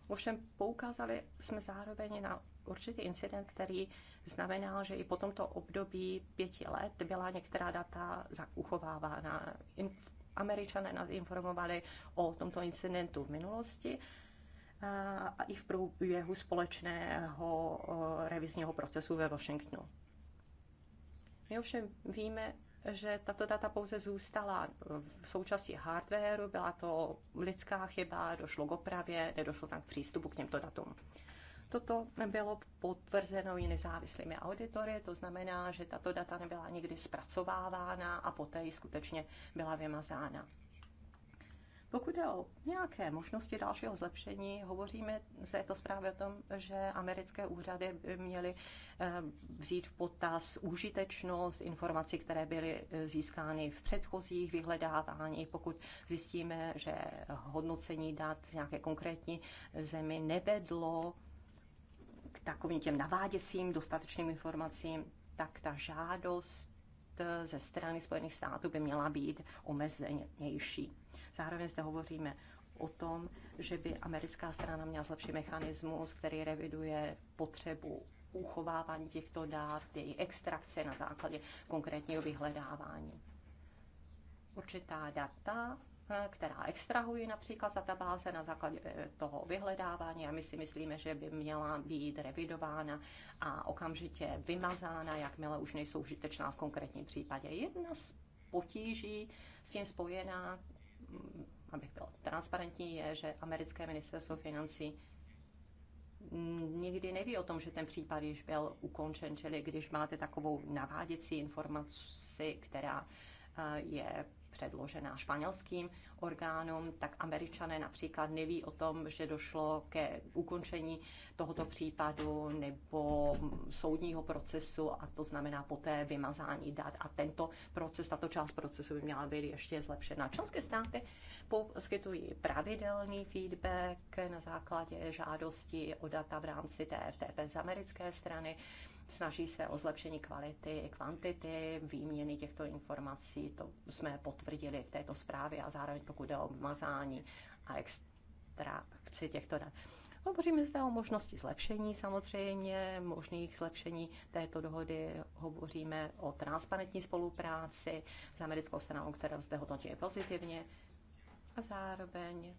Ovšem poukázali jsme zároveň na určitý incident, který znamenal, že i po tomto období pěti let byla některá data uchovávána. Američané nás informovali o tomto incidentu v minulosti eh, a i v průběhu společného revizního procesu ve Washingtonu. My ovšem víme, že tato data pouze zůstala v součástí hardwareu, byla to lidská chyba, došlo k opravě, nedošlo tam k přístupu k těmto datům. Toto bylo potvrzeno i nezávislými auditory, to znamená, že tato data nebyla nikdy zpracovávána a poté ji skutečně byla vymazána. Pokud jde o nějaké možnosti dalšího zlepšení, hovoříme v této zprávě o tom, že americké úřady by měly eh, vzít v potaz užitečnost informací, které byly eh, získány v předchozích vyhledávání. Pokud zjistíme, že hodnocení dat z nějaké konkrétní eh, zemi nevedlo k takovým těm naváděcím dostatečným informacím, tak ta žádost E, ze strany Spojených států by měla být omezenější. Zároveň zde hovoříme o tom, že by americká strana měla zlepší mechanismus, který reviduje potřebu uchovávání těchto dát, jejich extrakce na základě konkrétního vyhledávání. Určitá data Eh, která extrahují například databáze na základě eh, toho vyhledávání a my si myslíme, že by měla být revidována a okamžitě vymazána, jakmile už nejsou užitečná v konkrétním případě. Jedna z potíží s tím spojená, mm, abych byl transparentní, je, že americké ministerstvo financí nikdy neví o tom, že ten případ již byl ukončen, čili když máte takovou naváděcí informaci, která eh, je předložená španělským orgánům, tak američané například neví o tom, že došlo ke ukončení tohoto případu nebo soudního procesu a to znamená poté vymazání dat. A tento proces, tato část procesu by měla být ještě zlepšena. Členské státy poskytují pravidelný feedback na základě žádosti o data v rámci TFTP z americké strany snaží se o zlepšení kvality i kvantity výměny těchto informací. To jsme potvrdili v této zprávě a zároveň pokud jde o obmazání a extrakci těchto dat. Hovoříme zde o možnosti zlepšení samozřejmě, možných zlepšení této dohody. Hovoříme o transparentní spolupráci s americkou stranou, kterou zde hodnotíme pozitivně. A zároveň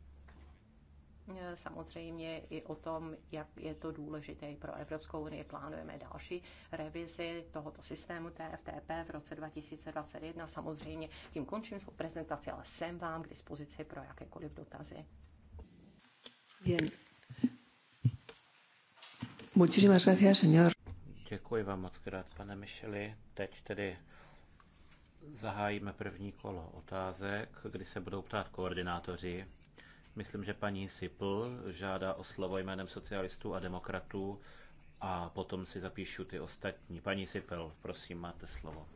E, samozřejmě i o tom, jak je to důležité pro Evropskou unii. Plánujeme další revizi tohoto systému TFTP v roce 2021. Samozřejmě tím končím svou prezentaci, ale jsem vám k dispozici pro jakékoliv dotazy. Bien. Muchísimas gracias, señor. Děkuji vám moc krát, pane Mišeli. Teď tedy zahájíme první kolo otázek, kdy se budou ptát koordinátoři. Myslím, že paní Sipl žádá o slovo jménem socialistů a demokratů a potom si zapíšu ty ostatní. Paní Sipel, prosím, máte slovo.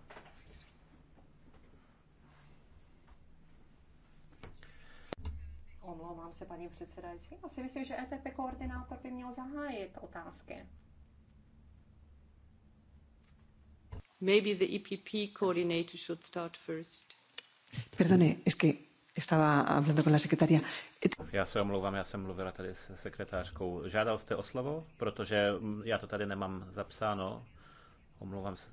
Omlouvám se, paní předsedající. Asi myslím, že EPP koordinátor by měl zahájit otázky. Maybe the EPP coordinator should start first. Perdone, es que Estaba hablando con la secretaria. Já se omlouvám, já jsem mluvila tady se sekretářkou. Žádal jste o slovo, protože mm, já to tady nemám zapsáno. Omlouvám se.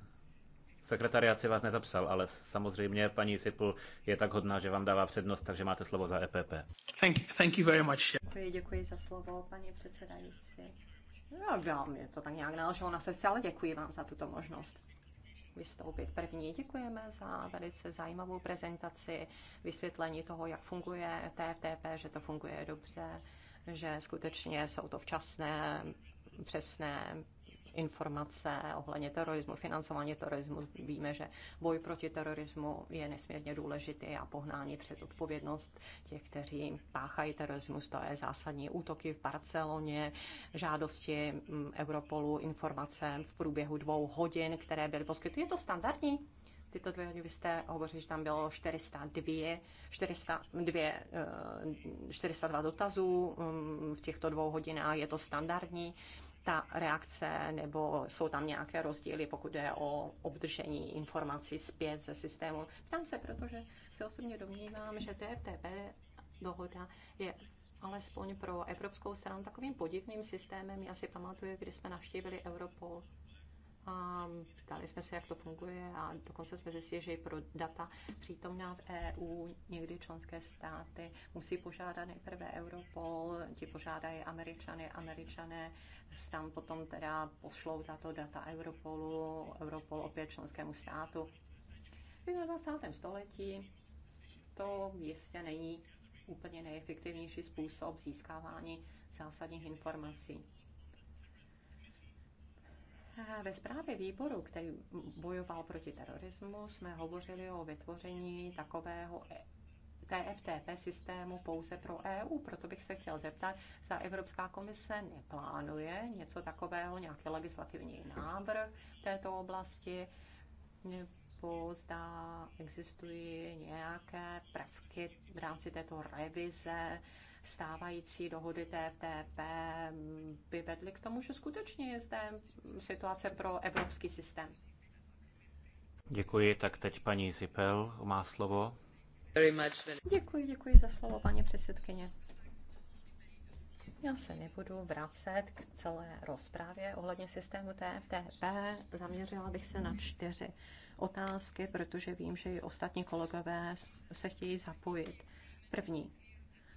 Sekretariát si vás nezapsal, ale samozřejmě paní Sipl je tak hodná, že vám dává přednost, takže máte slovo za EPP. Thank, thank you very much. Děkuji, děkuji za slovo, paní předsedající. No, vám je to tak nějak naložilo na srdce, ale děkuji vám za tuto možnost vystoupit první. Děkujeme za velice zajímavou prezentaci, vysvětlení toho, jak funguje TFTP, že to funguje dobře, že skutečně jsou to včasné, přesné informace ohledně terorismu, financování terorismu. Víme, že boj proti terorismu je nesmírně důležitý a pohnání před odpovědnost těch, kteří páchají terorismus. To je zásadní útoky v Barceloně, žádosti mm, Europolu, informace v průběhu dvou hodin, které byly poskytnuty. Je to standardní? tyto dvě hodiny, vy jste hovořili, že tam bylo 402, 402, 402 dotazů mm, v těchto dvou hodinách, je to standardní ta reakce, nebo jsou tam nějaké rozdíly, pokud jde o obdržení informací zpět ze systému. Ptám se, protože se osobně domnívám, že TFTP dohoda je alespoň pro evropskou stranu takovým podivným systémem. Já si pamatuju, když jsme navštívili Europol a ehm, ptali jsme se, jak to funguje a dokonce jsme zjistili, že i pro data přítomná v EU někdy členské státy musí požádat nejprve Europol, ti požádají Američany, Američané tam potom teda pošlou tato data Europolu, Europol opět členskému státu. V 21. století to jistě není úplně nejefektivnější způsob získávání zásadních informací ve zprávě výboru, který bojoval proti terorismu, jsme hovořili o vytvoření takového e- TFTP systému pouze pro EU. Proto bych se chtěl zeptat, zda Evropská komise neplánuje něco takového, nějaký legislativní návrh v této oblasti, nebo zda existují nějaké prvky v rámci této revize stávající dohody TTP by vedly k tomu, že skutečně je zde situace pro evropský systém. Děkuji, tak teď paní Zipel má slovo. Děkuji, děkuji za slovo, paní předsedkyně. Já se nebudu vracet k celé rozprávě ohledně systému TFTP. Zaměřila bych se na čtyři otázky, protože vím, že i ostatní kolegové se chtějí zapojit. První,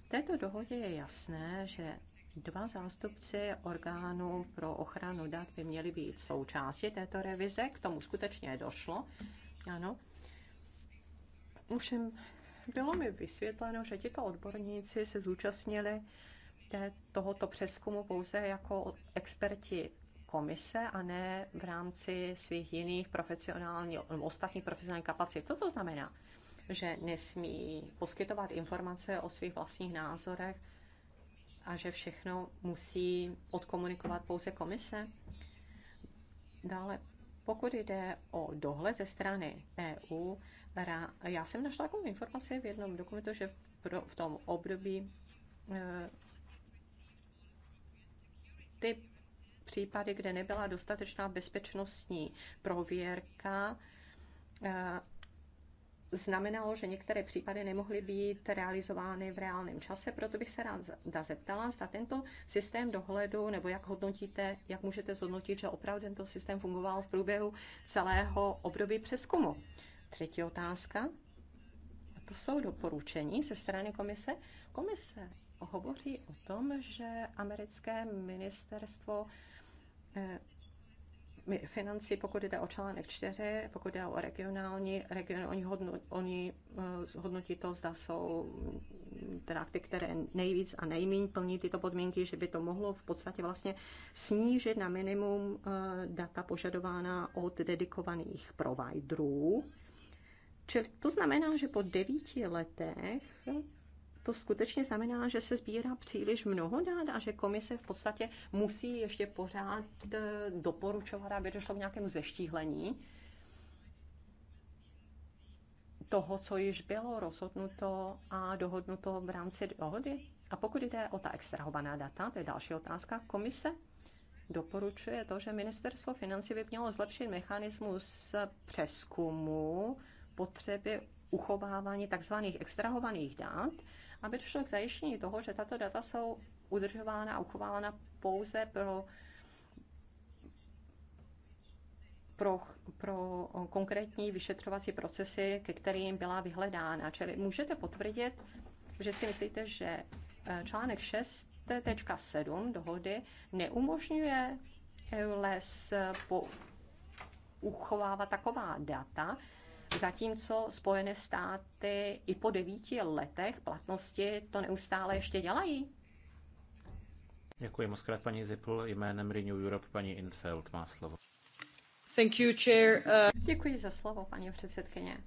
v této dohodě je jasné, že dva zástupci orgánů pro ochranu dat by měli být součástí této revize. K tomu skutečně došlo. Ano. Ovšem bylo mi vysvětleno, že tito odborníci se zúčastnili té, tohoto přeskumu pouze jako experti komise a ne v rámci svých jiných profesionálních, ostatních profesionálních kapacit. Co to znamená? že nesmí poskytovat informace o svých vlastních názorech a že všechno musí odkomunikovat pouze komise. Dále, pokud jde o dohled ze strany EU, já jsem našla takovou informaci v jednom dokumentu, že v tom období e, ty případy, kde nebyla dostatečná bezpečnostní prověrka e, znamenalo, že některé případy nemohly být realizovány v reálném čase, proto bych se ráda zeptala, zda tento systém dohledu, nebo jak hodnotíte, jak můžete zhodnotit, že opravdu tento systém fungoval v průběhu celého období přeskumu. Třetí otázka. A to jsou doporučení ze strany komise. Komise hovoří o tom, že americké ministerstvo eh, financí, pokud jde o článek 4, pokud jde o regionální, region, oni, hodno, oni eh, hodnotí to, zda jsou teda ty, které nejvíc a nejméně plní tyto podmínky, že by to mohlo v podstatě vlastně snížit na minimum eh, data požadována od dedikovaných providerů. Čili to znamená, že po devíti letech to skutečně znamená, že se sbírá příliš mnoho dát a že komise v podstatě musí ještě pořád eh, doporučovat, aby došlo k nějakému zeštíhlení toho, co již bylo rozhodnuto a dohodnuto v rámci dohody. A pokud jde o ta extrahovaná data, to je další otázka, komise doporučuje to, že ministerstvo financí by mělo zlepšit mechanismus přeskumu potřeby uchovávání tzv. extrahovaných dát aby došlo k zajištění toho, že tato data jsou udržována a uchována pouze pro, pro, pro konkrétní vyšetřovací procesy, ke kterým byla vyhledána. Čili můžete potvrdit, že si myslíte, že eh, článek 6.7 dohody neumožňuje EULES eh, eh, po uchovávat taková data, zatímco Spojené státy i po devíti letech platnosti to neustále ještě dělají. Děkuji moc krát, paní Zippel. Jménem Renew Europe paní Infeld má slovo. Thank you, chair. Uh... Děkuji za slovo, paní předsedkyně.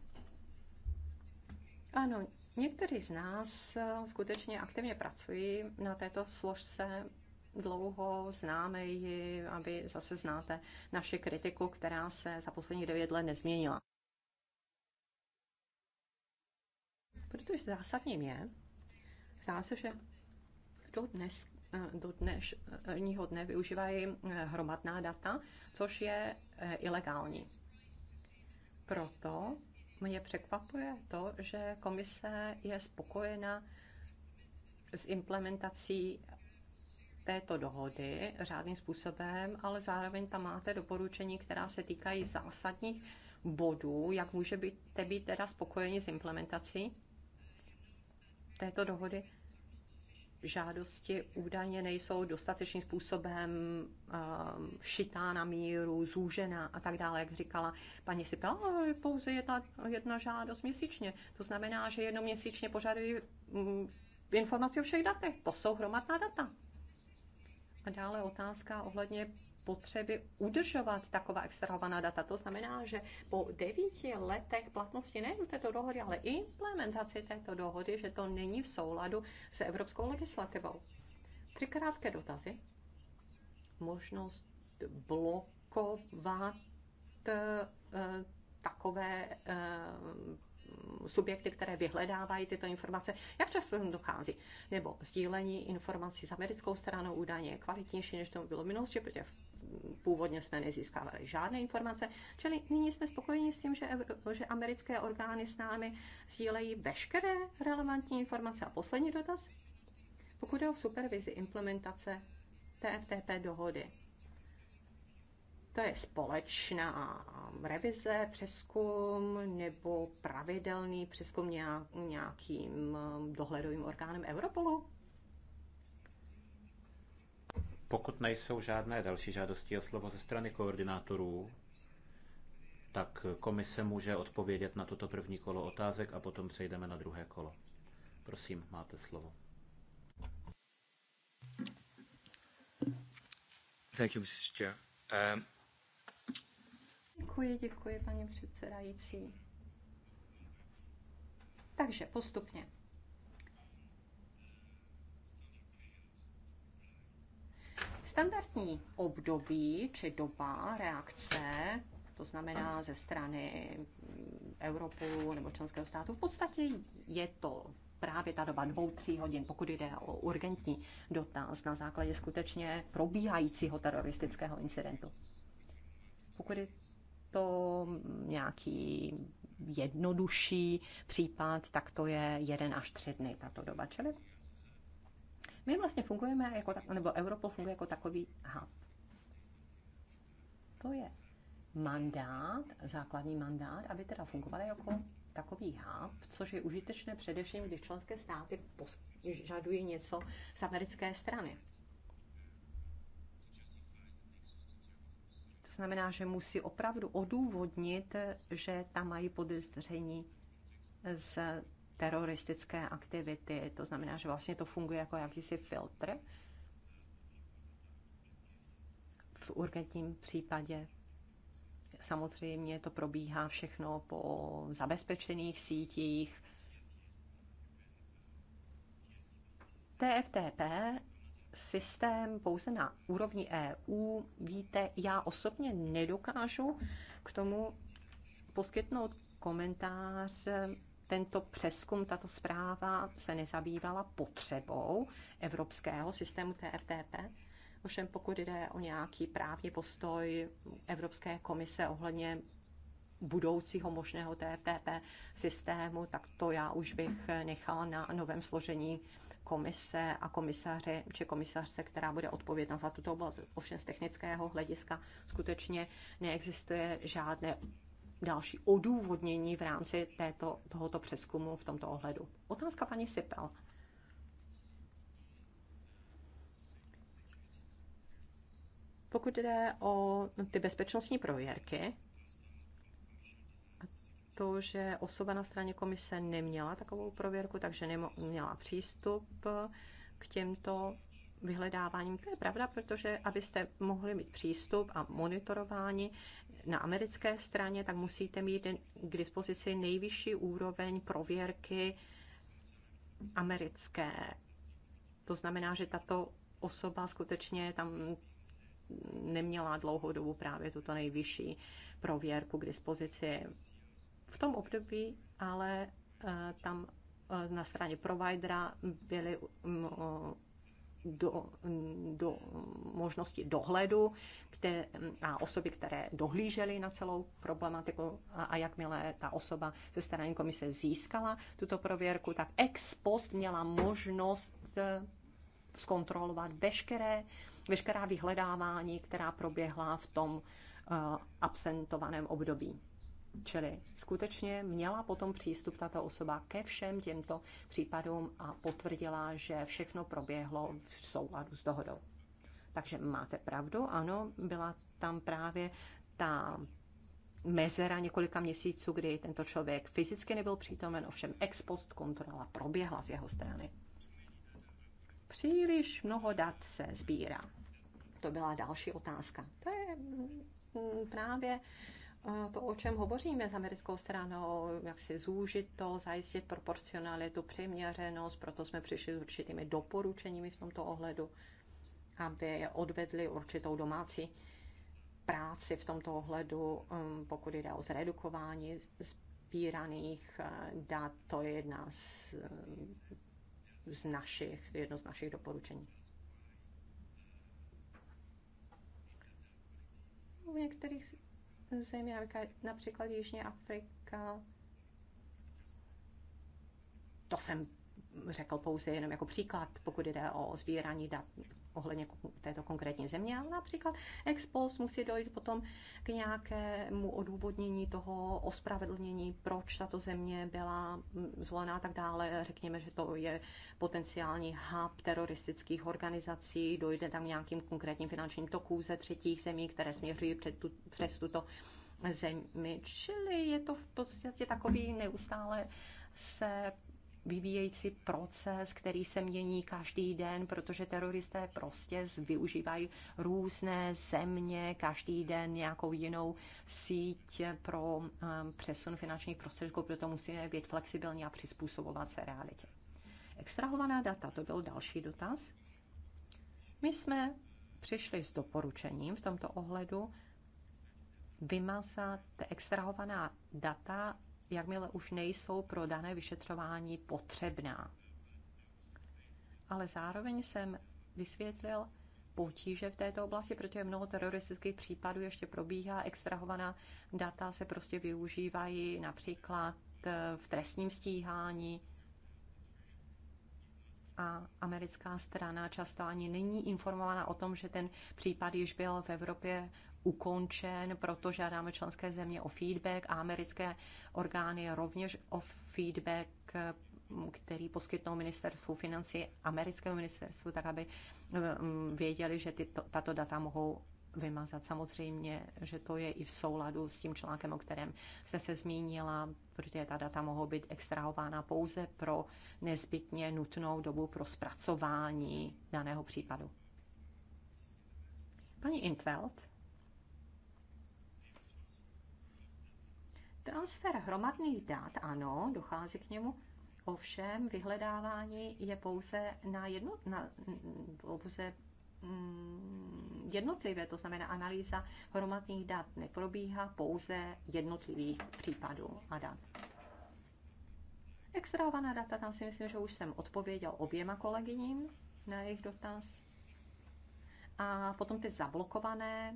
Ano, někteří z nás uh, skutečně aktivně pracují na této složce dlouho, známe ji aby zase znáte naši kritiku, která se za posledních devět let nezměnila. Protože zásadním je, zdá se, že do dnes eh, do dnešního dne využívají eh, hromadná data, což je eh, ilegální. Proto mě překvapuje to, že komise je spokojena s implementací této dohody řádným způsobem, ale zároveň tam máte doporučení, která se týkají zásadních bodů, jak můžete být, být teda spokojeni s implementací této dohody žádosti údajně nejsou dostatečným způsobem um, šitá na míru, zúžená a tak dále, jak říkala paní Sipel, je pouze jedna, jedna žádost měsíčně. To znamená, že měsíčně požadují um, informaci o všech datech. To jsou hromadná data. A dále otázka ohledně potřeby udržovat taková extrahovaná data. To znamená, že po devíti letech platnosti nejen této dohody, ale i implementaci této dohody, že to není v souladu se evropskou legislativou. Tři krátké dotazy. Možnost blokovat eh, takové eh, subjekty, které vyhledávají tyto informace, jak často tam dochází. Nebo sdílení informací s americkou stranou údajně je kvalitnější, než to bylo v minulosti, protože v původně jsme nezískávali žádné informace, čili nyní jsme spokojeni s tím, že, že americké orgány s námi sdílejí veškeré relevantní informace. A poslední dotaz? Pokud je o supervizi implementace TFTP dohody, to je společná revize, přeskum nebo pravidelný přeskum nějakým dohledovým orgánem Europolu? Pokud nejsou žádné další žádosti o slovo ze strany koordinátorů, tak komise může odpovědět na toto první kolo otázek a potom přejdeme na druhé kolo. Prosím, máte slovo. Thank you, Mrs. Chair. Um... Děkuji, děkuji, paní předsedající. Takže postupně. Standardní období či doba reakce, to znamená ze strany Evropu nebo členského státu, v podstatě je to právě ta doba dvou, tří hodin, pokud jde o urgentní dotaz na základě skutečně probíhajícího teroristického incidentu. Pokud je to nějaký jednodušší případ, tak to je jeden až tři dny tato doba. Čili my vlastně fungujeme jako tak, nebo Europol funguje jako takový hub. To je mandát, základní mandát, aby teda fungovala jako takový hub, což je užitečné především, když členské státy žadují něco z americké strany. To znamená, že musí opravdu odůvodnit, že tam mají podezření z teroristické aktivity. To znamená, že vlastně to funguje jako jakýsi filtr v urgentním případě. Samozřejmě to probíhá všechno po zabezpečených sítích. TFTP systém pouze na úrovni EU. Víte, já osobně nedokážu k tomu poskytnout komentář tento přeskum, tato zpráva se nezabývala potřebou evropského systému TFTP. Ovšem pokud jde o nějaký právní postoj Evropské komise ohledně budoucího možného TFTP systému, tak to já už bych nechala na novém složení komise a komisaře či komisařce, která bude odpovědná za tuto oblast. Ovšem z technického hlediska skutečně neexistuje žádné další odůvodnění v rámci této, tohoto přeskumu v tomto ohledu. Otázka paní Sipel. Pokud jde o no, ty bezpečnostní prověrky, to, že osoba na straně komise neměla takovou prověrku, takže neměla přístup k těmto vyhledáváním. To je pravda, protože abyste mohli mít přístup a monitorování na americké straně, tak musíte mít k dispozici nejvyšší úroveň prověrky americké. To znamená, že tato osoba skutečně tam neměla dlouhou dobu právě tuto nejvyšší prověrku k dispozici. V tom období ale eh, tam eh, na straně providera byly mm, do, do možnosti dohledu které, a osoby, které dohlížely na celou problematiku a, a jakmile ta osoba ze strany komise získala tuto prověrku, tak ex post měla možnost e, zkontrolovat veškeré, veškerá vyhledávání, která proběhla v tom uh, absentovaném období. Čili skutečně měla potom přístup tato osoba ke všem těmto případům a potvrdila, že všechno proběhlo v souladu s dohodou. Takže máte pravdu, ano, byla tam právě ta mezera několika měsíců, kdy tento člověk fyzicky nebyl přítomen, ovšem ex post kontrola proběhla z jeho strany. Příliš mnoho dat se sbírá. To byla další otázka. To je mm, právě uh, to, o čem hovoříme s americkou stranou, jak si zúžit to, zajistit proporcionalitu, přiměřenost, proto jsme přišli s určitými doporučeními v tomto ohledu, aby odvedli určitou domácí práci v tomto ohledu, um, pokud jde o zredukování sbíraných eh, dat, to je jedna z, eh, z našich, jedno z našich doporučení. V některých země, jako například Jižní Afrika. To jsem řekl pouze jenom jako příklad, pokud jde o sbírání dat ohledně této konkrétní země, ale například ex post musí dojít potom k nějakému odůvodnění toho ospravedlnění, proč tato země byla mm, zvolená a tak dále. Řekněme, že to je potenciální hub teroristických organizací, dojde tam nějakým konkrétním finančním tokům ze třetích zemí, které směřují před tu, přes tuto zemi. Čili je to v podstatě takový neustále se vyvíjející proces, který se mění každý den, protože teroristé prostě využívají různé země, každý den nějakou jinou síť pro um, přesun finančních prostředků, proto musíme být flexibilní a přizpůsobovat se realitě. Extrahovaná data, to byl další dotaz. My jsme přišli s doporučením v tomto ohledu vymazat extrahovaná data jakmile už nejsou pro dané vyšetřování potřebná. Ale zároveň jsem vysvětlil potíže v této oblasti, protože mnoho teroristických případů ještě probíhá, extrahovaná data se prostě využívají například eh, v trestním stíhání, a americká strana často ani není informována o tom, že ten případ již byl v Evropě ukončen, proto žádáme členské země o feedback a americké orgány rovněž o feedback, který poskytnou ministerstvu financí amerického ministerstvu, tak aby mm, věděli, že tyto, tato data mohou vymazat. Samozřejmě, že to je i v souladu s tím článkem, o kterém jste se zmínila, protože ta data mohou být extrahována pouze pro nezbytně nutnou dobu pro zpracování daného případu. Paní Intveld Transfer hromadných dat, ano, dochází k němu, ovšem vyhledávání je pouze na, jedno, na pouze mm, jednotlivé, to znamená analýza hromadných dat neprobíhá pouze jednotlivých případů a dat. Extrahovaná data, tam si myslím, že už jsem odpověděl oběma kolegyním na jejich dotaz. A potom ty zablokované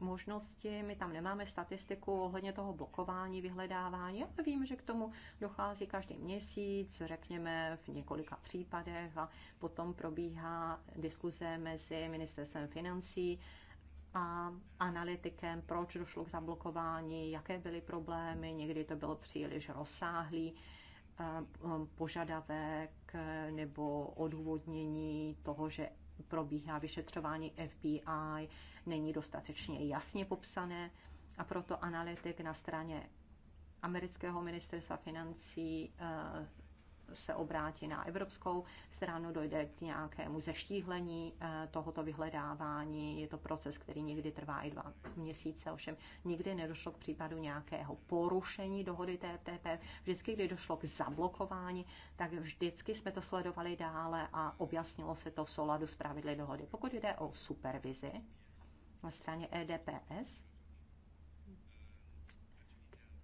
možnosti, my tam nemáme statistiku ohledně toho blokování, vyhledávání, ale vím, že k tomu dochází každý měsíc, řekněme v několika případech a potom probíhá diskuze mezi ministerstvem financí a analytikem, proč došlo k zablokování, jaké byly problémy, někdy to byl příliš rozsáhlý eh, požadavek nebo odůvodnění toho, že probíhá vyšetřování FBI, není dostatečně jasně popsané a proto analytik na straně amerického ministerstva financí eh, se obrátí na evropskou stranu, dojde k nějakému zeštíhlení eh, tohoto vyhledávání. Je to proces, který někdy trvá i dva měsíce, ovšem nikdy nedošlo k případu nějakého porušení dohody TTP. Vždycky, kdy došlo k zablokování, tak vždycky jsme to sledovali dále a objasnilo se to v souladu s pravidly dohody. Pokud jde o supervizi na straně EDPS,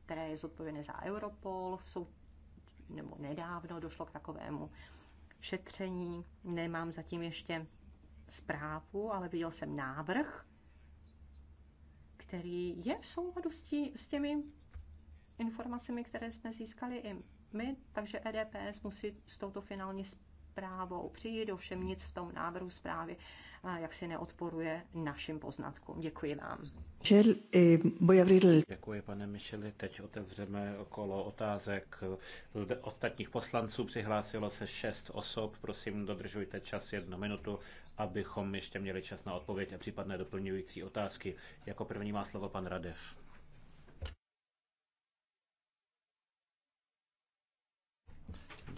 které je zodpovědné za Europol, jsou nebo nedávno došlo k takovému šetření. Nemám zatím ještě zprávu, ale viděl jsem návrh, který je v souladu s, tí, s těmi informacemi, které jsme získali i my, takže EDPS musí s touto finální zprávou přijít, ovšem nic v tom návrhu zprávy jak si neodporuje našim poznatkům. Děkuji vám. Eh, Děkuji, pane Micheli. Teď otevřeme kolo otázek ostatních poslanců. Přihlásilo se šest osob. Prosím, dodržujte čas jednu minutu, abychom ještě měli čas na odpověď a případné doplňující otázky. Jako první má slovo pan Radev.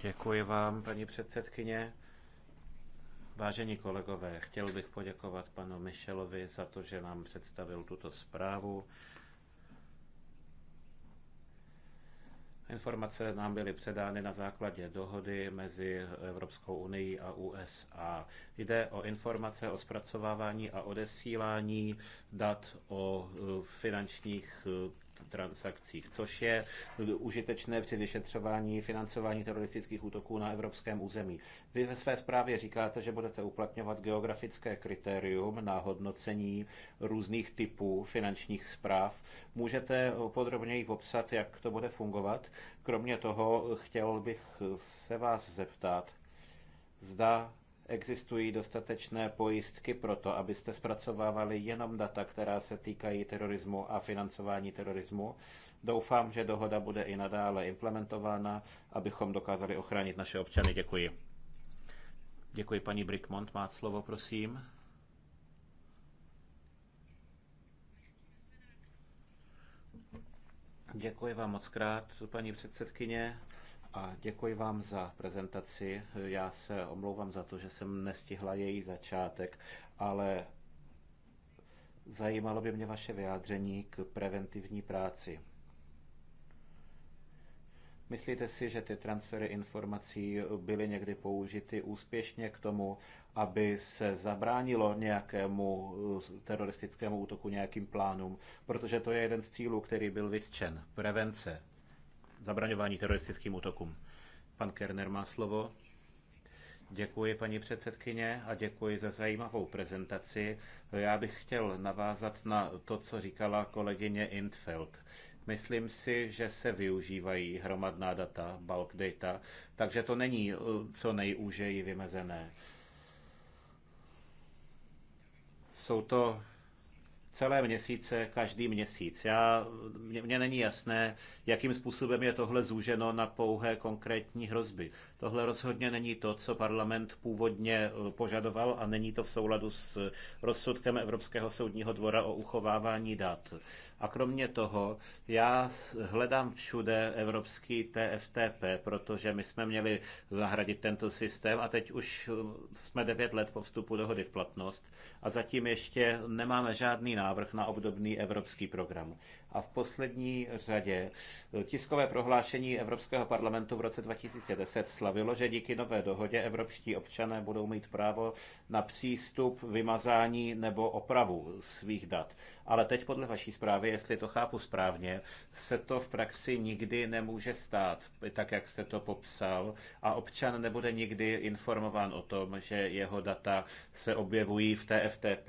Děkuji vám, paní předsedkyně. Vážení kolegové, chtěl bych poděkovat panu Michelovi za to, že nám představil tuto zprávu. Informace nám byly předány na základě dohody mezi Evropskou unii a USA. Jde o informace o zpracovávání a odesílání dat o e, finančních e, transakcích, což je užitečné při vyšetřování financování teroristických útoků na evropském území. Vy ve své zprávě říkáte, že budete uplatňovat geografické kritérium na hodnocení různých typů finančních zpráv. Můžete podrobněji popsat, jak to bude fungovat? Kromě toho chtěl bych se vás zeptat, zda existují dostatečné pojistky pro to, abyste zpracovávali jenom data, která se týkají terorismu a financování terorismu. Doufám, že dohoda bude i nadále implementována, abychom dokázali ochránit naše občany. Děkuji. Děkuji, paní Brickmont. Má slovo, prosím. Děkuji vám moc krát, paní předsedkyně. A děkuji vám za prezentaci. Já se omlouvám za to, že jsem nestihla její začátek, ale zajímalo by mě vaše vyjádření k preventivní práci. Myslíte si, že ty transfery informací byly někdy použity úspěšně k tomu, aby se zabránilo nějakému teroristickému útoku, nějakým plánům? Protože to je jeden z cílů, který byl vytčen. Prevence zabraňování teroristickým útokům. Pan Kerner má slovo. Děkuji, paní předsedkyně, a děkuji za zajímavou prezentaci. Já bych chtěl navázat na to, co říkala kolegyně Intfeld. Myslím si, že se využívají hromadná data, bulk data, takže to není eh, co nejúžeji vymezené. Jsou to celé měsíce každý měsíc. Já, mně, mně není jasné, jakým způsobem je tohle zúženo na pouhé konkrétní hrozby. Tohle rozhodně není to, co parlament původně eh, požadoval a není to v souladu s eh, rozsudkem Evropského soudního dvora o uchovávání dat. A kromě toho, já hledám všude evropský TFTP, protože my jsme měli zahradit tento systém a teď už eh, jsme devět let po vstupu dohody v platnost a zatím ještě nemáme žádný návrh na obdobný evropský program. A v poslední řadě eh, tiskové prohlášení Evropského parlamentu v roce 2010 slavilo, že díky nové dohodě evropští občané budou mít právo na přístup, vymazání nebo opravu svých dat. Ale teď podle vaší zprávy, jestli to chápu správně, se to v praxi nikdy nemůže stát, tak jak jste to popsal, a občan nebude nikdy informován o tom, že jeho data se objevují v TFTP.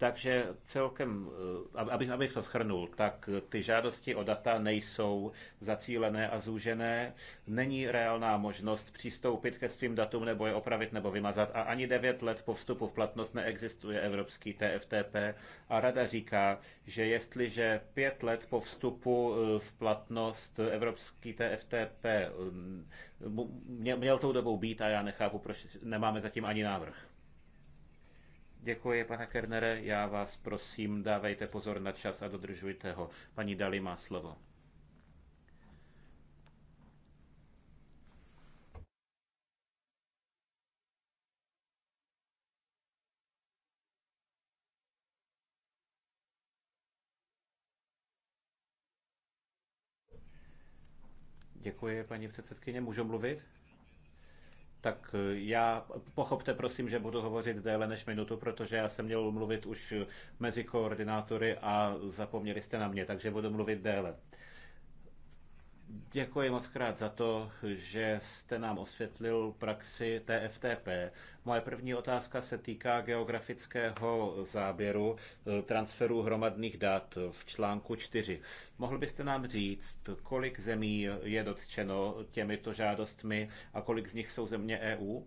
Takže celkem, eh, abych, abych to schrnul, tak ty žádosti o data nejsou zacílené a zúžené, není reálná možnost přistoupit ke svým datům nebo je opravit nebo vymazat a ani 9 let po vstupu v platnost neexistuje evropský TFTP a rada říká, že jestliže 5 let po vstupu eh, v platnost evropský TFTP eh, měl tou dobou být a já nechápu, proč nemáme zatím ani návrh. Děkuji, pane Kernere. Já vás prosím, dávejte pozor na čas a dodržujte ho. Paní Dali má slovo. Děkuji, paní předsedkyně. Můžu mluvit? Tak eh, já, pochopte prosím, že budu hovořit déle než minutu, protože já jsem měl mluvit už mezi koordinátory a zapomněli jste na mě, takže budu mluvit déle. Děkuji moc krát za to, že jste nám osvětlil praxi TFTP. Moje první otázka se týká geografického záběru eh, transferu hromadných dat v článku 4. Mohl byste nám říct, kolik zemí je dotčeno těmito žádostmi a kolik z nich jsou země EU?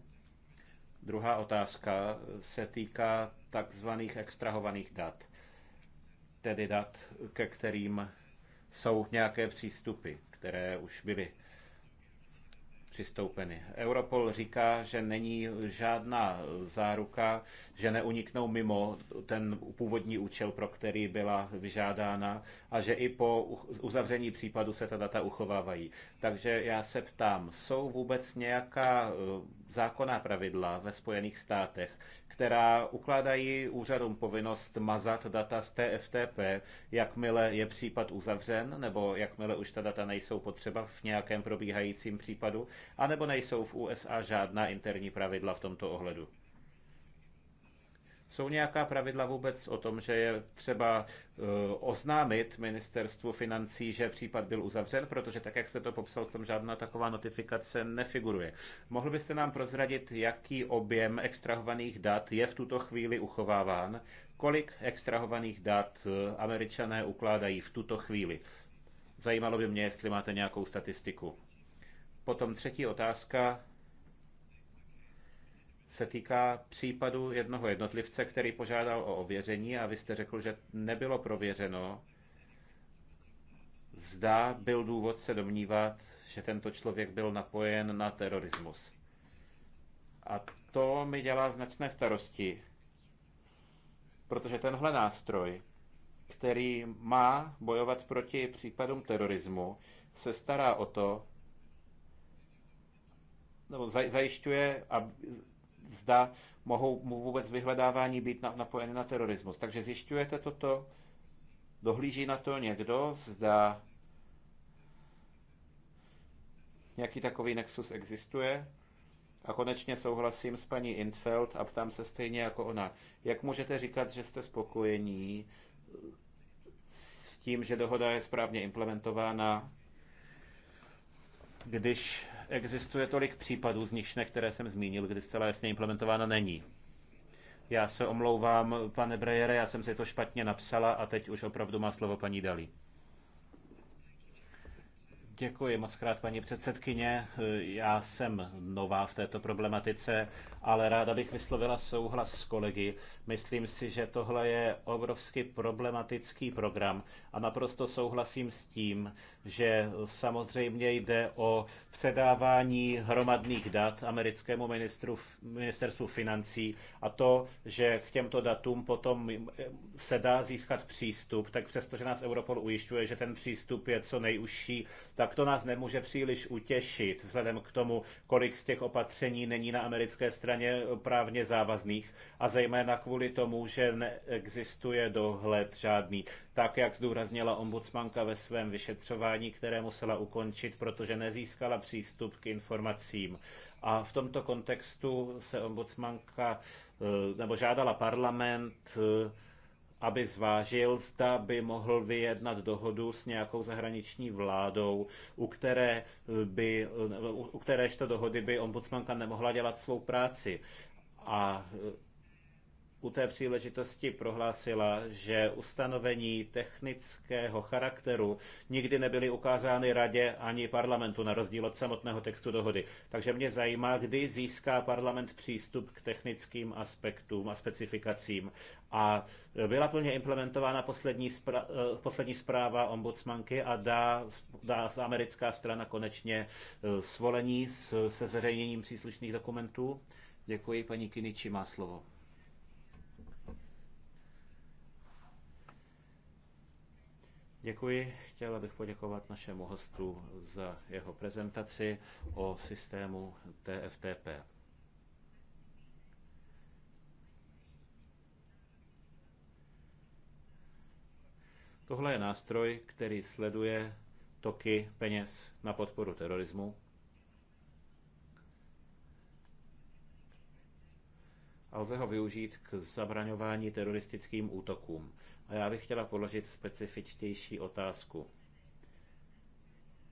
Druhá otázka se týká takzvaných extrahovaných dat, tedy dat, ke kterým jsou nějaké přístupy které už byly přistoupeny. Europol říká, že není žádná záruka, že neuniknou mimo ten původní účel, pro který byla vyžádána a že i po uzavření případu se ta data uchovávají. Takže já se ptám, jsou vůbec nějaká e, zákonná pravidla ve Spojených státech, která ukládají úřadům povinnost mazat data z TFTP, jakmile je případ uzavřen, nebo jakmile už ta data nejsou potřeba v nějakém probíhajícím případu, anebo nejsou v USA žádná interní pravidla v tomto ohledu. Jsou nějaká pravidla vůbec o tom, že je třeba eh, oznámit ministerstvu financí, že případ byl uzavřen, protože tak, jak jste to popsal, tam žádná taková notifikace nefiguruje. Mohl byste nám prozradit, jaký objem extrahovaných dat je v tuto chvíli uchováván? Kolik extrahovaných dat eh, američané ukládají v tuto chvíli? Zajímalo by mě, jestli máte nějakou statistiku. Potom třetí otázka se týká případu jednoho jednotlivce, který požádal o ověření a vy jste řekl, že nebylo prověřeno, zda byl důvod se domnívat, že tento člověk byl napojen na terorismus. A to mi dělá značné starosti, protože tenhle nástroj, který má bojovat proti případům terorismu, se stará o to, nebo zajišťuje, aby, zda mohou vůbec vyhledávání být napojeny na terorismus. Takže zjišťujete toto? Dohlíží na to někdo? Zda nějaký takový nexus existuje? A konečně souhlasím s paní Infeld a ptám se stejně jako ona. Jak můžete říkat, že jste spokojení s tím, že dohoda je správně implementována, když existuje tolik případů, z ne které jsem zmínil, kdy zcela jasně implementována není. Já se omlouvám, pane Brejere, já jsem si to špatně napsala a teď už opravdu má slovo paní Dalí. Děkuji moc krát, paní předsedkyně. Já jsem nová v této problematice, ale ráda bych vyslovila souhlas s kolegy. Myslím si, že tohle je obrovsky problematický program a naprosto souhlasím s tím, že samozřejmě jde o předávání hromadných dat americkému ministru, ministerstvu financí a to, že k těmto datům potom se dá získat přístup, tak přestože nás Europol ujišťuje, že ten přístup je co nejužší, tak to nás nemůže příliš utěšit, vzhledem k tomu, kolik z těch opatření není na americké straně právně závazných a zejména kvůli tomu, že neexistuje dohled žádný. Tak, jak zdůraznila ombudsmanka ve svém vyšetřování, které musela ukončit, protože nezískala přístup k informacím. A v tomto kontextu se ombudsmanka eh, nebo žádala parlament eh, aby zvážil, zda by mohl vyjednat dohodu s nějakou zahraniční vládou, u které by, u kteréž to dohody by ombudsmanka nemohla dělat svou práci. A u té příležitosti prohlásila, že ustanovení technického charakteru nikdy nebyly ukázány radě ani parlamentu, na rozdíl od samotného textu dohody. Takže mě zajímá, kdy získá parlament přístup k technickým aspektům a specifikacím. A byla plně implementována poslední, zpra- eh, poslední zpráva ombudsmanky a dá, dá americká strana konečně eh, svolení se zveřejněním příslušných dokumentů. Děkuji, paní Kiniči má slovo. Děkuji. Chtěla bych poděkovat našemu hostu za jeho prezentaci o systému TFTP. Tohle je nástroj, který sleduje toky peněz na podporu terorismu. a lze ho využít k zabraňování teroristickým útokům. A já bych chtěla položit specifičtější otázku.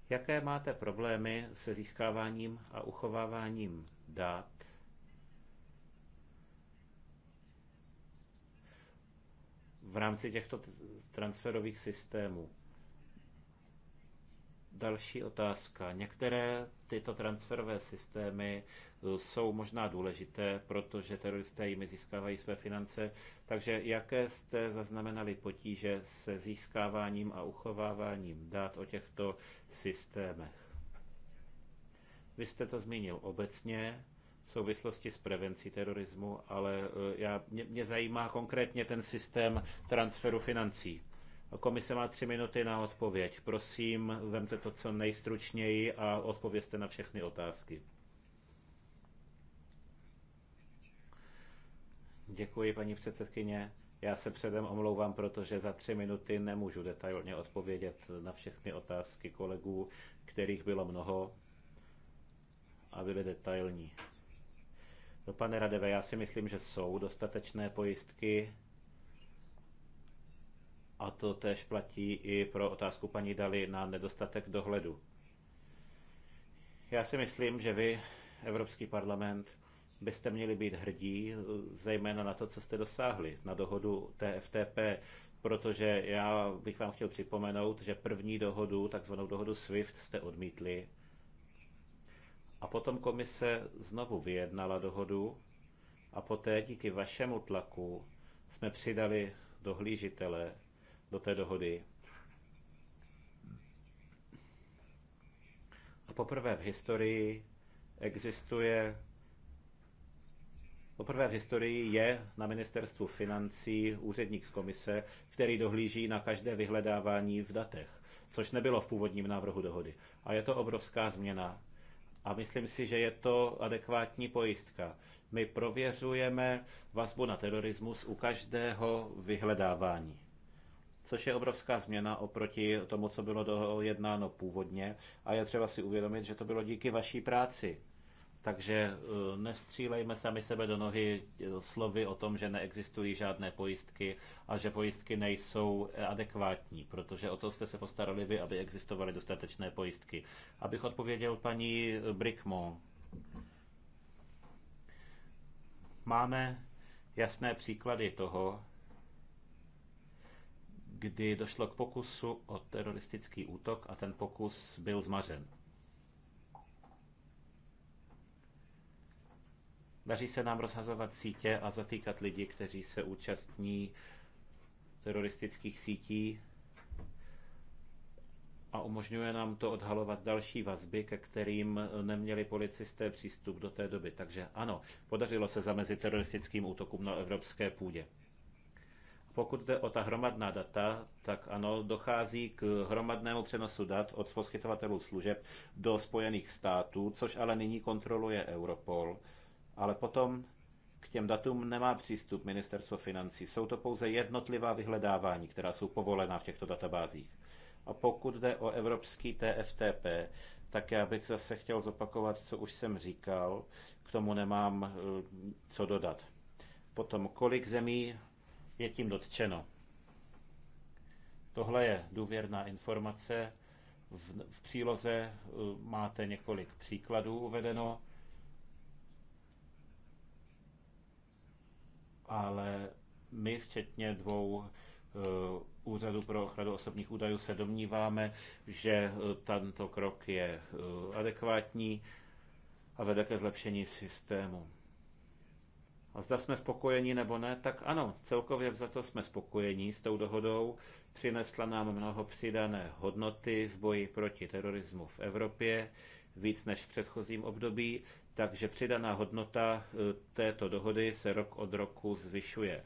Jaké máte problémy se získáváním a uchováváním dat? v rámci těchto transferových systémů. Další otázka. Některé tyto transferové systémy eh, jsou možná důležité, protože teroristé jimi získávají své finance. Takže jaké jste zaznamenali potíže se získáváním a uchováváním dát o těchto systémech? Vy jste to zmínil obecně v souvislosti s prevencí terorismu, ale eh, já, mě, mě zajímá konkrétně ten systém transferu financí. Komise má tři minuty na odpověď. Prosím, vemte to co nejstručněji a odpovězte na všechny otázky. Děkuji, paní předsedkyně. Já se předem omlouvám, protože za tři minuty nemůžu detailně odpovědět na všechny otázky kolegů, kterých bylo mnoho a byly detailní. No, pane Radeve, já si myslím, že jsou dostatečné pojistky a to též platí i pro otázku paní Dali na nedostatek dohledu. Já si myslím, že vy, Evropský parlament, byste měli být hrdí, zejména na to, co jste dosáhli, na dohodu TFTP, protože já bych vám chtěl připomenout, že první dohodu, takzvanou dohodu SWIFT, jste odmítli. A potom komise znovu vyjednala dohodu a poté díky vašemu tlaku jsme přidali dohlížitele do té dohody. A poprvé v historii existuje Poprvé v historii je na ministerstvu financí úředník z komise, který dohlíží na každé vyhledávání v datech, což nebylo v původním návrhu dohody. A je to obrovská změna. A myslím si, že je to adekvátní pojistka. My prověřujeme vazbu na terorismus u každého vyhledávání což je obrovská změna oproti tomu, co bylo dojednáno původně. A je třeba si uvědomit, že to bylo díky vaší práci. Takže e, nestřílejme sami sebe do nohy e, slovy o tom, že neexistují žádné pojistky a že pojistky nejsou adekvátní, protože o to jste se postarali vy, aby existovaly dostatečné pojistky. Abych odpověděl paní Brickmo. Máme jasné příklady toho, kdy došlo k pokusu o teroristický útok a ten pokus byl zmařen. Daří se nám rozhazovat sítě a zatýkat lidi, kteří se účastní teroristických sítí a umožňuje nám to odhalovat další vazby, ke kterým neměli policisté přístup do té doby. Takže ano, podařilo se zamezit teroristickým útokům na evropské půdě. Pokud jde o ta hromadná data, tak ano, dochází k hromadnému přenosu dat od poskytovatelů služeb do Spojených států, což ale nyní kontroluje Europol. Ale potom k těm datům nemá přístup ministerstvo financí. Jsou to pouze jednotlivá vyhledávání, která jsou povolená v těchto databázích. A pokud jde o evropský TFTP, tak já bych zase chtěl zopakovat, co už jsem říkal. K tomu nemám eh, co dodat. Potom, kolik zemí je tím dotčeno. Tohle je důvěrná informace. V, v příloze uh, máte několik příkladů uvedeno, ale my, včetně dvou uh, Úřadu pro ochranu osobních údajů, se domníváme, že uh, tento krok je adekvátní a vede ke zlepšení systému. A zda jsme spokojeni nebo ne, tak ano, celkově vzato jsme spokojeni s tou dohodou. Přinesla nám mnoho přidané hodnoty v boji proti terorismu v Evropě, víc než v předchozím období, takže přidaná hodnota eh, této dohody se rok od roku zvyšuje.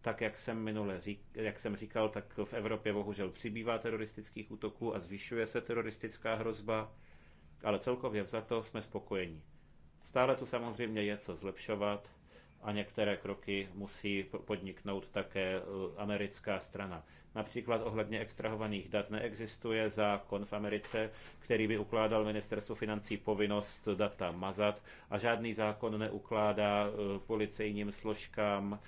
Tak, jak jsem minule říkal, jak jsem říkal, tak v Evropě bohužel přibývá teroristických útoků a zvyšuje se teroristická hrozba, ale celkově vzato jsme spokojeni. Stále tu samozřejmě je co zlepšovat, a některé kroky musí podniknout také e, americká strana. Například ohledně extrahovaných dat neexistuje zákon v Americe, který by ukládal ministerstvu financí povinnost data mazat a žádný zákon neukládá e, policejním složkám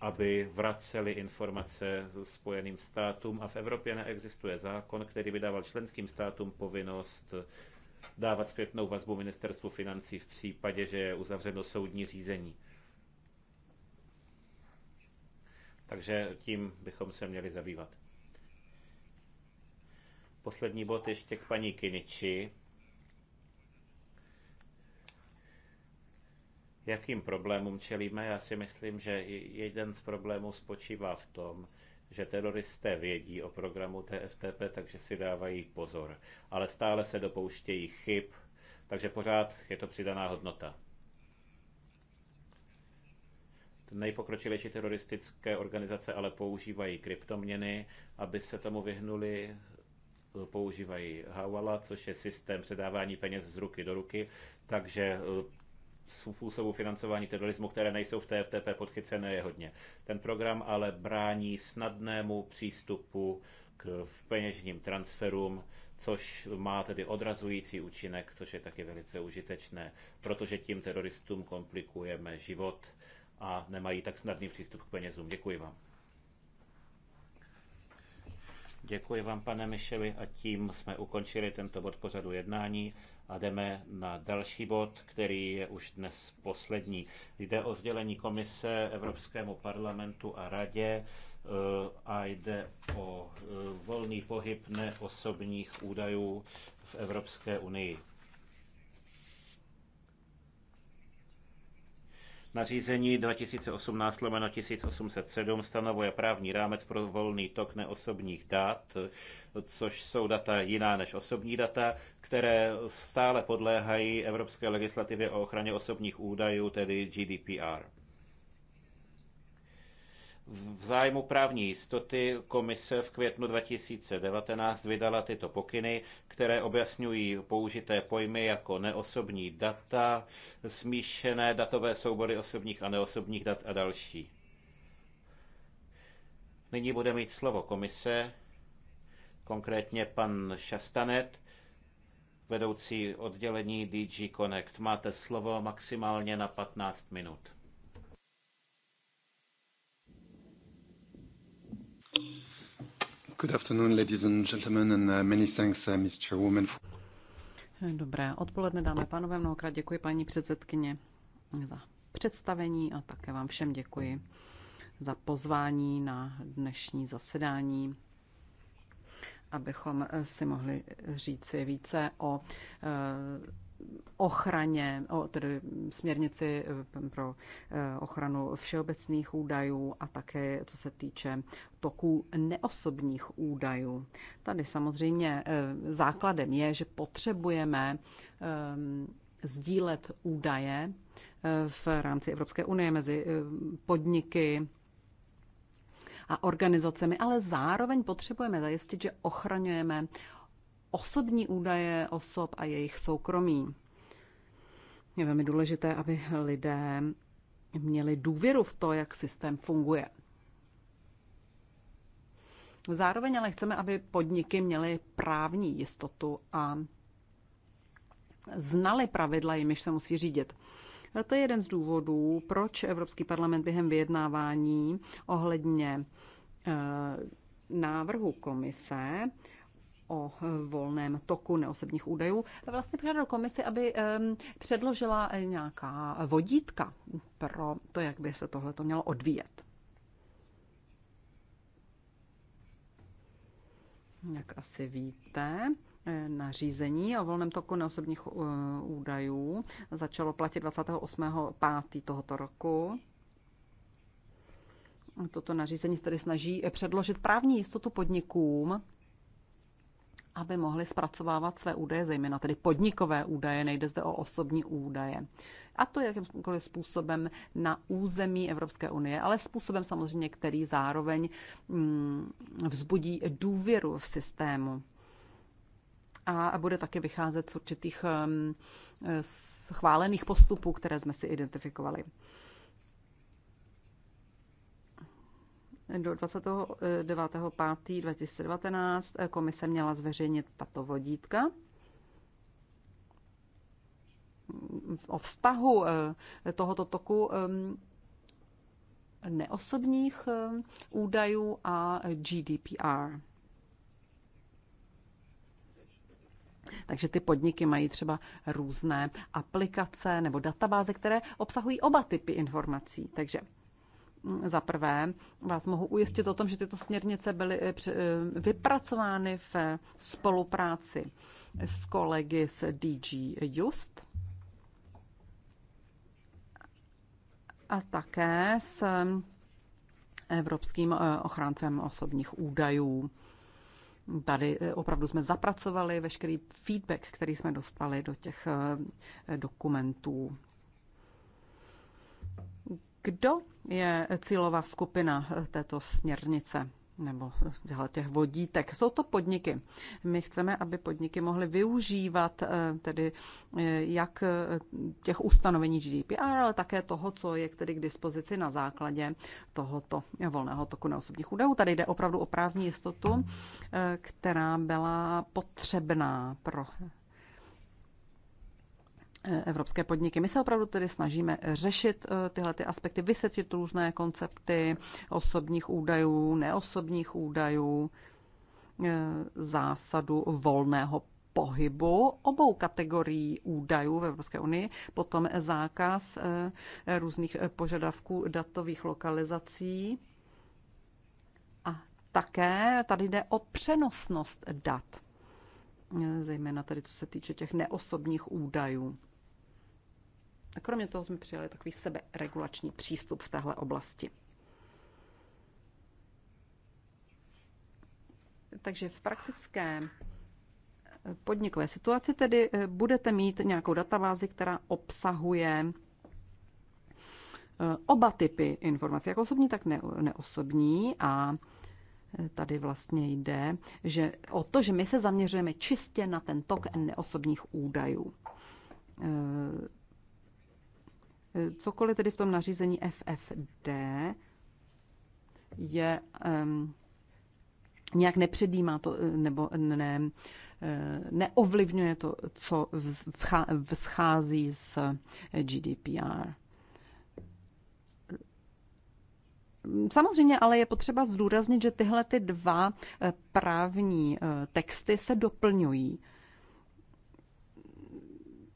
aby vraceli informace Spojeným státům a v Evropě neexistuje zákon, který by dával členským státům povinnost dávat zpětnou vazbu ministerstvu financí v případě, že je uzavřeno soudní řízení. Takže tím bychom se měli zabývat. Poslední bod ještě k paní Kiniči. Jakým problémům čelíme? Já si myslím, že jeden z problémů spočívá v tom, že teroristé vědí o programu TFTP, takže si dávají pozor. Ale stále se dopouštějí chyb, takže pořád je to přidaná hodnota. Nejpokročilejší teroristické organizace ale používají kryptoměny, aby se tomu vyhnuli, používají Hawala, což je systém předávání peněz z ruky do ruky, takže způsobů financování terorismu, které nejsou v TFTP podchycené, je hodně. Ten program ale brání snadnému přístupu k peněžním transferům, což má tedy odrazující účinek, což je taky velice užitečné, protože tím teroristům komplikujeme život a nemají tak snadný přístup k penězům. Děkuji vám. Děkuji vám, pane Mišeli, a tím jsme ukončili tento bod pořadu jednání. A jdeme na další bod, který je už dnes poslední. Jde o sdělení komise Evropskému parlamentu a radě eh, a jde o eh, volný pohyb neosobních údajů v Evropské unii. Nařízení 2018-1807 stanovuje právní rámec pro volný tok neosobních dat, což jsou data jiná než osobní data, které stále podléhají evropské legislativě o ochraně osobních údajů, tedy GDPR. V zájmu právní jistoty komise v květnu 2019 vydala tyto pokyny, které objasňují použité pojmy jako neosobní data, smíšené datové soubory osobních a neosobních dat a další. Nyní bude mít slovo komise, konkrétně pan Šastanet, vedoucí oddělení DG Connect. Máte slovo maximálně na 15 minut. Good afternoon, ladies and gentlemen, and uh, many thanks, uh, Ms. Chairwoman. Dobré odpoledne, dámy a pánové, mnohokrát děkuji paní předsedkyně za představení a také vám všem děkuji za pozvání na dnešní zasedání, abychom si mohli říci více o eh, ochraně, o, tedy směrnici eh, pro eh, ochranu všeobecných údajů a také co se týče toků neosobních údajů. Tady samozřejmě eh, základem je, že potřebujeme sdílet údaje v rámci Evropské unie mezi podniky, a organizacemi, ale zároveň potřebujeme zajistit, že ochraňujeme osobní údaje osob a jejich soukromí. Je velmi důležité, aby lidé měli důvěru v to, jak systém funguje. Zároveň ale chceme, aby podniky měly právní jistotu a znali pravidla, jimiž se musí řídit. A to je jeden z důvodů, proč Evropský parlament během vyjednávání ohledně eh, návrhu komise o eh, volném toku neosobních údajů vlastně požádal komisi, aby předložila eh, nějaká vodítka pro to, jak by se tohle to mělo odvíjet. Jak asi víte, eh, nařízení o volném toku neosobních údajů začalo platit 28.5. tohoto roku. Toto nařízení se tedy snaží předložit právní jistotu podnikům aby mohli zpracovávat své údaje, zejména tedy podnikové údaje, nejde zde o osobní údaje. A to jakýmkoliv způsobem na území Evropské unie, ale způsobem samozřejmě, který zároveň mm, vzbudí důvěru v systému. A bude také vycházet z určitých mm, e, schválených postupů, které jsme si identifikovali. Do 29.5.2019 komise měla zveřejnit tato vodítka o vztahu eh, tohoto toku eh, neosobních eh, údajů a GDPR. Takže ty podniky mají třeba různé aplikace nebo databáze, které obsahují oba typy informací. Takže Mm, za prvé vás mohu ujistit o tom, že tyto směrnice byly eh, eh, vypracovány v spolupráci s kolegy z DG Just a také s eh, Evropským ochráncem osobních údajů. Tady opravdu jsme zapracovali veškerý feedback, který jsme dostali do těch dokumentů kdo je cílová skupina této směrnice? nebo těch vodítek. Jsou to podniky. My chceme, aby podniky mohly využívat eh, tedy eh, jak eh, těch ustanovení GDPR, ale také toho, co je tedy k dispozici na základě tohoto volného toku neosobních údajů. Tady jde opravdu o právní jistotu, která byla potřebná pro evropské podniky. My se opravdu tedy snažíme řešit eh, tyhle ty aspekty, vysvětlit různé koncepty osobních údajů, neosobních údajů, eh, zásadu volného pohybu obou kategorií údajů v Evropské unii, potom zákaz eh, různých požadavků datových lokalizací a také tady jde o přenosnost dat, zejména tady co se týče těch neosobních údajů. A kromě toho jsme přijali takový seberegulační přístup v téhle oblasti. Takže v praktické eh, podnikové situaci tedy eh, budete mít nějakou databázi, která obsahuje eh, oba typy informací, jak osobní, tak neosobní. A tady vlastně jde že o to, že my se zaměřujeme čistě na ten tok neosobních údajů. Cokoliv tedy v tom nařízení FFD je um, nějak nepředjímá to, eh, nebo ne, eh, neovlivňuje to, co vzchází z GDPR. Samozřejmě ale je potřeba zdůraznit, že tyhle ty dva eh, právní texty se doplňují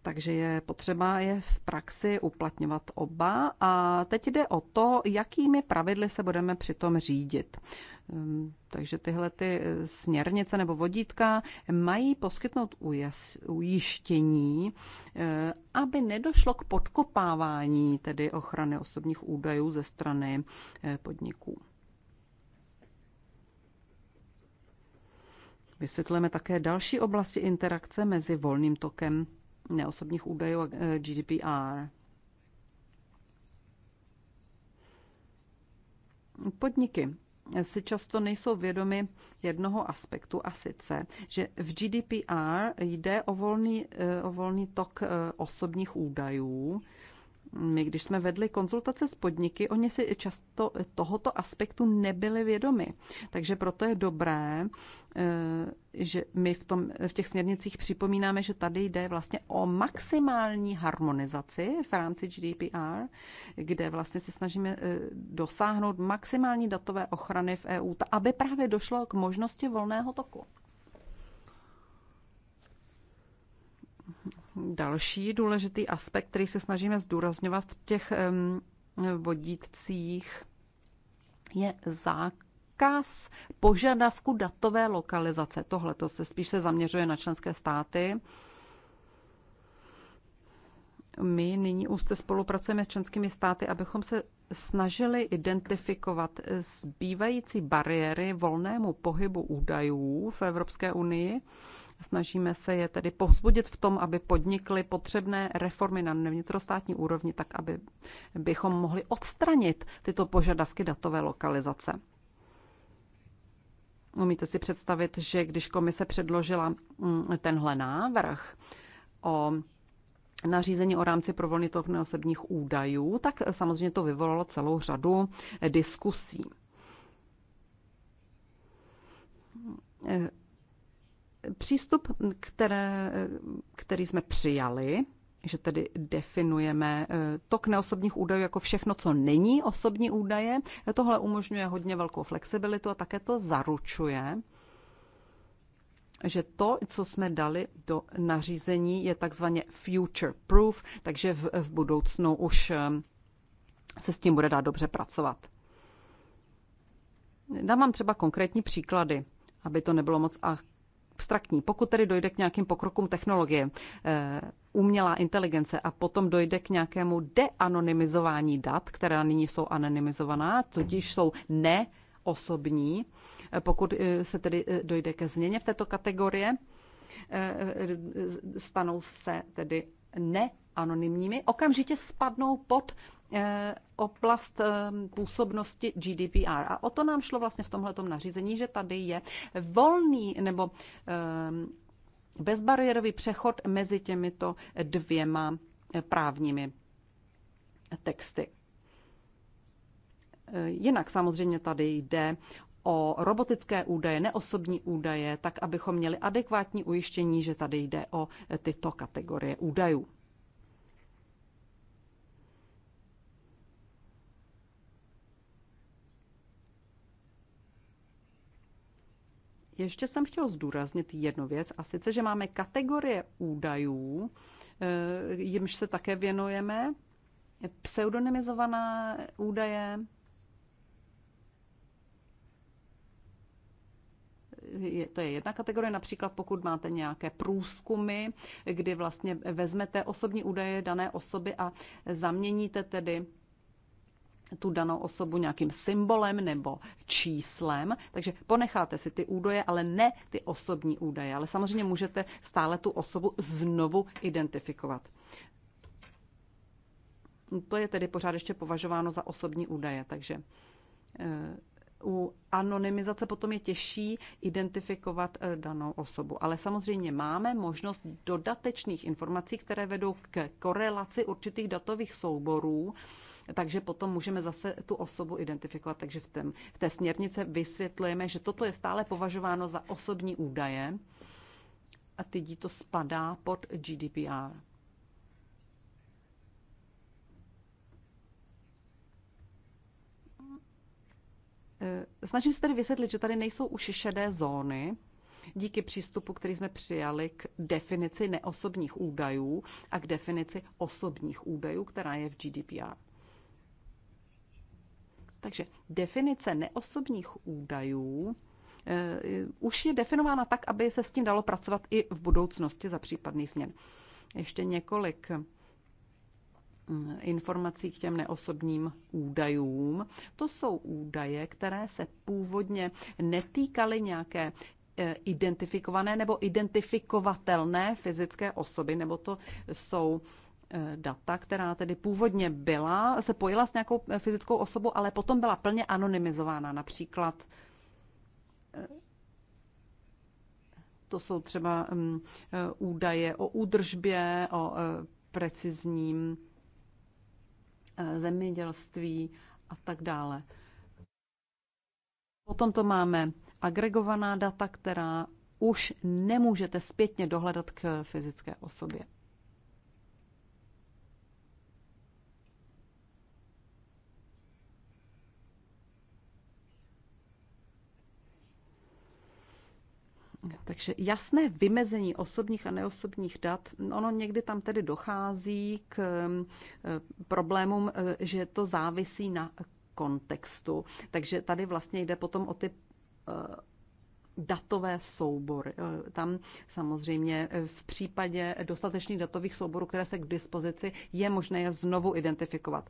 takže je potřeba je v praxi uplatňovat oba. A teď jde o to, jakými pravidly se budeme přitom řídit. Ehm, takže tyhle ty e, směrnice nebo vodítka mají poskytnout ujištění, e, aby nedošlo k podkopávání tedy ochrany osobních údajů ze strany e, podniků. Vysvětlíme také další oblasti interakce mezi volným tokem neosobních údajů a eh, GDPR. Podniky si často nejsou vědomi jednoho aspektu a sice, že v GDPR jde o volný, eh, o volný tok eh, osobních údajů, my, když jsme vedli konzultace s podniky, oni si často tohoto aspektu nebyli vědomi. Takže proto je dobré, eh, že my v, tom, v těch směrnicích připomínáme, že tady jde vlastně o maximální harmonizaci v rámci GDPR, kde vlastně se snažíme eh, dosáhnout maximální datové ochrany v EU, aby právě došlo k možnosti volného toku. Další důležitý aspekt, který se snažíme zdůrazňovat v těch vodítcích, je zákaz požadavku datové lokalizace. Tohle to se spíš se zaměřuje na členské státy. My nyní úzce spolupracujeme s členskými státy, abychom se snažili identifikovat zbývající bariéry volnému pohybu údajů v Evropské unii Snažíme se je tedy povzbudit v tom, aby podnikly potřebné reformy na vnitrostátní úrovni, tak aby bychom mohli odstranit tyto požadavky datové lokalizace. Umíte si představit, že když komise předložila mm, tenhle návrh o nařízení o rámci pro volný tok údajů, tak samozřejmě to vyvolalo celou řadu diskusí Přístup, které, který jsme přijali, že tedy definujeme eh, tok neosobních údajů jako všechno, co není osobní údaje. Tohle umožňuje hodně velkou flexibilitu a také to zaručuje, že to, co jsme dali do nařízení, je takzvaně future proof, takže v, v budoucnu už eh, se s tím bude dát dobře pracovat. Dám vám třeba konkrétní příklady, aby to nebylo moc abstraktní. Pokud tedy dojde k nějakým pokrokům technologie, eh, umělá inteligence a potom dojde k nějakému deanonymizování dat, která nyní jsou anonymizovaná, totiž jsou ne osobní, eh, pokud eh, se tedy dojde ke změně v této kategorie, stanou se tedy neanonymními, okamžitě spadnou pod Eh, oblast ehm, působnosti GDPR. A o to nám šlo vlastně v tomhle nařízení, že tady je volný nebo ehm, bezbariérový přechod mezi těmito dvěma eh, právními texty. Eh, jinak samozřejmě tady jde o robotické údaje, neosobní údaje, tak abychom měli adekvátní ujištění, že tady jde o tyto kategorie údajů. Ještě jsem chtěl zdůraznit jednu věc, a sice, že máme kategorie údajů, eh, jimž se také věnujeme, pseudonymizované údaje, je, to je jedna kategorie, například pokud máte nějaké průzkumy, kdy vlastně vezmete osobní údaje dané osoby a zaměníte tedy tu danou osobu nějakým symbolem nebo číslem, takže ponecháte si ty údaje, ale ne ty osobní údaje, ale samozřejmě můžete stále tu osobu znovu identifikovat. To je tedy pořád ještě považováno za osobní údaje, takže eh, u anonymizace potom je těžší identifikovat eh, danou osobu. Ale samozřejmě máme možnost dodatečných informací, které vedou k korelaci určitých datových souborů takže potom můžeme zase tu osobu identifikovat. Takže v, tém, v té směrnice vysvětlujeme, že toto je stále považováno za osobní údaje a tedy to spadá pod GDPR. Eh, snažím se tady vysvětlit, že tady nejsou už šedé zóny, díky přístupu, který jsme přijali k definici neosobních údajů a k definici osobních údajů, která je v GDPR. Takže definice neosobních údajů eh, už je definována tak, aby se s tím dalo pracovat i v budoucnosti za případný změn. Ještě několik mm, informací k těm neosobním údajům. To jsou údaje, které se původně netýkaly nějaké eh, identifikované nebo identifikovatelné fyzické osoby, nebo to jsou Eh, data, která tedy původně byla, se pojila s nějakou eh, fyzickou osobou, ale potom byla plně anonymizována. Například eh, to jsou třeba mm, údaje o údržbě, o precizním zemědělství a tak dále. Potom to máme agregovaná data, která už nemůžete zpětně dohledat k fyzické osobě. Takže jasné vymezení osobních a neosobních dat, ono někdy tam tedy dochází k eh, problémům, eh, že to závisí na kontextu. Takže tady vlastně jde potom o ty eh, datové soubory. Tam samozřejmě v případě dostatečných datových souborů, které se k dispozici, je možné je znovu identifikovat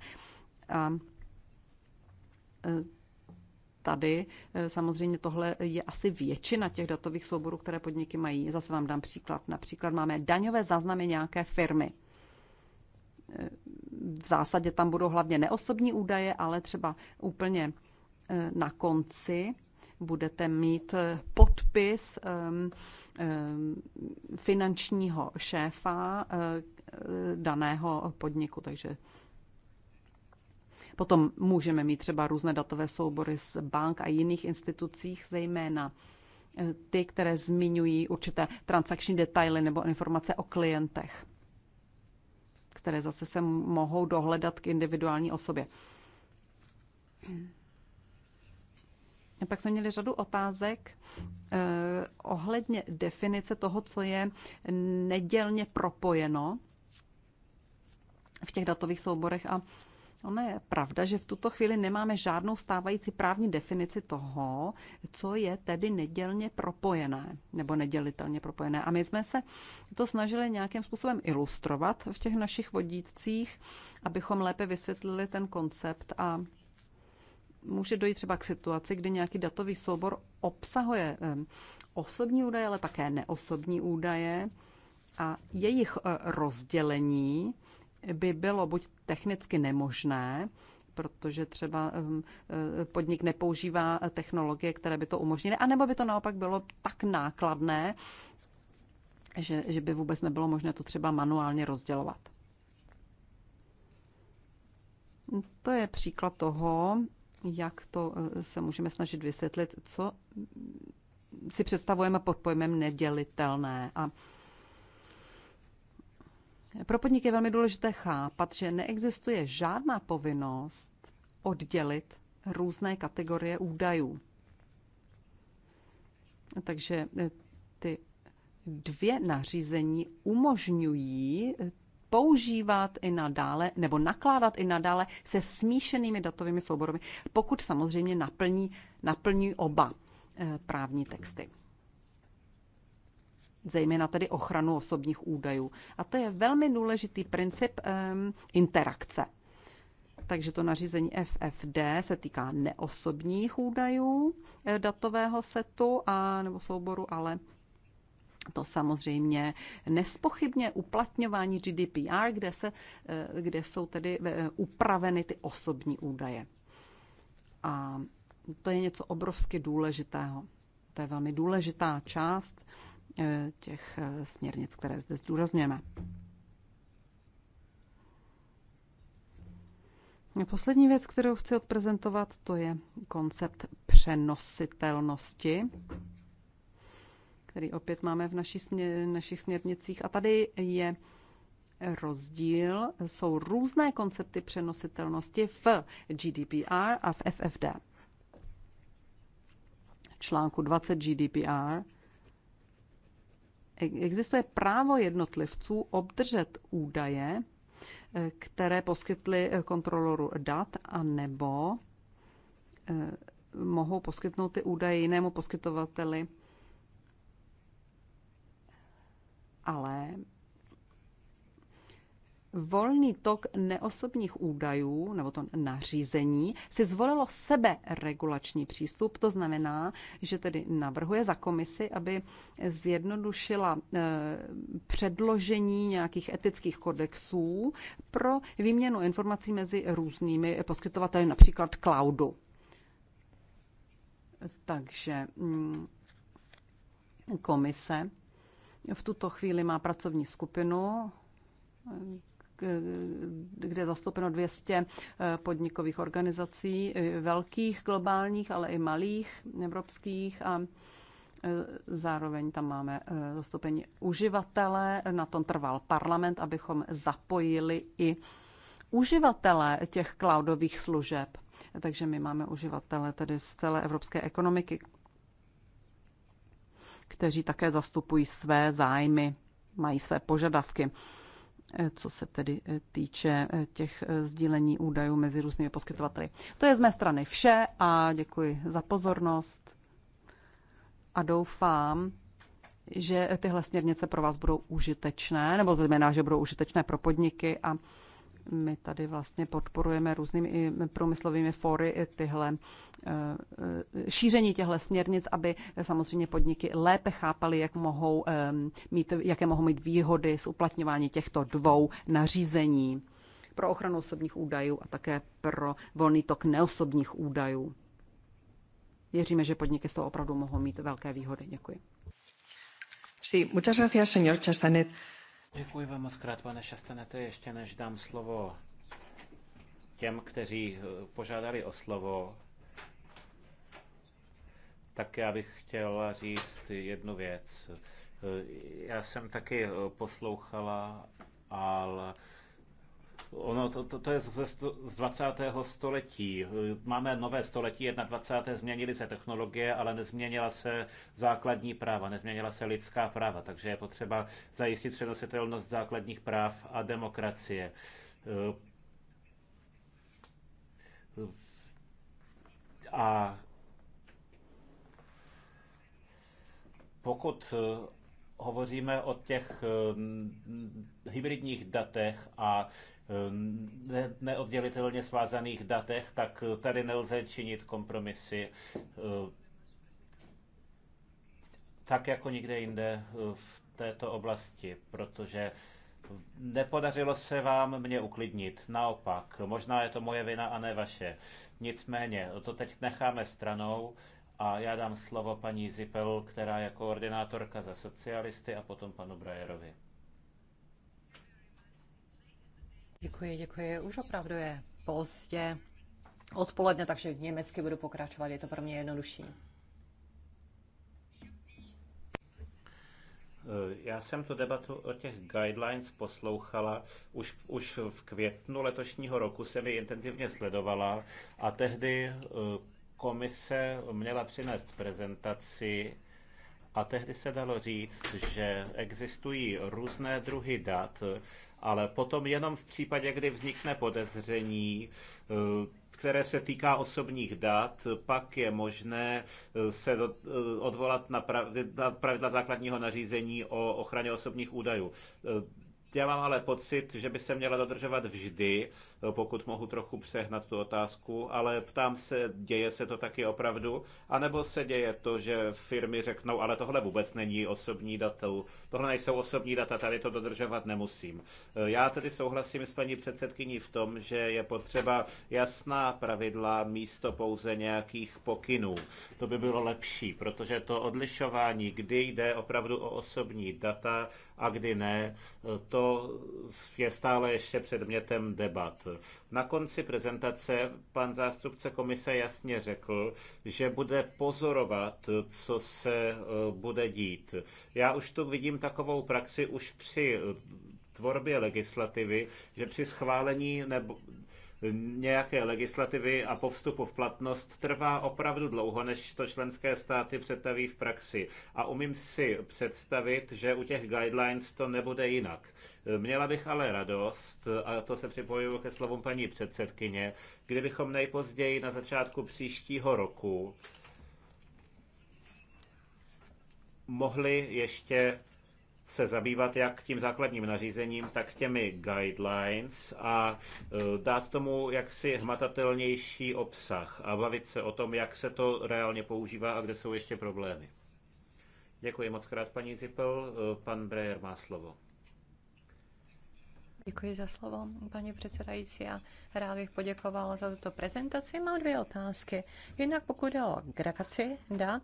tady eh, samozřejmě tohle je asi většina těch datových souborů, které podniky mají. Zase vám dám příklad. Například máme daňové záznamy nějaké firmy. Eh, v zásadě tam budou hlavně neosobní údaje, ale třeba úplně eh, na konci budete mít podpis ehm, ehm, finančního šéfa daného podniku. Takže Potom můžeme mít třeba různé datové soubory z bank a jiných institucích, zejména eh, ty, které zmiňují určité transakční detaily nebo informace o klientech, které zase se mohou dohledat k individuální osobě. A pak jsme měli řadu otázek eh, ohledně definice toho, co je nedělně propojeno v těch datových souborech a eh, Ona je pravda, že v tuto chvíli nemáme žádnou stávající právní definici toho, co je tedy nedělně propojené nebo nedělitelně propojené. A my jsme se to snažili nějakým způsobem ilustrovat v těch našich vodících, abychom lépe vysvětlili ten koncept a může dojít třeba k situaci, kdy nějaký datový soubor obsahuje osobní údaje, ale také neosobní údaje a jejich e, rozdělení by bylo buď technicky nemožné, protože třeba um, eh, podnik nepoužívá technologie, které by to umožnily, anebo by to naopak bylo tak nákladné, že, že by vůbec nebylo možné to třeba manuálně rozdělovat. To je příklad toho, jak to eh, se můžeme snažit vysvětlit, co si představujeme pod pojmem nedělitelné. A pro podnik je velmi důležité chápat, že neexistuje žádná povinnost oddělit různé kategorie údajů. Takže e, ty dvě nařízení umožňují e, používat i nadále nebo nakládat i nadále se smíšenými datovými soubory, pokud samozřejmě naplní, naplní oba e, právní texty zejména tedy ochranu osobních údajů. A to je velmi důležitý princip um, interakce. Takže to nařízení FFD se týká neosobních údajů e, datového setu a nebo souboru, ale to samozřejmě nespochybně uplatňování GDPR, kde, se, e, kde jsou tedy e, upraveny ty osobní údaje. A to je něco obrovsky důležitého. To je velmi důležitá část Eh, těch eh, směrnic, které zde zdůrazňujeme. Poslední věc, kterou chci odprezentovat, to je koncept přenositelnosti, který opět máme v naší směr, našich směrnicích. A tady je rozdíl, jsou různé koncepty přenositelnosti v GDPR a v FFD. článku 20 GDPR existuje právo jednotlivců obdržet údaje, eh, které poskytly eh, kontroloru dat a nebo eh, mohou poskytnout ty údaje jinému poskytovateli. Ale volný tok neosobních údajů, nebo to nařízení, si zvolilo sebe regulační přístup. To znamená, že tedy navrhuje za komisi, aby zjednodušila eh, předložení nějakých etických kodexů pro výměnu informací mezi různými poskytovateli, například cloudu. Takže mm, komise v tuto chvíli má pracovní skupinu, kde je zastoupeno 200 eh, podnikových organizací, velkých, globálních, ale i malých, evropských a eh, Zároveň tam máme eh, zastoupení uživatele, na tom trval parlament, abychom zapojili i uživatele těch cloudových služeb. Takže my máme uživatele tedy z celé evropské ekonomiky, kteří také zastupují své zájmy, mají své požadavky. Eh, co se tedy eh, týče eh, těch sdílení údajů mezi různými poskytovateli. To je z mé strany vše a děkuji za pozornost a doufám, že tyhle směrnice pro vás budou užitečné, nebo zejména, že budou užitečné pro podniky a my tady vlastně podporujeme různými i průmyslovými fóry tyhle eh, šíření těchto směrnic, aby samozřejmě podniky lépe chápaly, jak mohou ehm, mít, jaké mohou mít výhody z uplatňování těchto dvou nařízení pro ochranu osobních údajů a také pro volný tok neosobních údajů. Věříme, že podniky z toho opravdu mohou mít velké výhody. Děkuji. Sí, muchas gracias, señor Chastanet. Děkuji vám moc krát, pane Šastanete. Ještě než dám slovo těm, kteří eh, požádali o slovo, tak já bych chtěla říct jednu věc. Eh, já jsem taky eh, poslouchala, ale Ono to, to, to je z, z 20. století. Máme nové století, 21. změnily se technologie, ale nezměnila se základní práva, nezměnila se lidská práva, takže je potřeba zajistit přenositelnost základních práv a demokracie. A pokud hovoříme o těch hybridních datech a Eh, neoddělitelně svázaných datech, tak tady nelze činit kompromisy eh, tak jako nikde jinde eh, v této oblasti, protože nepodařilo se vám mě uklidnit. Naopak, možná je to moje vina a ne vaše. Nicméně, to teď necháme stranou a já dám slovo paní Zipel, která je koordinátorka za socialisty a potom panu Brajerovi. Děkuji, děkuji. Už opravdu je pozdě odpoledne, takže v německy budu pokračovat, je to pro mě jednodušší. Já jsem tu debatu o těch guidelines poslouchala už, už v květnu letošního roku, jsem ji intenzivně sledovala a tehdy eh, komise měla přinést prezentaci a tehdy se dalo říct, že existují různé druhy dat, ale potom jenom v případě, kdy vznikne podezření, eh, které se týká osobních dat, pak je možné eh, se eh, odvolat na pravidla základního nařízení o ochraně osobních údajů. Já mám ale pocit, že by se měla dodržovat vždy, pokud mohu trochu přehnat tu otázku, ale ptám se, děje se to taky opravdu, anebo se děje to, že firmy řeknou, ale tohle vůbec není osobní data, tohle nejsou osobní data, tady to dodržovat nemusím. Já tedy souhlasím s paní předsedkyní v tom, že je potřeba jasná pravidla místo pouze nějakých pokynů. To by bylo lepší, protože to odlišování, kdy jde opravdu o osobní data a kdy ne, to je stále ještě předmětem debat. Na konci prezentace pan zástupce komise jasně řekl, že bude pozorovat, co se eh, bude dít. Já už tu vidím takovou praxi už při eh, tvorbě legislativy, že při schválení nebo nějaké legislativy a po vstupu v platnost trvá opravdu dlouho, než to členské státy přetaví v praxi. A umím si představit, že u těch guidelines to nebude jinak. Měla bych ale radost, a to se připojuju ke slovům paní předsedkyně, kdybychom nejpozději na začátku příštího roku mohli ještě se zabývat jak tím základním nařízením, tak těmi guidelines a e, dát tomu jaksi hmatatelnější obsah a bavit se o tom, jak se to reálně používá a kde jsou ještě problémy. Děkuji moc krát, paní Zipel. E, pan Breyer má slovo. Děkuji za slovo, paní předsedající. Já rád bych poděkovala za tuto prezentaci. Mám dvě otázky. Jednak pokud je o agregaci dat,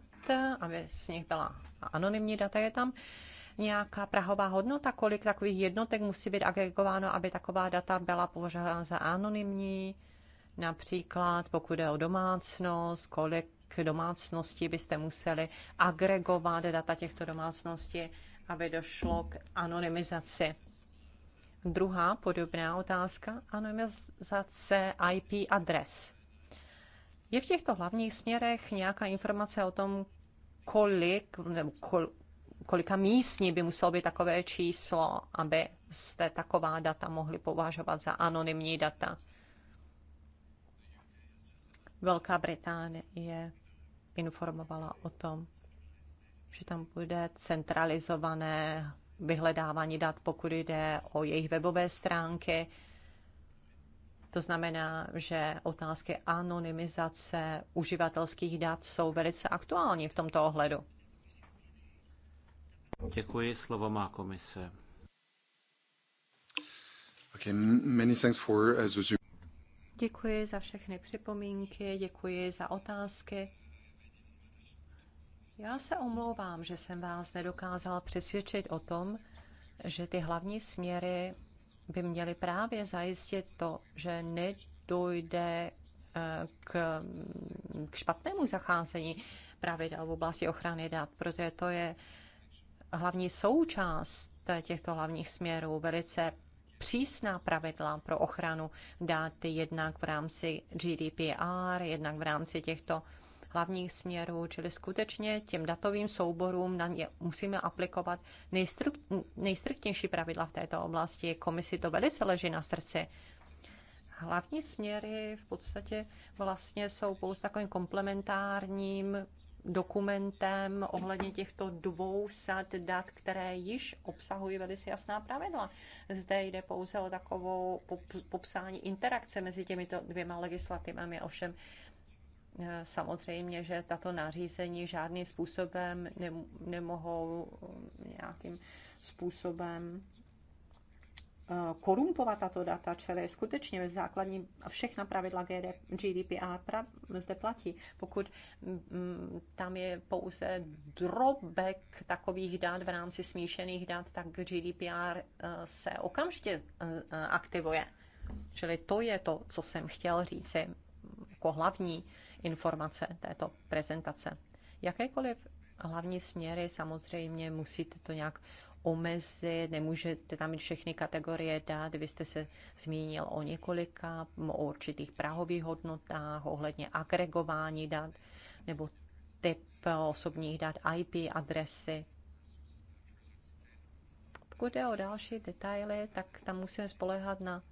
aby z nich byla anonymní data, je tam nějaká prahová hodnota, kolik takových jednotek musí být agregováno, aby taková data byla považována za anonymní? Například pokud je o domácnost, kolik domácností byste museli agregovat data těchto domácností, aby došlo k anonymizaci. Druhá podobná otázka, anonymizace IP adres. Je v těchto hlavních směrech nějaká informace o tom, kolik, nebo kol, kolika místní by muselo být takové číslo, aby jste taková data mohli považovat za anonymní data. Velká Británie informovala o tom, že tam bude centralizované vyhledávání dat, pokud jde o jejich webové stránky. To znamená, že otázky anonymizace uživatelských dat jsou velice aktuální v tomto ohledu. Děkuji, slovo má komise. Okay, many thanks for, uh, Děkuji za všechny připomínky, děkuji za otázky. Já se omlouvám, že jsem vás nedokázala přesvědčit o tom, že ty hlavní směry by měly právě zajistit to, že nedojde eh, k, k špatnému zacházení pravidel v oblasti ochrany dat, protože to je uh, hlavní součást těchto hlavních směrů velice přísná pravidla pro ochranu dát jednak v rámci GDPR, jednak v rámci těchto hlavních směrů, čili skutečně těm datovým souborům na ně musíme aplikovat nejstruk, nejstriktnější pravidla v této oblasti. Komisi to velice leží na srdci. Hlavní směry v podstatě vlastně jsou pouze takovým komplementárním dokumentem ohledně těchto dvou sad dat, které již obsahují velice jasná pravidla. Zde jde pouze o takovou popsání interakce mezi těmito dvěma legislativami, ovšem eh, samozřejmě, že tato nařízení žádným způsobem nemohou eh, nějakým způsobem korumpovat tato data, čili skutečně základní všechna pravidla GDPR pra, zde platí. Pokud mm, tam je pouze drobek takových dat v rámci smíšených dat, tak GDPR eh, se okamžitě eh, eh, aktivuje. Čili to je to, co jsem chtěl říci jako hlavní informace této prezentace. Jakékoliv hlavní směry samozřejmě musíte to nějak omezit, nemůžete tam mít všechny kategorie dát. Vy jste se zmínil o několika, o určitých prahových hodnotách, ohledně agregování dat nebo typ osobních dat, IP adresy. Pokud jde o další detaily, tak tam musíme spolehat na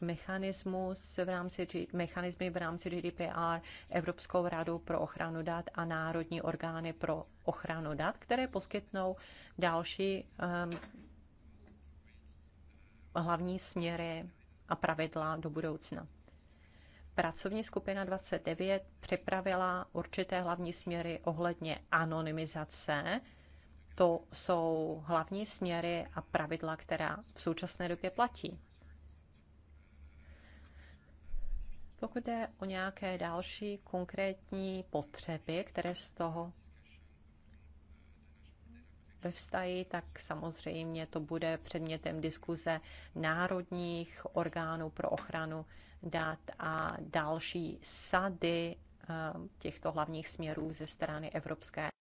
mechanismus v rámci, mechanismy v rámci GDPR, Evropskou radu pro ochranu dat a národní orgány pro ochranu dat, které poskytnou další um, hlavní směry a pravidla do budoucna. Pracovní skupina 29 připravila určité hlavní směry ohledně anonymizace. To jsou hlavní směry a pravidla, která v současné době platí. Pokud jde o nějaké další konkrétní potřeby, které z toho vyvstají, tak samozřejmě to bude předmětem diskuze národních orgánů pro ochranu dat a další sady eh, těchto hlavních směrů ze strany Evropské